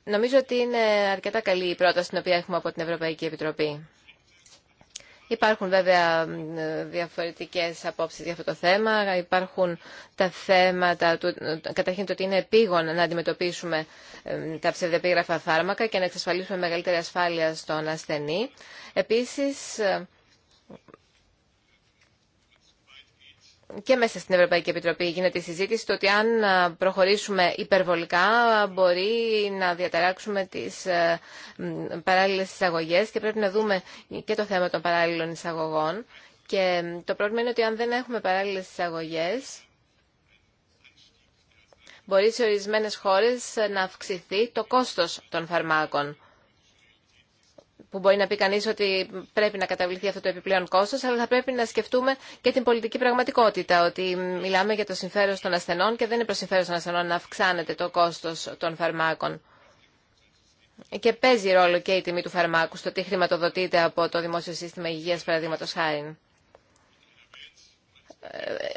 [SPEAKER 2] Νομίζω ότι είναι αρκετά καλή η πρόταση την οποία έχουμε από την Ευρωπαϊκή Επιτροπή. Υπάρχουν βέβαια διαφορετικές απόψεις για αυτό το θέμα. Υπάρχουν τα θέματα, του, καταρχήν το ότι είναι επίγον να αντιμετωπίσουμε τα ψευδεπίγραφα φάρμακα και να εξασφαλίσουμε μεγαλύτερη ασφάλεια στον ασθενή. Επίσης, και μέσα στην Ευρωπαϊκή Επιτροπή γίνεται η συζήτηση το ότι αν ε, προχωρήσουμε υπερβολικά μπορεί να διαταράξουμε τις ε, παράλληλες εισαγωγές και πρέπει να δούμε και το θέμα των παράλληλων εισαγωγών. Και το πρόβλημα είναι ότι αν δεν έχουμε παράλληλες εισαγωγές μπορεί σε ορισμένες χώρες να αυξηθεί το κόστος των φαρμάκων που μπορεί να πει κανεί ότι πρέπει να καταβληθεί αυτό το επιπλέον κόστο, αλλά θα πρέπει να σκεφτούμε και την πολιτική πραγματικότητα. Ότι μιλάμε για το συμφέρον των ασθενών και δεν είναι προ συμφέρον των ασθενών να αυξάνεται το κόστο των φαρμάκων. Και παίζει ρόλο και η τιμή του φαρμάκου στο τι χρηματοδοτείται από το Δημόσιο Σύστημα Υγεία, παραδείγματο χάρη.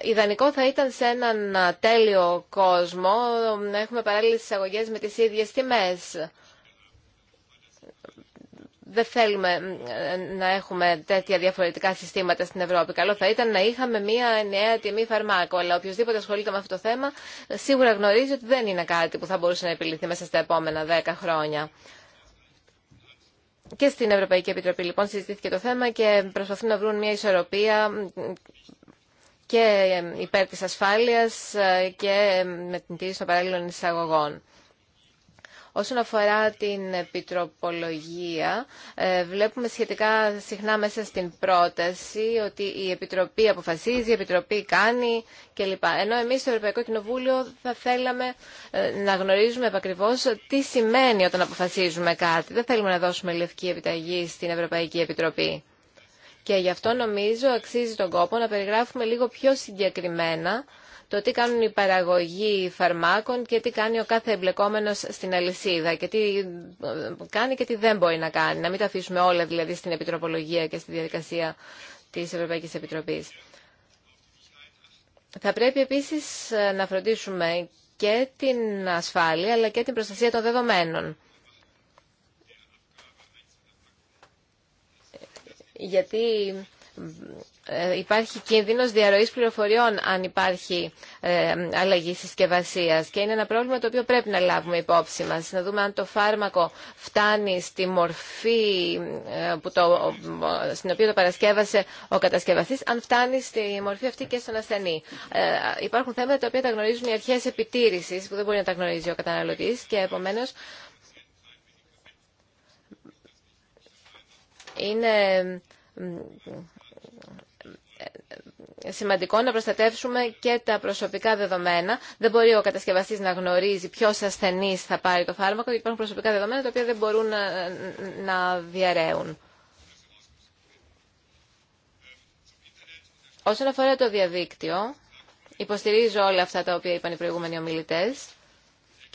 [SPEAKER 2] Ε, ιδανικό θα ήταν σε έναν τέλειο κόσμο να έχουμε παράλληλε εισαγωγέ με τι ίδιε τιμέ δεν θέλουμε ε, να έχουμε τέτοια διαφορετικά συστήματα στην Ευρώπη. Καλό θα ήταν να είχαμε μία νέα τιμή φαρμάκου, αλλά οποιοδήποτε ασχολείται με αυτό το θέμα ε, σίγουρα γνωρίζει ότι δεν είναι κάτι που θα μπορούσε να επιληθεί μέσα στα επόμενα δέκα χρόνια. Και στην Ευρωπαϊκή Επιτροπή λοιπόν συζητήθηκε το θέμα και προσπαθούν να βρουν μια ισορροπία και ε, υπέρ της ασφάλειας και με την τήρηση των παράλληλων εισαγωγών. Όσον αφορά την επιτροπολογία, ε, βλέπουμε σχετικά συχνά μέσα στην πρόταση ότι η Επιτροπή αποφασίζει, η Επιτροπή κάνει κλπ. Ενώ εμείς στο Ευρωπαϊκό Κοινοβούλιο θα θέλαμε ε, να γνωρίζουμε επακριβώ τι σημαίνει όταν αποφασίζουμε κάτι. Δεν θέλουμε να δώσουμε λευκή επιταγή στην Ευρωπαϊκή Επιτροπή. Και γι' αυτό νομίζω αξίζει τον κόπο να περιγράφουμε λίγο πιο συγκεκριμένα το τι κάνουν οι παραγωγοί φαρμάκων και τι κάνει ο κάθε εμπλεκόμενος στην αλυσίδα και τι ε, κάνει και τι δεν μπορεί να κάνει. Να μην τα αφήσουμε όλα δηλαδή στην επιτροπολογία και στη διαδικασία της Ευρωπαϊκή Επιτροπής. Θα πρέπει επίσης ε, να φροντίσουμε και την ασφάλεια αλλά και την προστασία των δεδομένων. Ε, γιατί ε, υπάρχει κίνδυνος διαρροής πληροφοριών αν υπάρχει ε, αλλαγή συσκευασία. και είναι ένα πρόβλημα το οποίο πρέπει να λάβουμε υπόψη μας. Να δούμε αν το φάρμακο φτάνει στη μορφή ε, που το, στην οποία το παρασκεύασε ο κατασκευαστής, αν φτάνει στη μορφή αυτή και στον ασθενή. Υπάρχουν θέματα τα οποία τα γνωρίζουν οι αρχές επιτήρησης που δεν μπορεί να τα γνωρίζει ο καταναλωτής και επομένως είναι σημαντικό να προστατεύσουμε και τα προσωπικά δεδομένα. Δεν μπορεί ο κατασκευαστή να γνωρίζει ποιο ασθενή θα πάρει το φάρμακο, γιατί υπάρχουν προσωπικά δεδομένα τα οποία δεν μπορούν να, να διαραίουν. Όσον αφορά το διαδίκτυο, υποστηρίζω όλα αυτά τα οποία είπαν οι προηγούμενοι ομιλητές.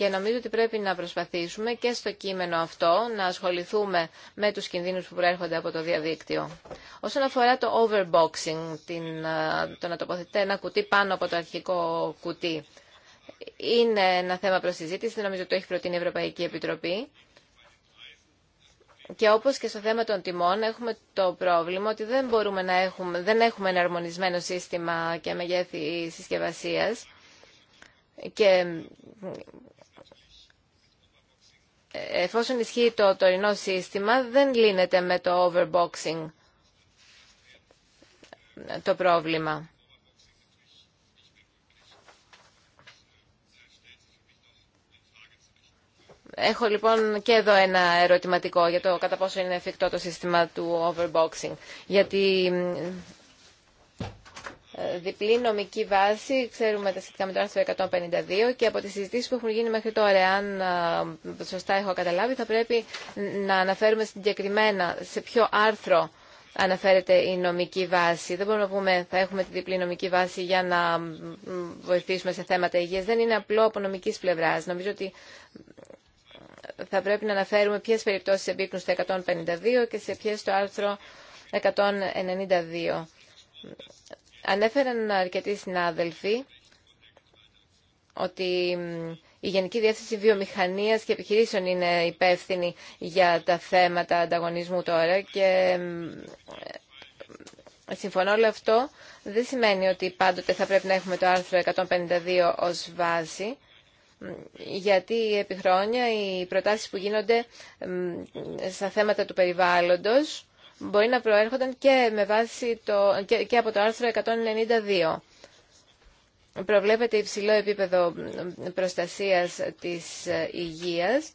[SPEAKER 2] Και νομίζω ότι πρέπει να προσπαθήσουμε και στο κείμενο αυτό να ασχοληθούμε με τους κινδύνους που προέρχονται από το διαδίκτυο. Όσον αφορά το overboxing, το να τοποθετεί ένα κουτί πάνω από το αρχικό κουτί, είναι ένα θέμα προς συζήτηση, νομίζω το έχει προτείνει η Ευρωπαϊκή Επιτροπή. Και όπως και στο θέμα των τιμών έχουμε το πρόβλημα ότι δεν, μπορούμε να έχουμε, δεν έχουμε ένα αρμονισμένο σύστημα και μεγέθη συσκευασίας και εφόσον ισχύει το τωρινό σύστημα, δεν λύνεται με το overboxing το πρόβλημα. Έχω λοιπόν και εδώ ένα ερωτηματικό για το κατά πόσο είναι εφικτό το σύστημα του overboxing. Γιατί ε, διπλή νομική βάση, ξέρουμε τα σχετικά με το άρθρο 152 και από τις συζητήσεις που έχουν γίνει μέχρι τώρα, αν ε, σωστά έχω καταλάβει, θα πρέπει να αναφέρουμε συγκεκριμένα σε ποιο άρθρο αναφέρεται η νομική βάση. Δεν μπορούμε να πούμε θα έχουμε τη διπλή νομική βάση για να βοηθήσουμε σε θέματα υγείας. Δεν είναι απλό από νομικής πλευράς. Νομίζω ότι θα πρέπει να αναφέρουμε ποιες περιπτώσεις εμπίκνουν στο 152 και σε ποιες το άρθρο 192. Ανέφεραν αρκετοί συνάδελφοι ότι η Γενική Διεύθυνση Βιομηχανίας και Επιχειρήσεων είναι υπεύθυνη για τα θέματα ανταγωνισμού τώρα και ε, συμφωνώ όλο αυτό δεν σημαίνει ότι πάντοτε θα πρέπει να έχουμε το άρθρο 152 ως βάση γιατί επί χρόνια οι προτάσεις που γίνονται στα θέματα του περιβάλλοντος μπορεί να προέρχονταν και, με βάση το, και, και από το άρθρο 192. Προβλέπεται υψηλό επίπεδο προστασίας της ε, υγείας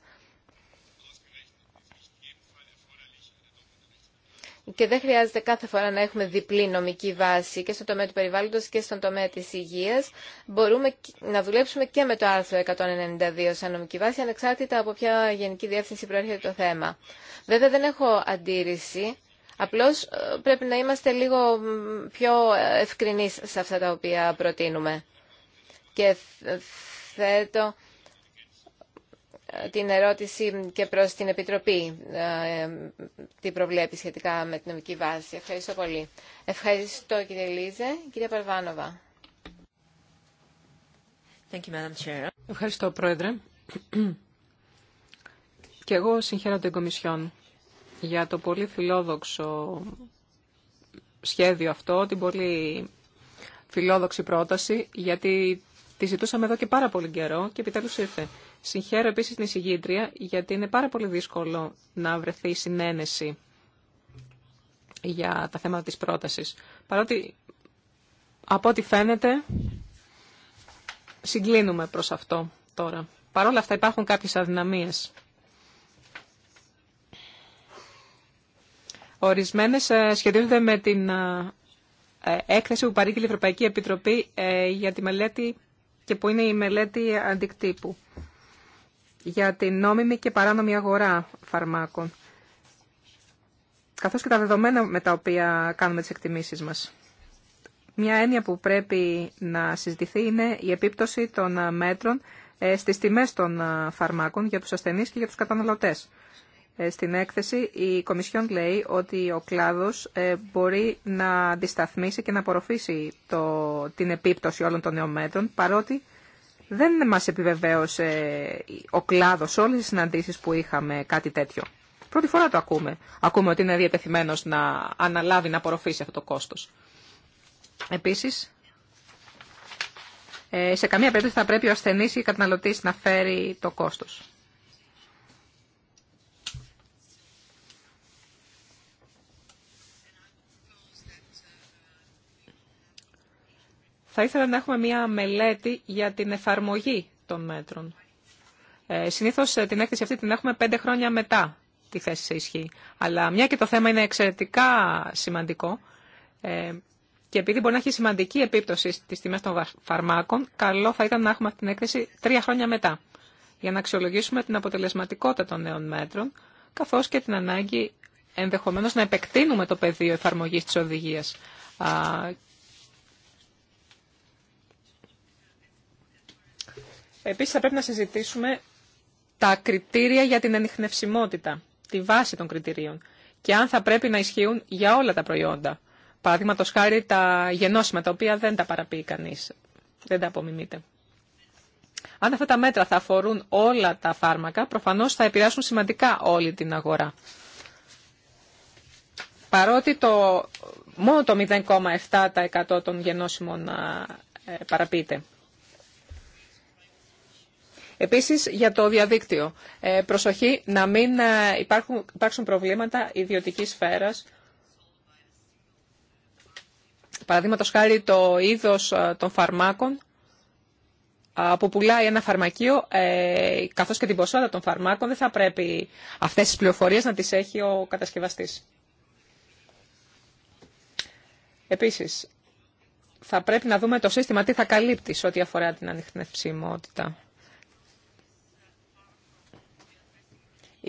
[SPEAKER 2] και δεν χρειάζεται κάθε φορά να έχουμε διπλή νομική βάση και στον τομέα του περιβάλλοντος και στον τομέα της υγείας. Μπορούμε να δουλέψουμε και με το άρθρο 192 σαν νομική βάση ανεξάρτητα από ποια γενική διεύθυνση προέρχεται το θέμα. Βέβαια δεν έχω αντίρρηση Απλώς ε, πρέπει να είμαστε λίγο πιο ευκρινείς σε αυτά τα οποία προτείνουμε. Και θέτω ε, την ερώτηση και προς την Επιτροπή ε, τι προβλέπει σχετικά με την νομική βάση. Ευχαριστώ πολύ. Ευχαριστώ κύριε Λίζε. Κύριε Παρβάνοβα.
[SPEAKER 1] Ευχαριστώ, Πρόεδρε. Και εγώ συγχαίρω την Κομισιόν για το πολύ φιλόδοξο σχέδιο αυτό, την πολύ φιλόδοξη πρόταση, γιατί τη ζητούσαμε εδώ και πάρα πολύ καιρό και επιτέλους ήρθε. Συγχαίρω επίσης την εισηγήτρια, γιατί είναι πάρα πολύ δύσκολο να βρεθεί συνένεση για τα θέματα της πρότασης. Παρότι, από ό,τι φαίνεται, συγκλίνουμε προς αυτό τώρα. Παρόλα αυτά υπάρχουν κάποιες αδυναμίες. Ορισμένες ε, σχετίζονται με την ε, ε, έκθεση που παρήγγειλε η Ευρωπαϊκή Επιτροπή για τη μελέτη και που είναι η μελέτη αντικτύπου για την νόμιμη και παράνομη αγορά φαρμάκων, καθώς και τα δεδομένα με τα οποία κάνουμε τις εκτιμήσεις μας. Μια έννοια που πρέπει να συζητηθεί είναι η επίπτωση των μέτρων στις τιμές των φαρμάκων για τους ασθενείς και για τους καταναλωτές. Ε, στην έκθεση η Κομισιόν λέει ότι ο κλάδος ε, μπορεί να αντισταθμίσει και να απορροφήσει το, την επίπτωση όλων των νέων μέτρων, παρότι δεν μας επιβεβαίωσε ο κλάδος όλες τις συναντήσεις που είχαμε κάτι τέτοιο. Πρώτη φορά το ακούμε. Ακούμε ότι είναι διατεθειμένος να αναλάβει, να απορροφήσει αυτό το κόστος. Επίσης, ε, σε καμία περίπτωση θα πρέπει ο ασθενής ή η καταναλωτής να φέρει το κόστος. Θα ήθελα να έχουμε μία μελέτη για την εφαρμογή των μέτρων. Ε, συνήθως ε, την έκθεση αυτή την έχουμε πέντε χρόνια μετά τη θέση σε ισχύ. Αλλά μια και το θέμα είναι εξαιρετικά σημαντικό ε, και επειδή μπορεί να έχει σημαντική επίπτωση στι τιμέ των φαρμάκων, καλό θα ήταν να έχουμε αυτή την έκθεση τρία χρόνια μετά για να αξιολογήσουμε την αποτελεσματικότητα των νέων μέτρων, καθώ και την ανάγκη ενδεχομένω να επεκτείνουμε το πεδίο εφαρμογή τη οδηγία. Επίσης θα πρέπει να συζητήσουμε τα κριτήρια για την ανιχνευσιμότητα, τη βάση των κριτηρίων και αν θα πρέπει να ισχύουν για όλα τα προϊόντα. Παραδείγματο χάρη τα γενώσιμα, τα οποία δεν τα παραπεί κανεί, δεν τα απομιμείται. Αν αυτά τα μέτρα θα αφορούν όλα τα φάρμακα, προφανώ θα επηρεάσουν σημαντικά όλη την αγορά. Παρότι το, μόνο το 0,7% των γενώσιμων ε, παραπείται. Επίσης, για το διαδίκτυο. Ε, προσοχή να μην ε, υπάρχουν, υπάρξουν προβλήματα ιδιωτικής σφαίρας. Παραδείγματο χάρη το είδος ε, των φαρμάκων που πουλάει ένα φαρμακείο, καθώς και την ποσότητα των φαρμάκων, δεν θα πρέπει αυτές τις πληροφορίες να τις έχει ο κατασκευαστής. Επίσης, θα πρέπει να δούμε το σύστημα τι θα καλύπτει σε ό,τι αφορά την ανιχνευσιμότητα.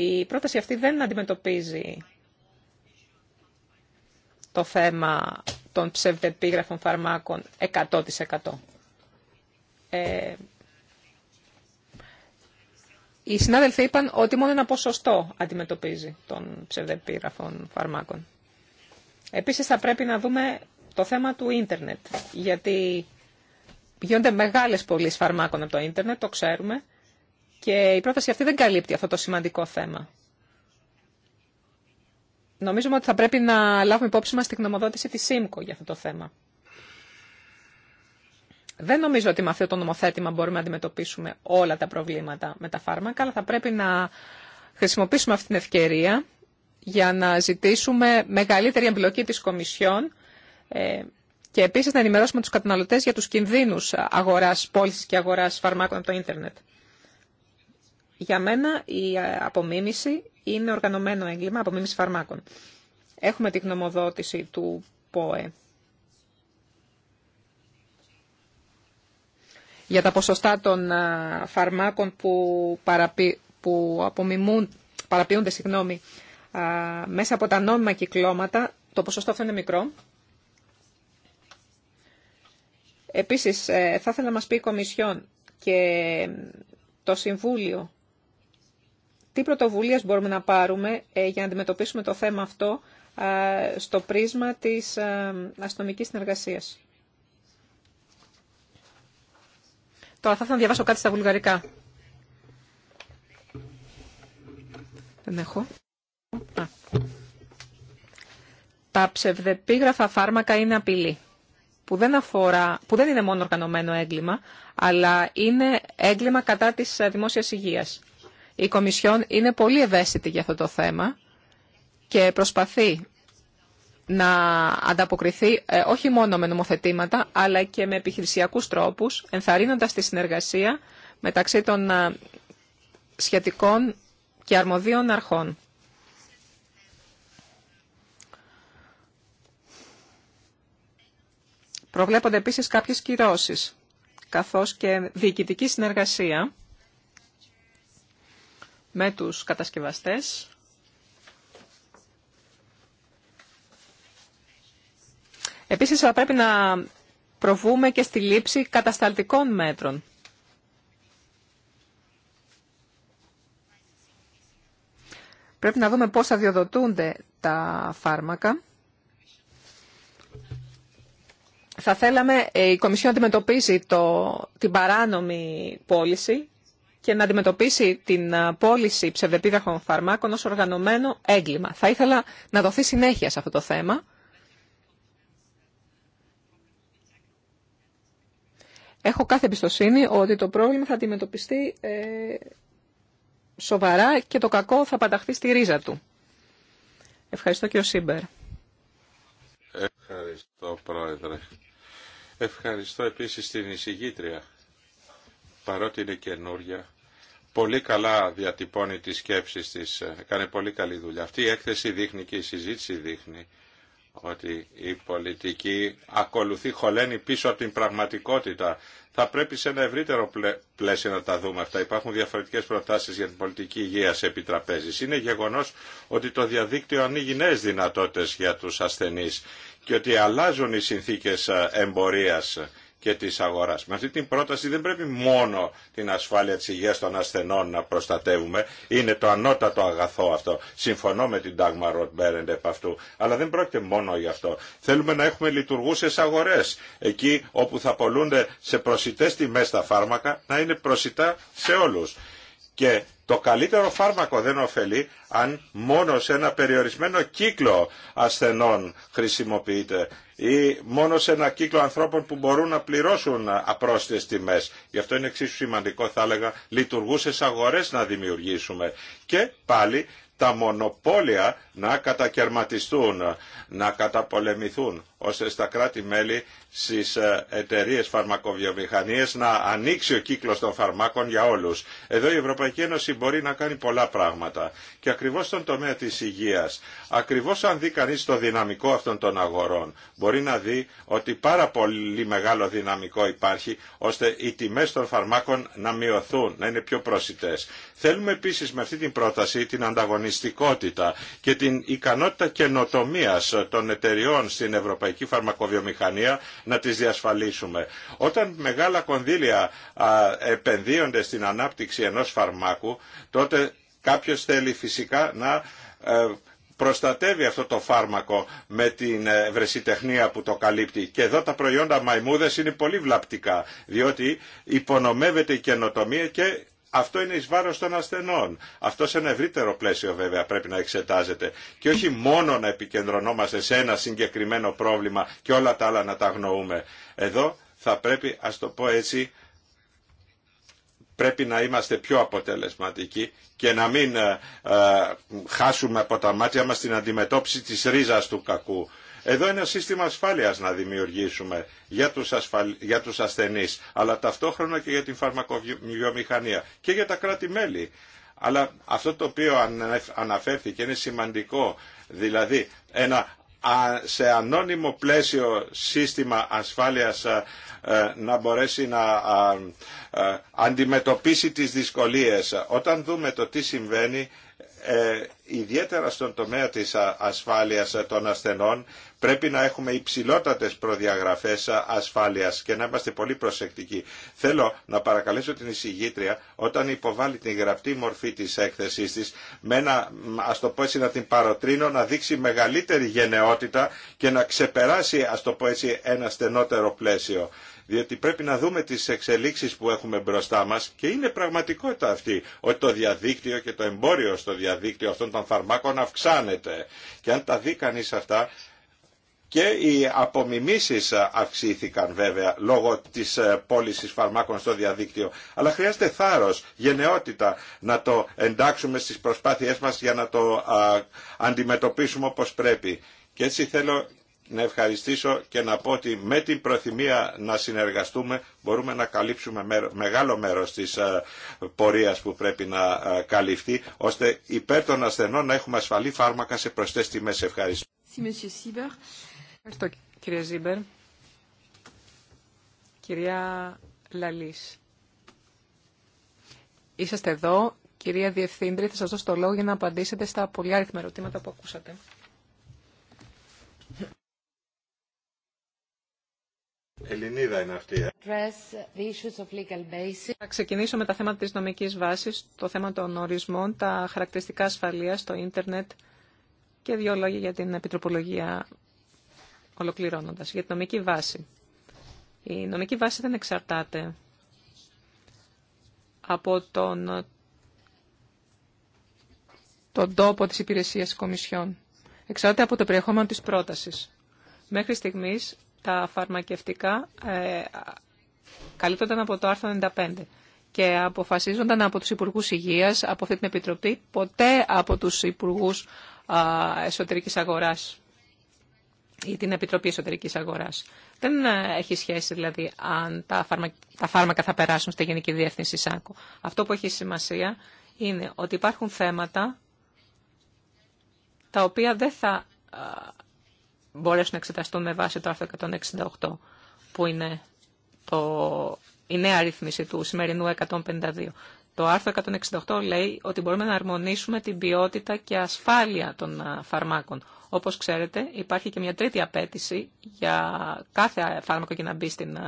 [SPEAKER 1] Η πρόταση αυτή δεν αντιμετωπίζει το θέμα των ψευδεπίγραφων φαρμάκων 100%. Ε, οι συνάδελφοι είπαν ότι μόνο ένα ποσοστό αντιμετωπίζει των ψευδεπίγραφων φαρμάκων. Επίσης θα πρέπει να δούμε το θέμα του ίντερνετ, γιατί γίνονται μεγάλες πωλήσει φαρμάκων από το ίντερνετ, το ξέρουμε, και η πρόταση αυτή δεν καλύπτει αυτό το σημαντικό θέμα. Νομίζουμε ότι θα πρέπει να λάβουμε υπόψη μας την γνωμοδότηση της ΣΥΜΚΟ για αυτό το θέμα. Δεν νομίζω ότι με αυτό το νομοθέτημα μπορούμε να αντιμετωπίσουμε όλα τα προβλήματα με τα φάρμακα, αλλά θα πρέπει να χρησιμοποιήσουμε αυτή την ευκαιρία για να ζητήσουμε μεγαλύτερη εμπλοκή της Κομισιόν ε, και επίσης να ενημερώσουμε τους καταναλωτές για τους κινδύνους αγοράς, πώλησης και αγοράς φαρμάκων από το ίντερνετ. Για μένα η ε, απομίμηση είναι οργανωμένο έγκλημα, απομίμηση φαρμάκων. Έχουμε τη γνωμοδότηση του ΠΟΕ. Για τα ποσοστά των ε, φαρμάκων που, που απομιμούν, παραποιούνται συγγνώμη, ε, μέσα από τα νόμιμα κυκλώματα, το ποσοστό αυτό είναι μικρό. Επίσης, θα ήθελα να μας πει η Κομισιόν και το Συμβούλιο τι πρωτοβουλίες μπορούμε να πάρουμε ε, για να αντιμετωπίσουμε το θέμα αυτό ε, στο πρίσμα της ε, αστυνομικής συνεργασίας. Τώρα θα ήθελα να διαβάσω κάτι στα βουλγαρικά. Δεν έχω. Τα ψευδεπίγραφα φάρμακα είναι απειλή που δεν, αφορά, που δεν είναι μόνο οργανωμένο έγκλημα, αλλά είναι έγκλημα κατά της δημόσιας υγείας. Η Κομισιόν είναι πολύ ευαίσθητη για αυτό το θέμα και προσπαθεί να ανταποκριθεί ε, όχι μόνο με νομοθετήματα, αλλά και με επιχειρησιακούς τρόπους, ενθαρρύνοντας τη συνεργασία μεταξύ των ε, σχετικών και αρμοδίων αρχών. Προβλέπονται επίσης κάποιες κυρώσεις, καθώς και διοικητική συνεργασία με τους κατασκευαστές. Επίσης θα πρέπει να προβούμε και στη λήψη κατασταλτικών μέτρων. Πρέπει να δούμε πώς θα διοδοτούνται τα φάρμακα. Θα θέλαμε ε, η Κομισιόν να αντιμετωπίσει το, την παράνομη πώληση και να αντιμετωπίσει την ε, πώληση ψευδεπίδαχων φαρμάκων ως οργανωμένο έγκλημα. Θα ήθελα να δοθεί συνέχεια σε αυτό το θέμα. Έχω κάθε εμπιστοσύνη ότι το πρόβλημα θα αντιμετωπιστεί ε, σοβαρά και το κακό θα πανταχθεί στη ρίζα του. Ευχαριστώ και ο Σίμπερ.
[SPEAKER 3] Ευχαριστώ πρόεδρε. Ευχαριστώ επίσης την εισηγήτρια παρότι είναι καινούρια πολύ καλά διατυπώνει τις σκέψεις της, έκανε πολύ καλή δουλειά. Αυτή η έκθεση δείχνει και η συζήτηση δείχνει ότι η πολιτική ακολουθεί, χωλαίνει πίσω από την πραγματικότητα. Θα πρέπει σε ένα ευρύτερο πλαίσιο να τα δούμε αυτά. Υπάρχουν διαφορετικές προτάσεις για την πολιτική υγεία σε επιτραπέζεις. Είναι γεγονός ότι το διαδίκτυο ανοίγει νέε δυνατότητες για τους ασθενείς και ότι αλλάζουν οι συνθήκες ε, εμπορίας και της αγοράς. Με αυτή την πρόταση δεν πρέπει μόνο την ασφάλεια της υγείας των ασθενών να προστατεύουμε. Είναι το ανώτατο αγαθό αυτό. Συμφωνώ με την Dagmar Rothberend επ' αυτού. Αλλά δεν πρόκειται μόνο γι' αυτό. Θέλουμε να έχουμε λειτουργούσες αγορές. Εκεί όπου θα πολλούνται σε προσιτές τιμές τα φάρμακα να είναι προσιτά σε όλους. Και το καλύτερο φάρμακο δεν ωφελεί αν μόνο σε ένα περιορισμένο κύκλο ασθενών χρησιμοποιείται ή μόνο σε ένα κύκλο ανθρώπων που μπορούν να πληρώσουν απρόσθετες τιμές. Γι' αυτό είναι εξίσου σημαντικό θα έλεγα λειτουργούσες αγορές να δημιουργήσουμε. Και πάλι τα μονοπόλια να κατακαιρματιστούν, να καταπολεμηθούν, ώστε στα κράτη-μέλη στις ε, εταιρείε φαρμακοβιομηχανίες να ανοίξει ο κύκλος των φαρμάκων για όλους. Εδώ η Ευρωπαϊκή Ένωση μπορεί να κάνει πολλά πράγματα. Και ακριβώς στον τομέα της υγείας, ακριβώς αν δει κανείς το δυναμικό αυτών των αγορών, μπορεί να δει ότι πάρα πολύ μεγάλο δυναμικό υπάρχει, ώστε οι τιμές των φαρμάκων να μειωθούν, να είναι πιο προσιτές. Θέλουμε επίσης με αυτή την πρόταση την ανταγωνιστικότητα την ικανότητα καινοτομία των εταιριών στην ευρωπαϊκή φαρμακοβιομηχανία να τις διασφαλίσουμε. Όταν μεγάλα κονδύλια επενδύονται στην ανάπτυξη ενός φαρμάκου, τότε κάποιος θέλει φυσικά να ε, προστατεύει αυτό το φάρμακο με την ευρεσιτεχνία που το καλύπτει. Και εδώ τα προϊόντα μαϊμούδες είναι πολύ βλαπτικά, διότι υπονομεύεται η καινοτομία και αυτό είναι εις βάρος των ασθενών. Αυτό σε ένα ευρύτερο πλαίσιο βέβαια πρέπει να εξετάζεται και όχι μόνο να επικεντρωνόμαστε σε ένα συγκεκριμένο πρόβλημα και όλα τα άλλα να τα αγνοούμε. Εδώ θα πρέπει, ας το πω έτσι, πρέπει να είμαστε πιο αποτελεσματικοί και να μην ε, ε, χάσουμε από τα μάτια μας την αντιμετώπιση της ρίζας του κακού. Εδώ ένα σύστημα ασφάλειας να δημιουργήσουμε για τους, ασφαλ... ασθενείς, αλλά ταυτόχρονα και για την φαρμακοβιομηχανία και για τα κράτη-μέλη. Αλλά αυτό το οποίο αναφέρθηκε είναι σημαντικό, δηλαδή ένα σε ανώνυμο πλαίσιο σύστημα ασφάλειας ε, ε, να μπορέσει να ε, αντιμετωπίσει τις δυσκολίες. Όταν δούμε το τι συμβαίνει, ιδιαίτερα στον τομέα της ασφάλειας των ασθενών, Πρέπει να έχουμε υψηλότατες προδιαγραφές ασφάλειας και να είμαστε πολύ προσεκτικοί. Θέλω να παρακαλέσω την εισηγήτρια όταν υποβάλει την γραπτή μορφή της έκθεσής της με ένα, ας το πω έτσι να την παροτρύνω, να δείξει μεγαλύτερη γενναιότητα και να ξεπεράσει, ας το πω έτσι, ένα στενότερο πλαίσιο διότι πρέπει να δούμε τις εξελίξεις που έχουμε μπροστά μας και είναι πραγματικότητα αυτή ότι το διαδίκτυο και το εμπόριο στο διαδίκτυο αυτών των φαρμάκων αυξάνεται. Και αν τα δει αυτά και οι απομιμήσεις αυξήθηκαν βέβαια λόγω της ε, πώληση φαρμάκων στο διαδίκτυο. Αλλά χρειάζεται θάρρος, γενναιότητα να το εντάξουμε στις προσπάθειές μας για να το αντιμετωπίσουμε όπως πρέπει. Και έτσι θέλω να ευχαριστήσω και να πω ότι με την προθυμία να συνεργαστούμε μπορούμε να καλύψουμε μεγάλο μέρος της ε, πορείας που πρέπει να ε, καλυφθεί ώστε υπέρ των ασθενών να έχουμε ασφαλή φάρμακα σε προσθέσεις τιμές. Ευχαριστώ.
[SPEAKER 1] Ευχαριστώ κύριε Ζήμπερ. Κυρία Λαλής. Είσαστε εδώ. Κυρία Διευθύντρη, θα σας δώσω το λόγο για να απαντήσετε στα πολύ άριθμα ερωτήματα που ακούσατε.
[SPEAKER 3] Ελληνίδα είναι αυτή. Ε.
[SPEAKER 1] Θα ξεκινήσω με τα θέματα της νομικής βάσης, το θέμα των ορισμών, τα χαρακτηριστικά ασφαλείας το ίντερνετ και δύο λόγια για την επιτροπολογία ολοκληρώνοντας, για την νομική βάση. Η νομική βάση δεν εξαρτάται από τον, τον τόπο της υπηρεσίας κομισιών. Εξαρτάται από το περιεχόμενο της πρότασης. Μέχρι στιγμής τα φαρμακευτικά ε, καλύπτονταν από το άρθρο 95 και αποφασίζονταν από τους Υπουργούς Υγείας, από αυτή την Επιτροπή, ποτέ από τους Υπουργούς Εσωτερικής Αγοράς ή την Επιτροπή Εσωτερικής Αγοράς. Δεν ε, έχει σχέση δηλαδή αν τα, τα φάρμακα θα περάσουν στη Γενική Διεύθυνση ΣΑΚΟ. Αυτό που έχει σημασία είναι ότι υπάρχουν θέματα τα οποία δεν θα ε, μπορέσουν να εξεταστούν με βάση το άρθρο 168 που είναι το, η νέα ρύθμιση του σημερινού 152. Το άρθρο 168 λέει ότι μπορούμε να αρμονίσουμε την ποιότητα και ασφάλεια των φαρμάκων. Όπως ξέρετε, υπάρχει και μια τρίτη απέτηση για κάθε φάρμακο για να μπει στην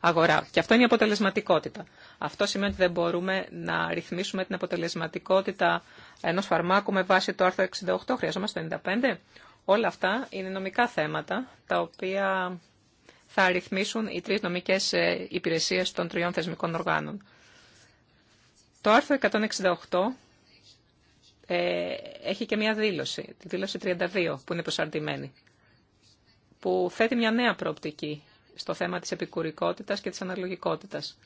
[SPEAKER 1] αγορά. Και αυτό είναι η αποτελεσματικότητα. Αυτό σημαίνει ότι δεν μπορούμε να ρυθμίσουμε την αποτελεσματικότητα ενός φαρμάκου με βάση το άρθρο 68. Χρειαζόμαστε το 95. Όλα αυτά είναι νομικά θέματα, τα οποία θα ρυθμίσουν οι τρεις νομικές ε, υπηρεσίες των τριών θεσμικών οργάνων. Το άρθρο 168 ε, έχει και μια δήλωση, τη δήλωση 32 που είναι προσαρτημένη, που θέτει μια νέα προοπτική στο θέμα της επικουρικότητας και της αναλογικότητας.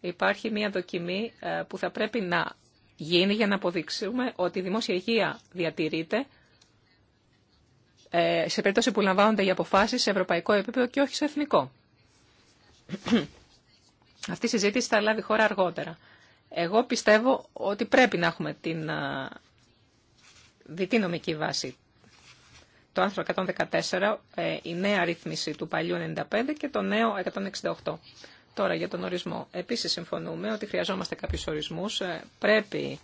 [SPEAKER 1] Υπάρχει μια δοκιμή ε, που θα πρέπει να γίνει για να αποδείξουμε ότι η δημόσια υγεία διατηρείται ε, σε περίπτωση που λαμβάνονται οι αποφάσεις σε ευρωπαϊκό επίπεδο και όχι σε εθνικό. Αυτή η συζήτηση θα λάβει χώρα αργότερα. Εγώ πιστεύω ότι πρέπει να έχουμε την διτή νομική βάση. Το άρθρο 114, ε, η νέα ρύθμιση του παλιού 95 και το νέο 168. Τώρα για τον ορισμό. Επίσης συμφωνούμε ότι χρειαζόμαστε κάποιους ορισμούς. Ε, πρέπει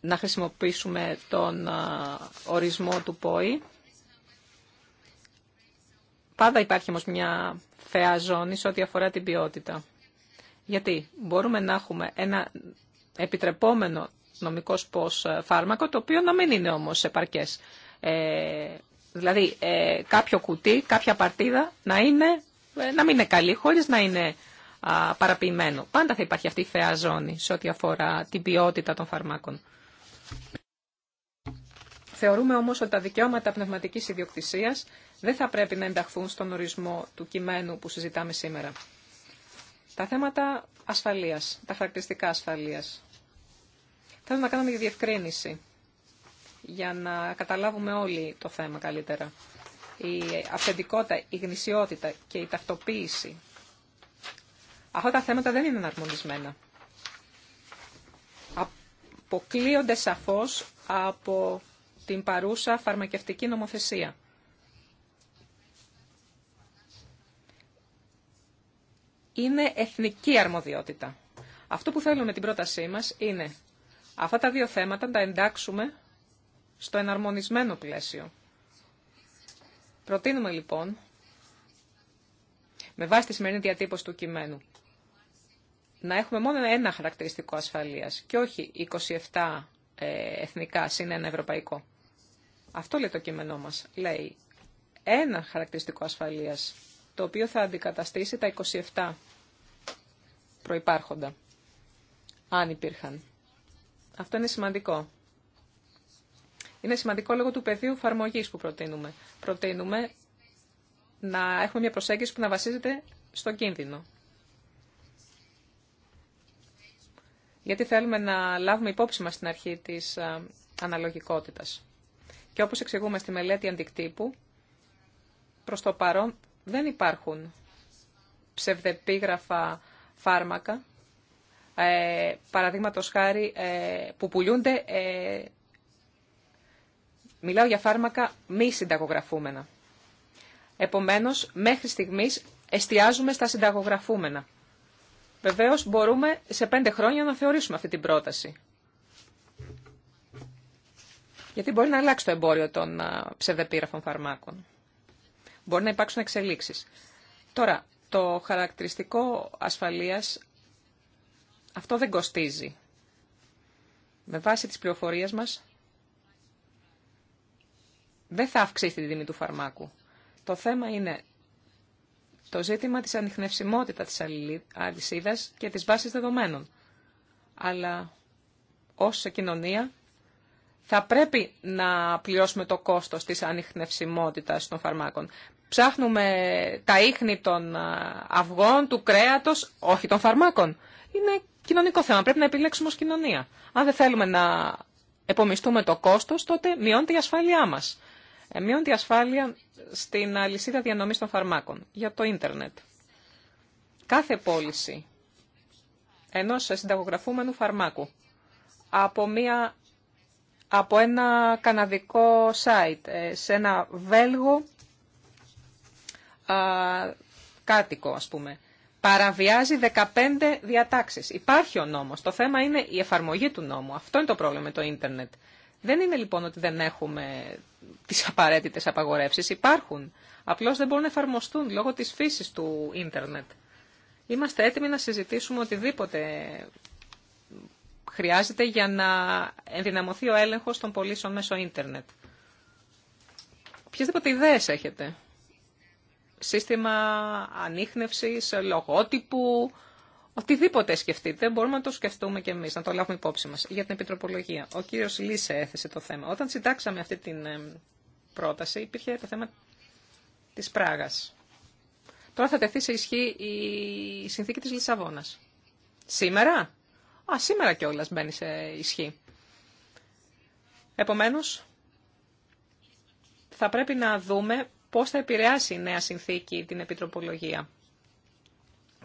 [SPEAKER 1] να χρησιμοποιήσουμε τον ορισμό του ΠΟΗ. Πάντα υπάρχει όμως μια θεά ζώνη σε ό,τι αφορά την ποιότητα. Γιατί μπορούμε να έχουμε ένα επιτρεπόμενο νομικό πώς ε, φάρμακο, το οποίο να μην είναι όμως επαρκές. Ε, δηλαδή, ε, κάποιο κουτί, κάποια παρτίδα να, είναι, ε, να μην είναι καλή, χωρίς να είναι α, παραποιημένο. Πάντα θα υπάρχει αυτή η θεά ζώνη σε ό,τι αφορά την ποιότητα των φαρμάκων. Θεωρούμε όμως ότι τα δικαιώματα πνευματικής ιδιοκτησίας δεν θα πρέπει να ενταχθούν στον ορισμό του κειμένου που συζητάμε σήμερα. Τα θέματα ασφαλείας, τα χαρακτηριστικά ασφαλείας. Θέλω να κάνουμε μια διευκρίνηση για να καταλάβουμε όλοι το θέμα καλύτερα. Η αυθεντικότητα, η γνησιότητα και η ταυτοποίηση. Αυτά τα θέματα δεν είναι εναρμονισμένα. Αποκλείονται σαφώς από την παρούσα φαρμακευτική νομοθεσία. είναι εθνική αρμοδιότητα. Αυτό που θέλουμε την πρότασή μας είναι αυτά τα δύο θέματα να τα εντάξουμε στο εναρμονισμένο πλαίσιο. Προτείνουμε λοιπόν, με βάση τη σημερινή διατύπωση του κειμένου, να έχουμε μόνο ένα χαρακτηριστικό ασφαλείας και όχι 27 ε, εθνικά συν ένα ευρωπαϊκό. Αυτό λέει το κείμενό μας. Λέει ένα χαρακτηριστικό ασφαλείας το οποίο θα αντικαταστήσει τα 27 προϋπάρχοντα, αν υπήρχαν. Αυτό είναι σημαντικό. Είναι σημαντικό λόγω του πεδίου εφαρμογή που προτείνουμε. Προτείνουμε να έχουμε μια προσέγγιση που να βασίζεται στο κίνδυνο. Γιατί θέλουμε να λάβουμε υπόψη μας στην αρχή της αναλογικότητας. Και όπως εξηγούμε στη μελέτη αντικτύπου, προς το παρόν δεν υπάρχουν ψευδεπίγραφα φάρμακα, ε, παραδείγματος χάρη, ε, που πουλούνται, ε, μιλάω για φάρμακα μη συνταγογραφούμενα. Επομένως, μέχρι στιγμής εστιάζουμε στα συνταγογραφούμενα. Βεβαίως, μπορούμε σε πέντε χρόνια να θεωρήσουμε αυτή την πρόταση. Γιατί μπορεί να αλλάξει το εμπόριο των ψευδεπίγραφων φαρμάκων. Μπορεί να υπάρξουν εξελίξεις. Τώρα, το χαρακτηριστικό ασφαλείας αυτό δεν κοστίζει. Με βάση τις πληροφορίες μας δεν θα αυξήσει τη τιμή του φαρμάκου. Το θέμα είναι το ζήτημα της ανιχνευσιμότητας της αλυσίδας και της βάσης δεδομένων. Αλλά ως κοινωνία θα πρέπει να πληρώσουμε το κόστος της ανιχνευσιμότητας των φαρμάκων. Ψάχνουμε τα ίχνη των αυγών, του κρέατος, όχι των φαρμάκων. Είναι κοινωνικό θέμα. Πρέπει να επιλέξουμε ως κοινωνία. Αν δεν θέλουμε να επομιστούμε το κόστος, τότε μειώνεται η ασφάλειά μας. Ε, μειώνεται η ασφάλεια στην αλυσίδα διανομής των φαρμάκων για το ίντερνετ. Κάθε πώληση ενός συνταγογραφούμενου φαρμάκου από, μια, από ένα καναδικό site ε, σε ένα βέλγο κάτοικο, ας πούμε. Παραβιάζει 15 διατάξεις. Υπάρχει ο νόμος. Το θέμα είναι η εφαρμογή του νόμου. Αυτό είναι το πρόβλημα με το ίντερνετ. Δεν είναι λοιπόν ότι δεν έχουμε τις απαραίτητες απαγορεύσεις. Υπάρχουν. Απλώς δεν μπορούν να εφαρμοστούν λόγω της φύσης του ίντερνετ. Είμαστε έτοιμοι να συζητήσουμε οτιδήποτε χρειάζεται για να ενδυναμωθεί ο έλεγχος των πωλήσεων μέσω ίντερνετ. Ποιες ιδέες έχετε σύστημα ανείχνευσης, λογότυπου, οτιδήποτε σκεφτείτε, μπορούμε να το σκεφτούμε και εμείς, να το λάβουμε υπόψη μας. Για την επιτροπολογία, ο κύριος Λίσε έθεσε το θέμα. Όταν συντάξαμε αυτή την ε, πρόταση, υπήρχε το θέμα της Πράγας. Τώρα θα τεθεί σε ισχύ η συνθήκη της Λισαβόνας. Σήμερα? Α, σήμερα κιόλα μπαίνει σε ισχύ. Επομένως, θα πρέπει να δούμε πώς θα επηρεάσει η νέα συνθήκη την επιτροπολογία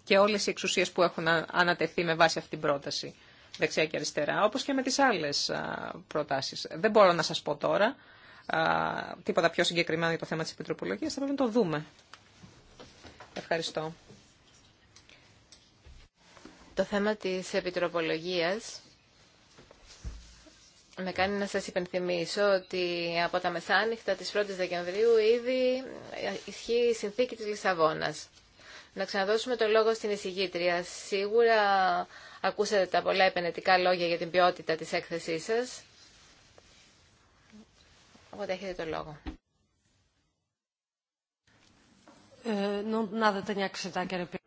[SPEAKER 1] και όλες οι εξουσίες που έχουν ανατεθεί με βάση αυτή την πρόταση δεξιά και αριστερά, όπως και με τις άλλες προτάσεις. Δεν μπορώ να σας πω τώρα τίποτα πιο συγκεκριμένο για το θέμα της επιτροπολογίας, θα πρέπει να το δούμε. Ευχαριστώ.
[SPEAKER 2] Το θέμα της επιτροπολογίας με κάνει να σας υπενθυμίσω ότι από τα μεσάνυχτα της 1ης Δεκεμβρίου ήδη ισχύει η συνθήκη της Λισαβόνας. Να ξαναδώσουμε το λόγο στην εισηγήτρια. Σίγουρα ακούσατε τα πολλά επενετικά λόγια για την ποιότητα της έκθεσής σας. Οπότε έχετε το λόγο.
[SPEAKER 4] Ε,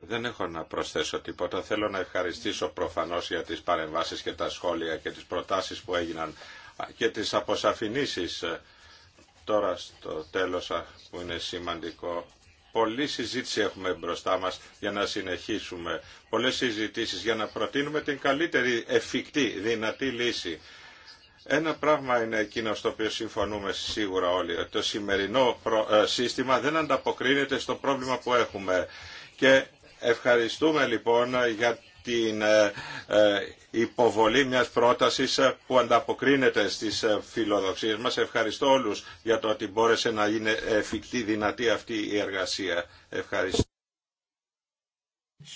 [SPEAKER 3] δεν έχω να προσθέσω τίποτα. Θέλω να ευχαριστήσω προφανώς για τις παρεμβάσεις και τα σχόλια και τις προτάσεις που έγιναν και τις αποσαφηνήσεις ε, τώρα στο τέλος που είναι σημαντικό. Πολλή συζήτηση έχουμε μπροστά μας για να συνεχίσουμε. Πολλές συζητήσεις για να προτείνουμε την καλύτερη εφικτή δυνατή λύση ένα πράγμα είναι εκείνο στο οποίο συμφωνούμε σίγουρα όλοι, το σημερινό ε, σύστημα δεν ανταποκρίνεται στο πρόβλημα που έχουμε. Και ευχαριστούμε λοιπόν για την ε, ε, υποβολή μιας πρότασης που ανταποκρίνεται στις φιλοδοξίες μας. Ευχαριστώ όλους για το ότι μπόρεσε να είναι εφικτή, δυνατή αυτή η εργασία. Ευχαριστώ.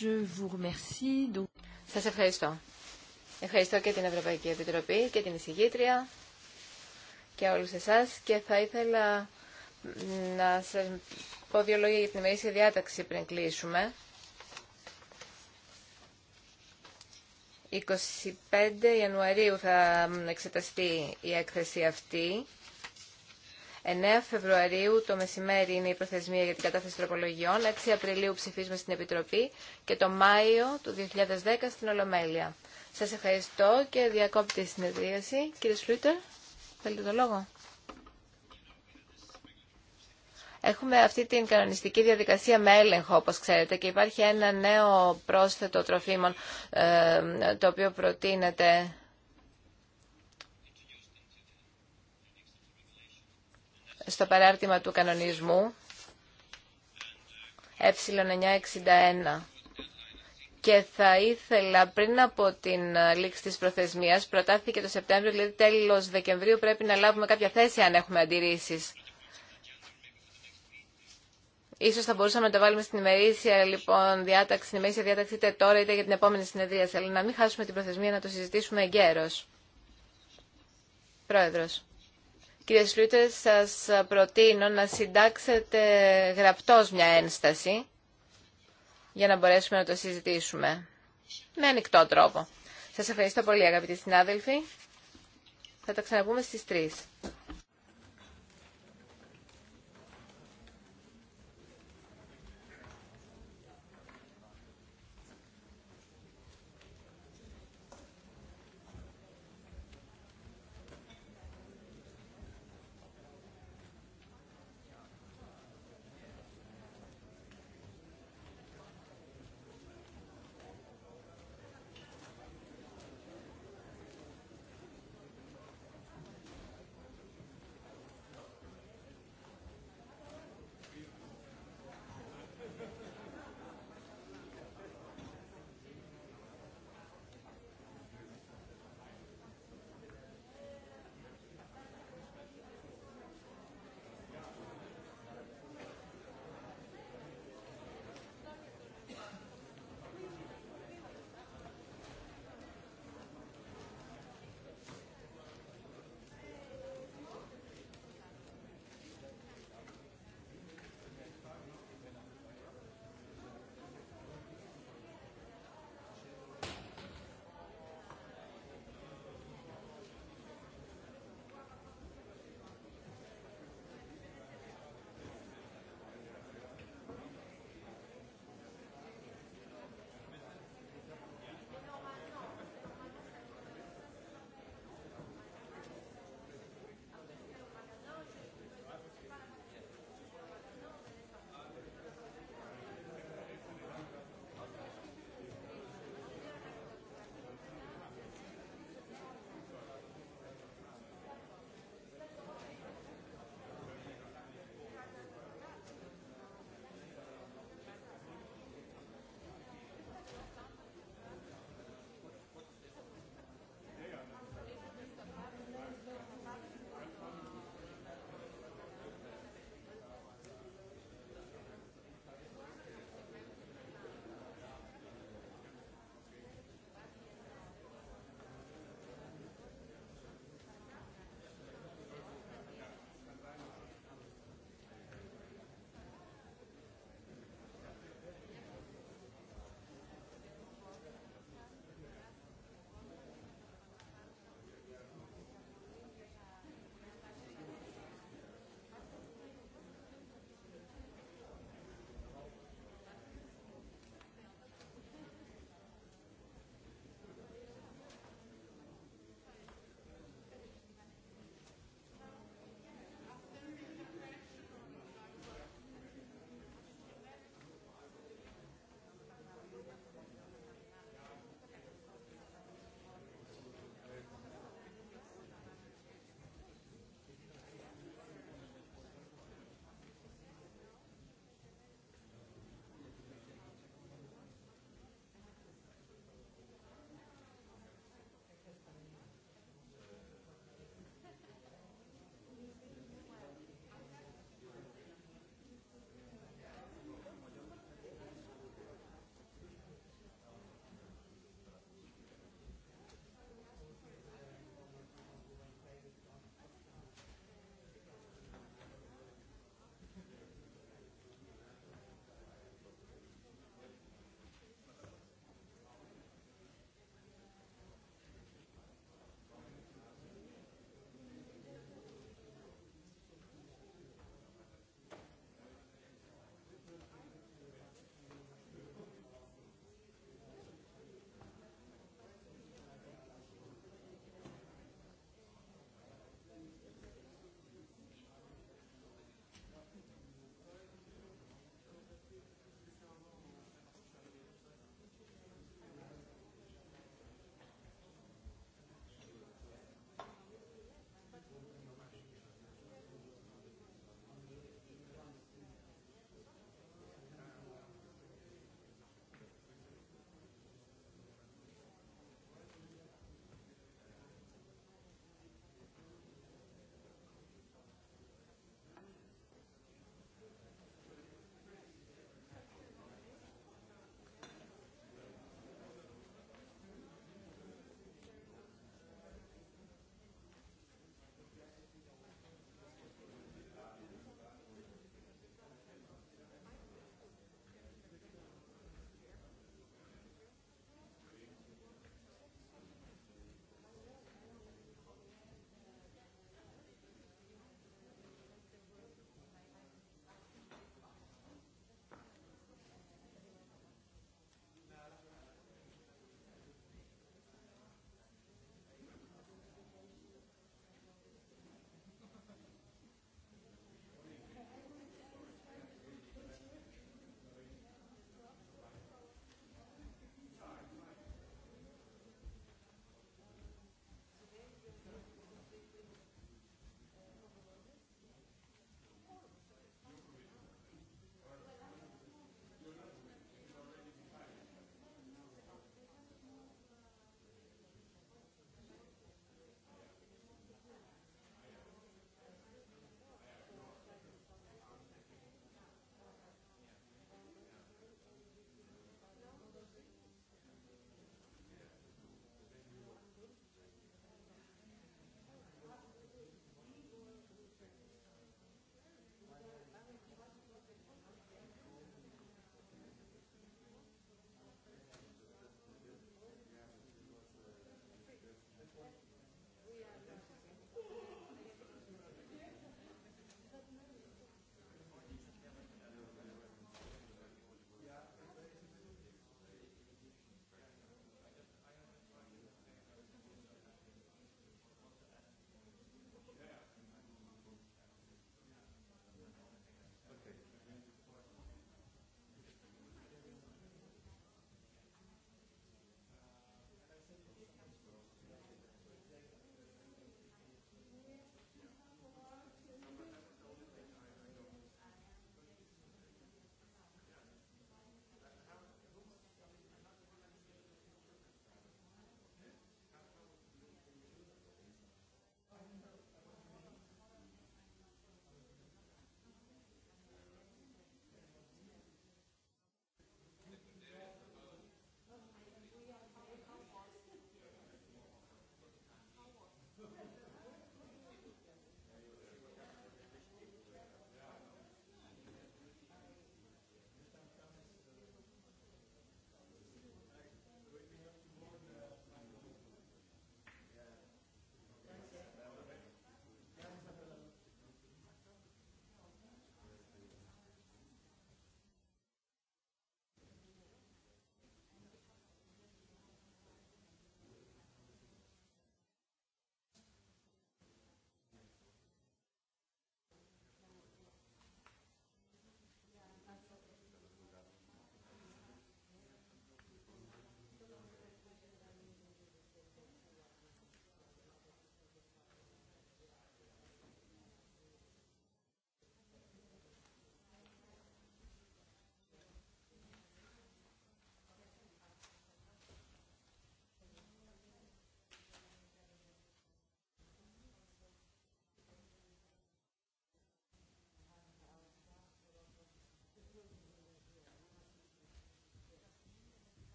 [SPEAKER 2] Je vous Σας ευχαριστώ. Ευχαριστώ και την Ευρωπαϊκή Επιτροπή και την εισηγήτρια και όλους εσάς και θα ήθελα να σας πω δύο λόγια για την ημερήσια διάταξη πριν κλείσουμε. 25 Ιανουαρίου θα εξεταστεί η έκθεση αυτή. 9 Φεβρουαρίου το μεσημέρι είναι η προθεσμία για την κατάθεση τροπολογιών. 6 Απριλίου ψηφίζουμε στην Επιτροπή και το Μάιο του 2010 στην Ολομέλεια. Σας ευχαριστώ και διακόπτη συνεδρίαση. Κύριε Σλούτερ, θέλετε το λόγο. Έχουμε αυτή την κανονιστική διαδικασία με έλεγχο, όπως ξέρετε, και υπάρχει ένα νέο πρόσθετο τροφίμων ε, το οποίο προτείνεται στο παράρτημα του κανονισμού ε961 και θα ήθελα πριν από την λήξη της προθεσμίας, προτάθηκε το Σεπτέμβριο, δηλαδή τέλος Δεκεμβρίου πρέπει να λάβουμε κάποια θέση αν έχουμε αντιρρήσεις. Ίσως θα μπορούσαμε να το βάλουμε στην ημερήσια λοιπόν, διάταξη, στην ημερήσια διάταξη είτε τώρα είτε για την επόμενη συνεδρία, αλλά να μην χάσουμε την προθεσμία να το συζητήσουμε εγκαίρως. Πρόεδρος. Κύριε Σλούτερ, σας προτείνω να συντάξετε γραπτός μια ένσταση για να μπορέσουμε να το συζητήσουμε με ανοιχτό τρόπο. Σας ευχαριστώ πολύ αγαπητοί συνάδελφοι. Θα τα ξαναπούμε στις 3.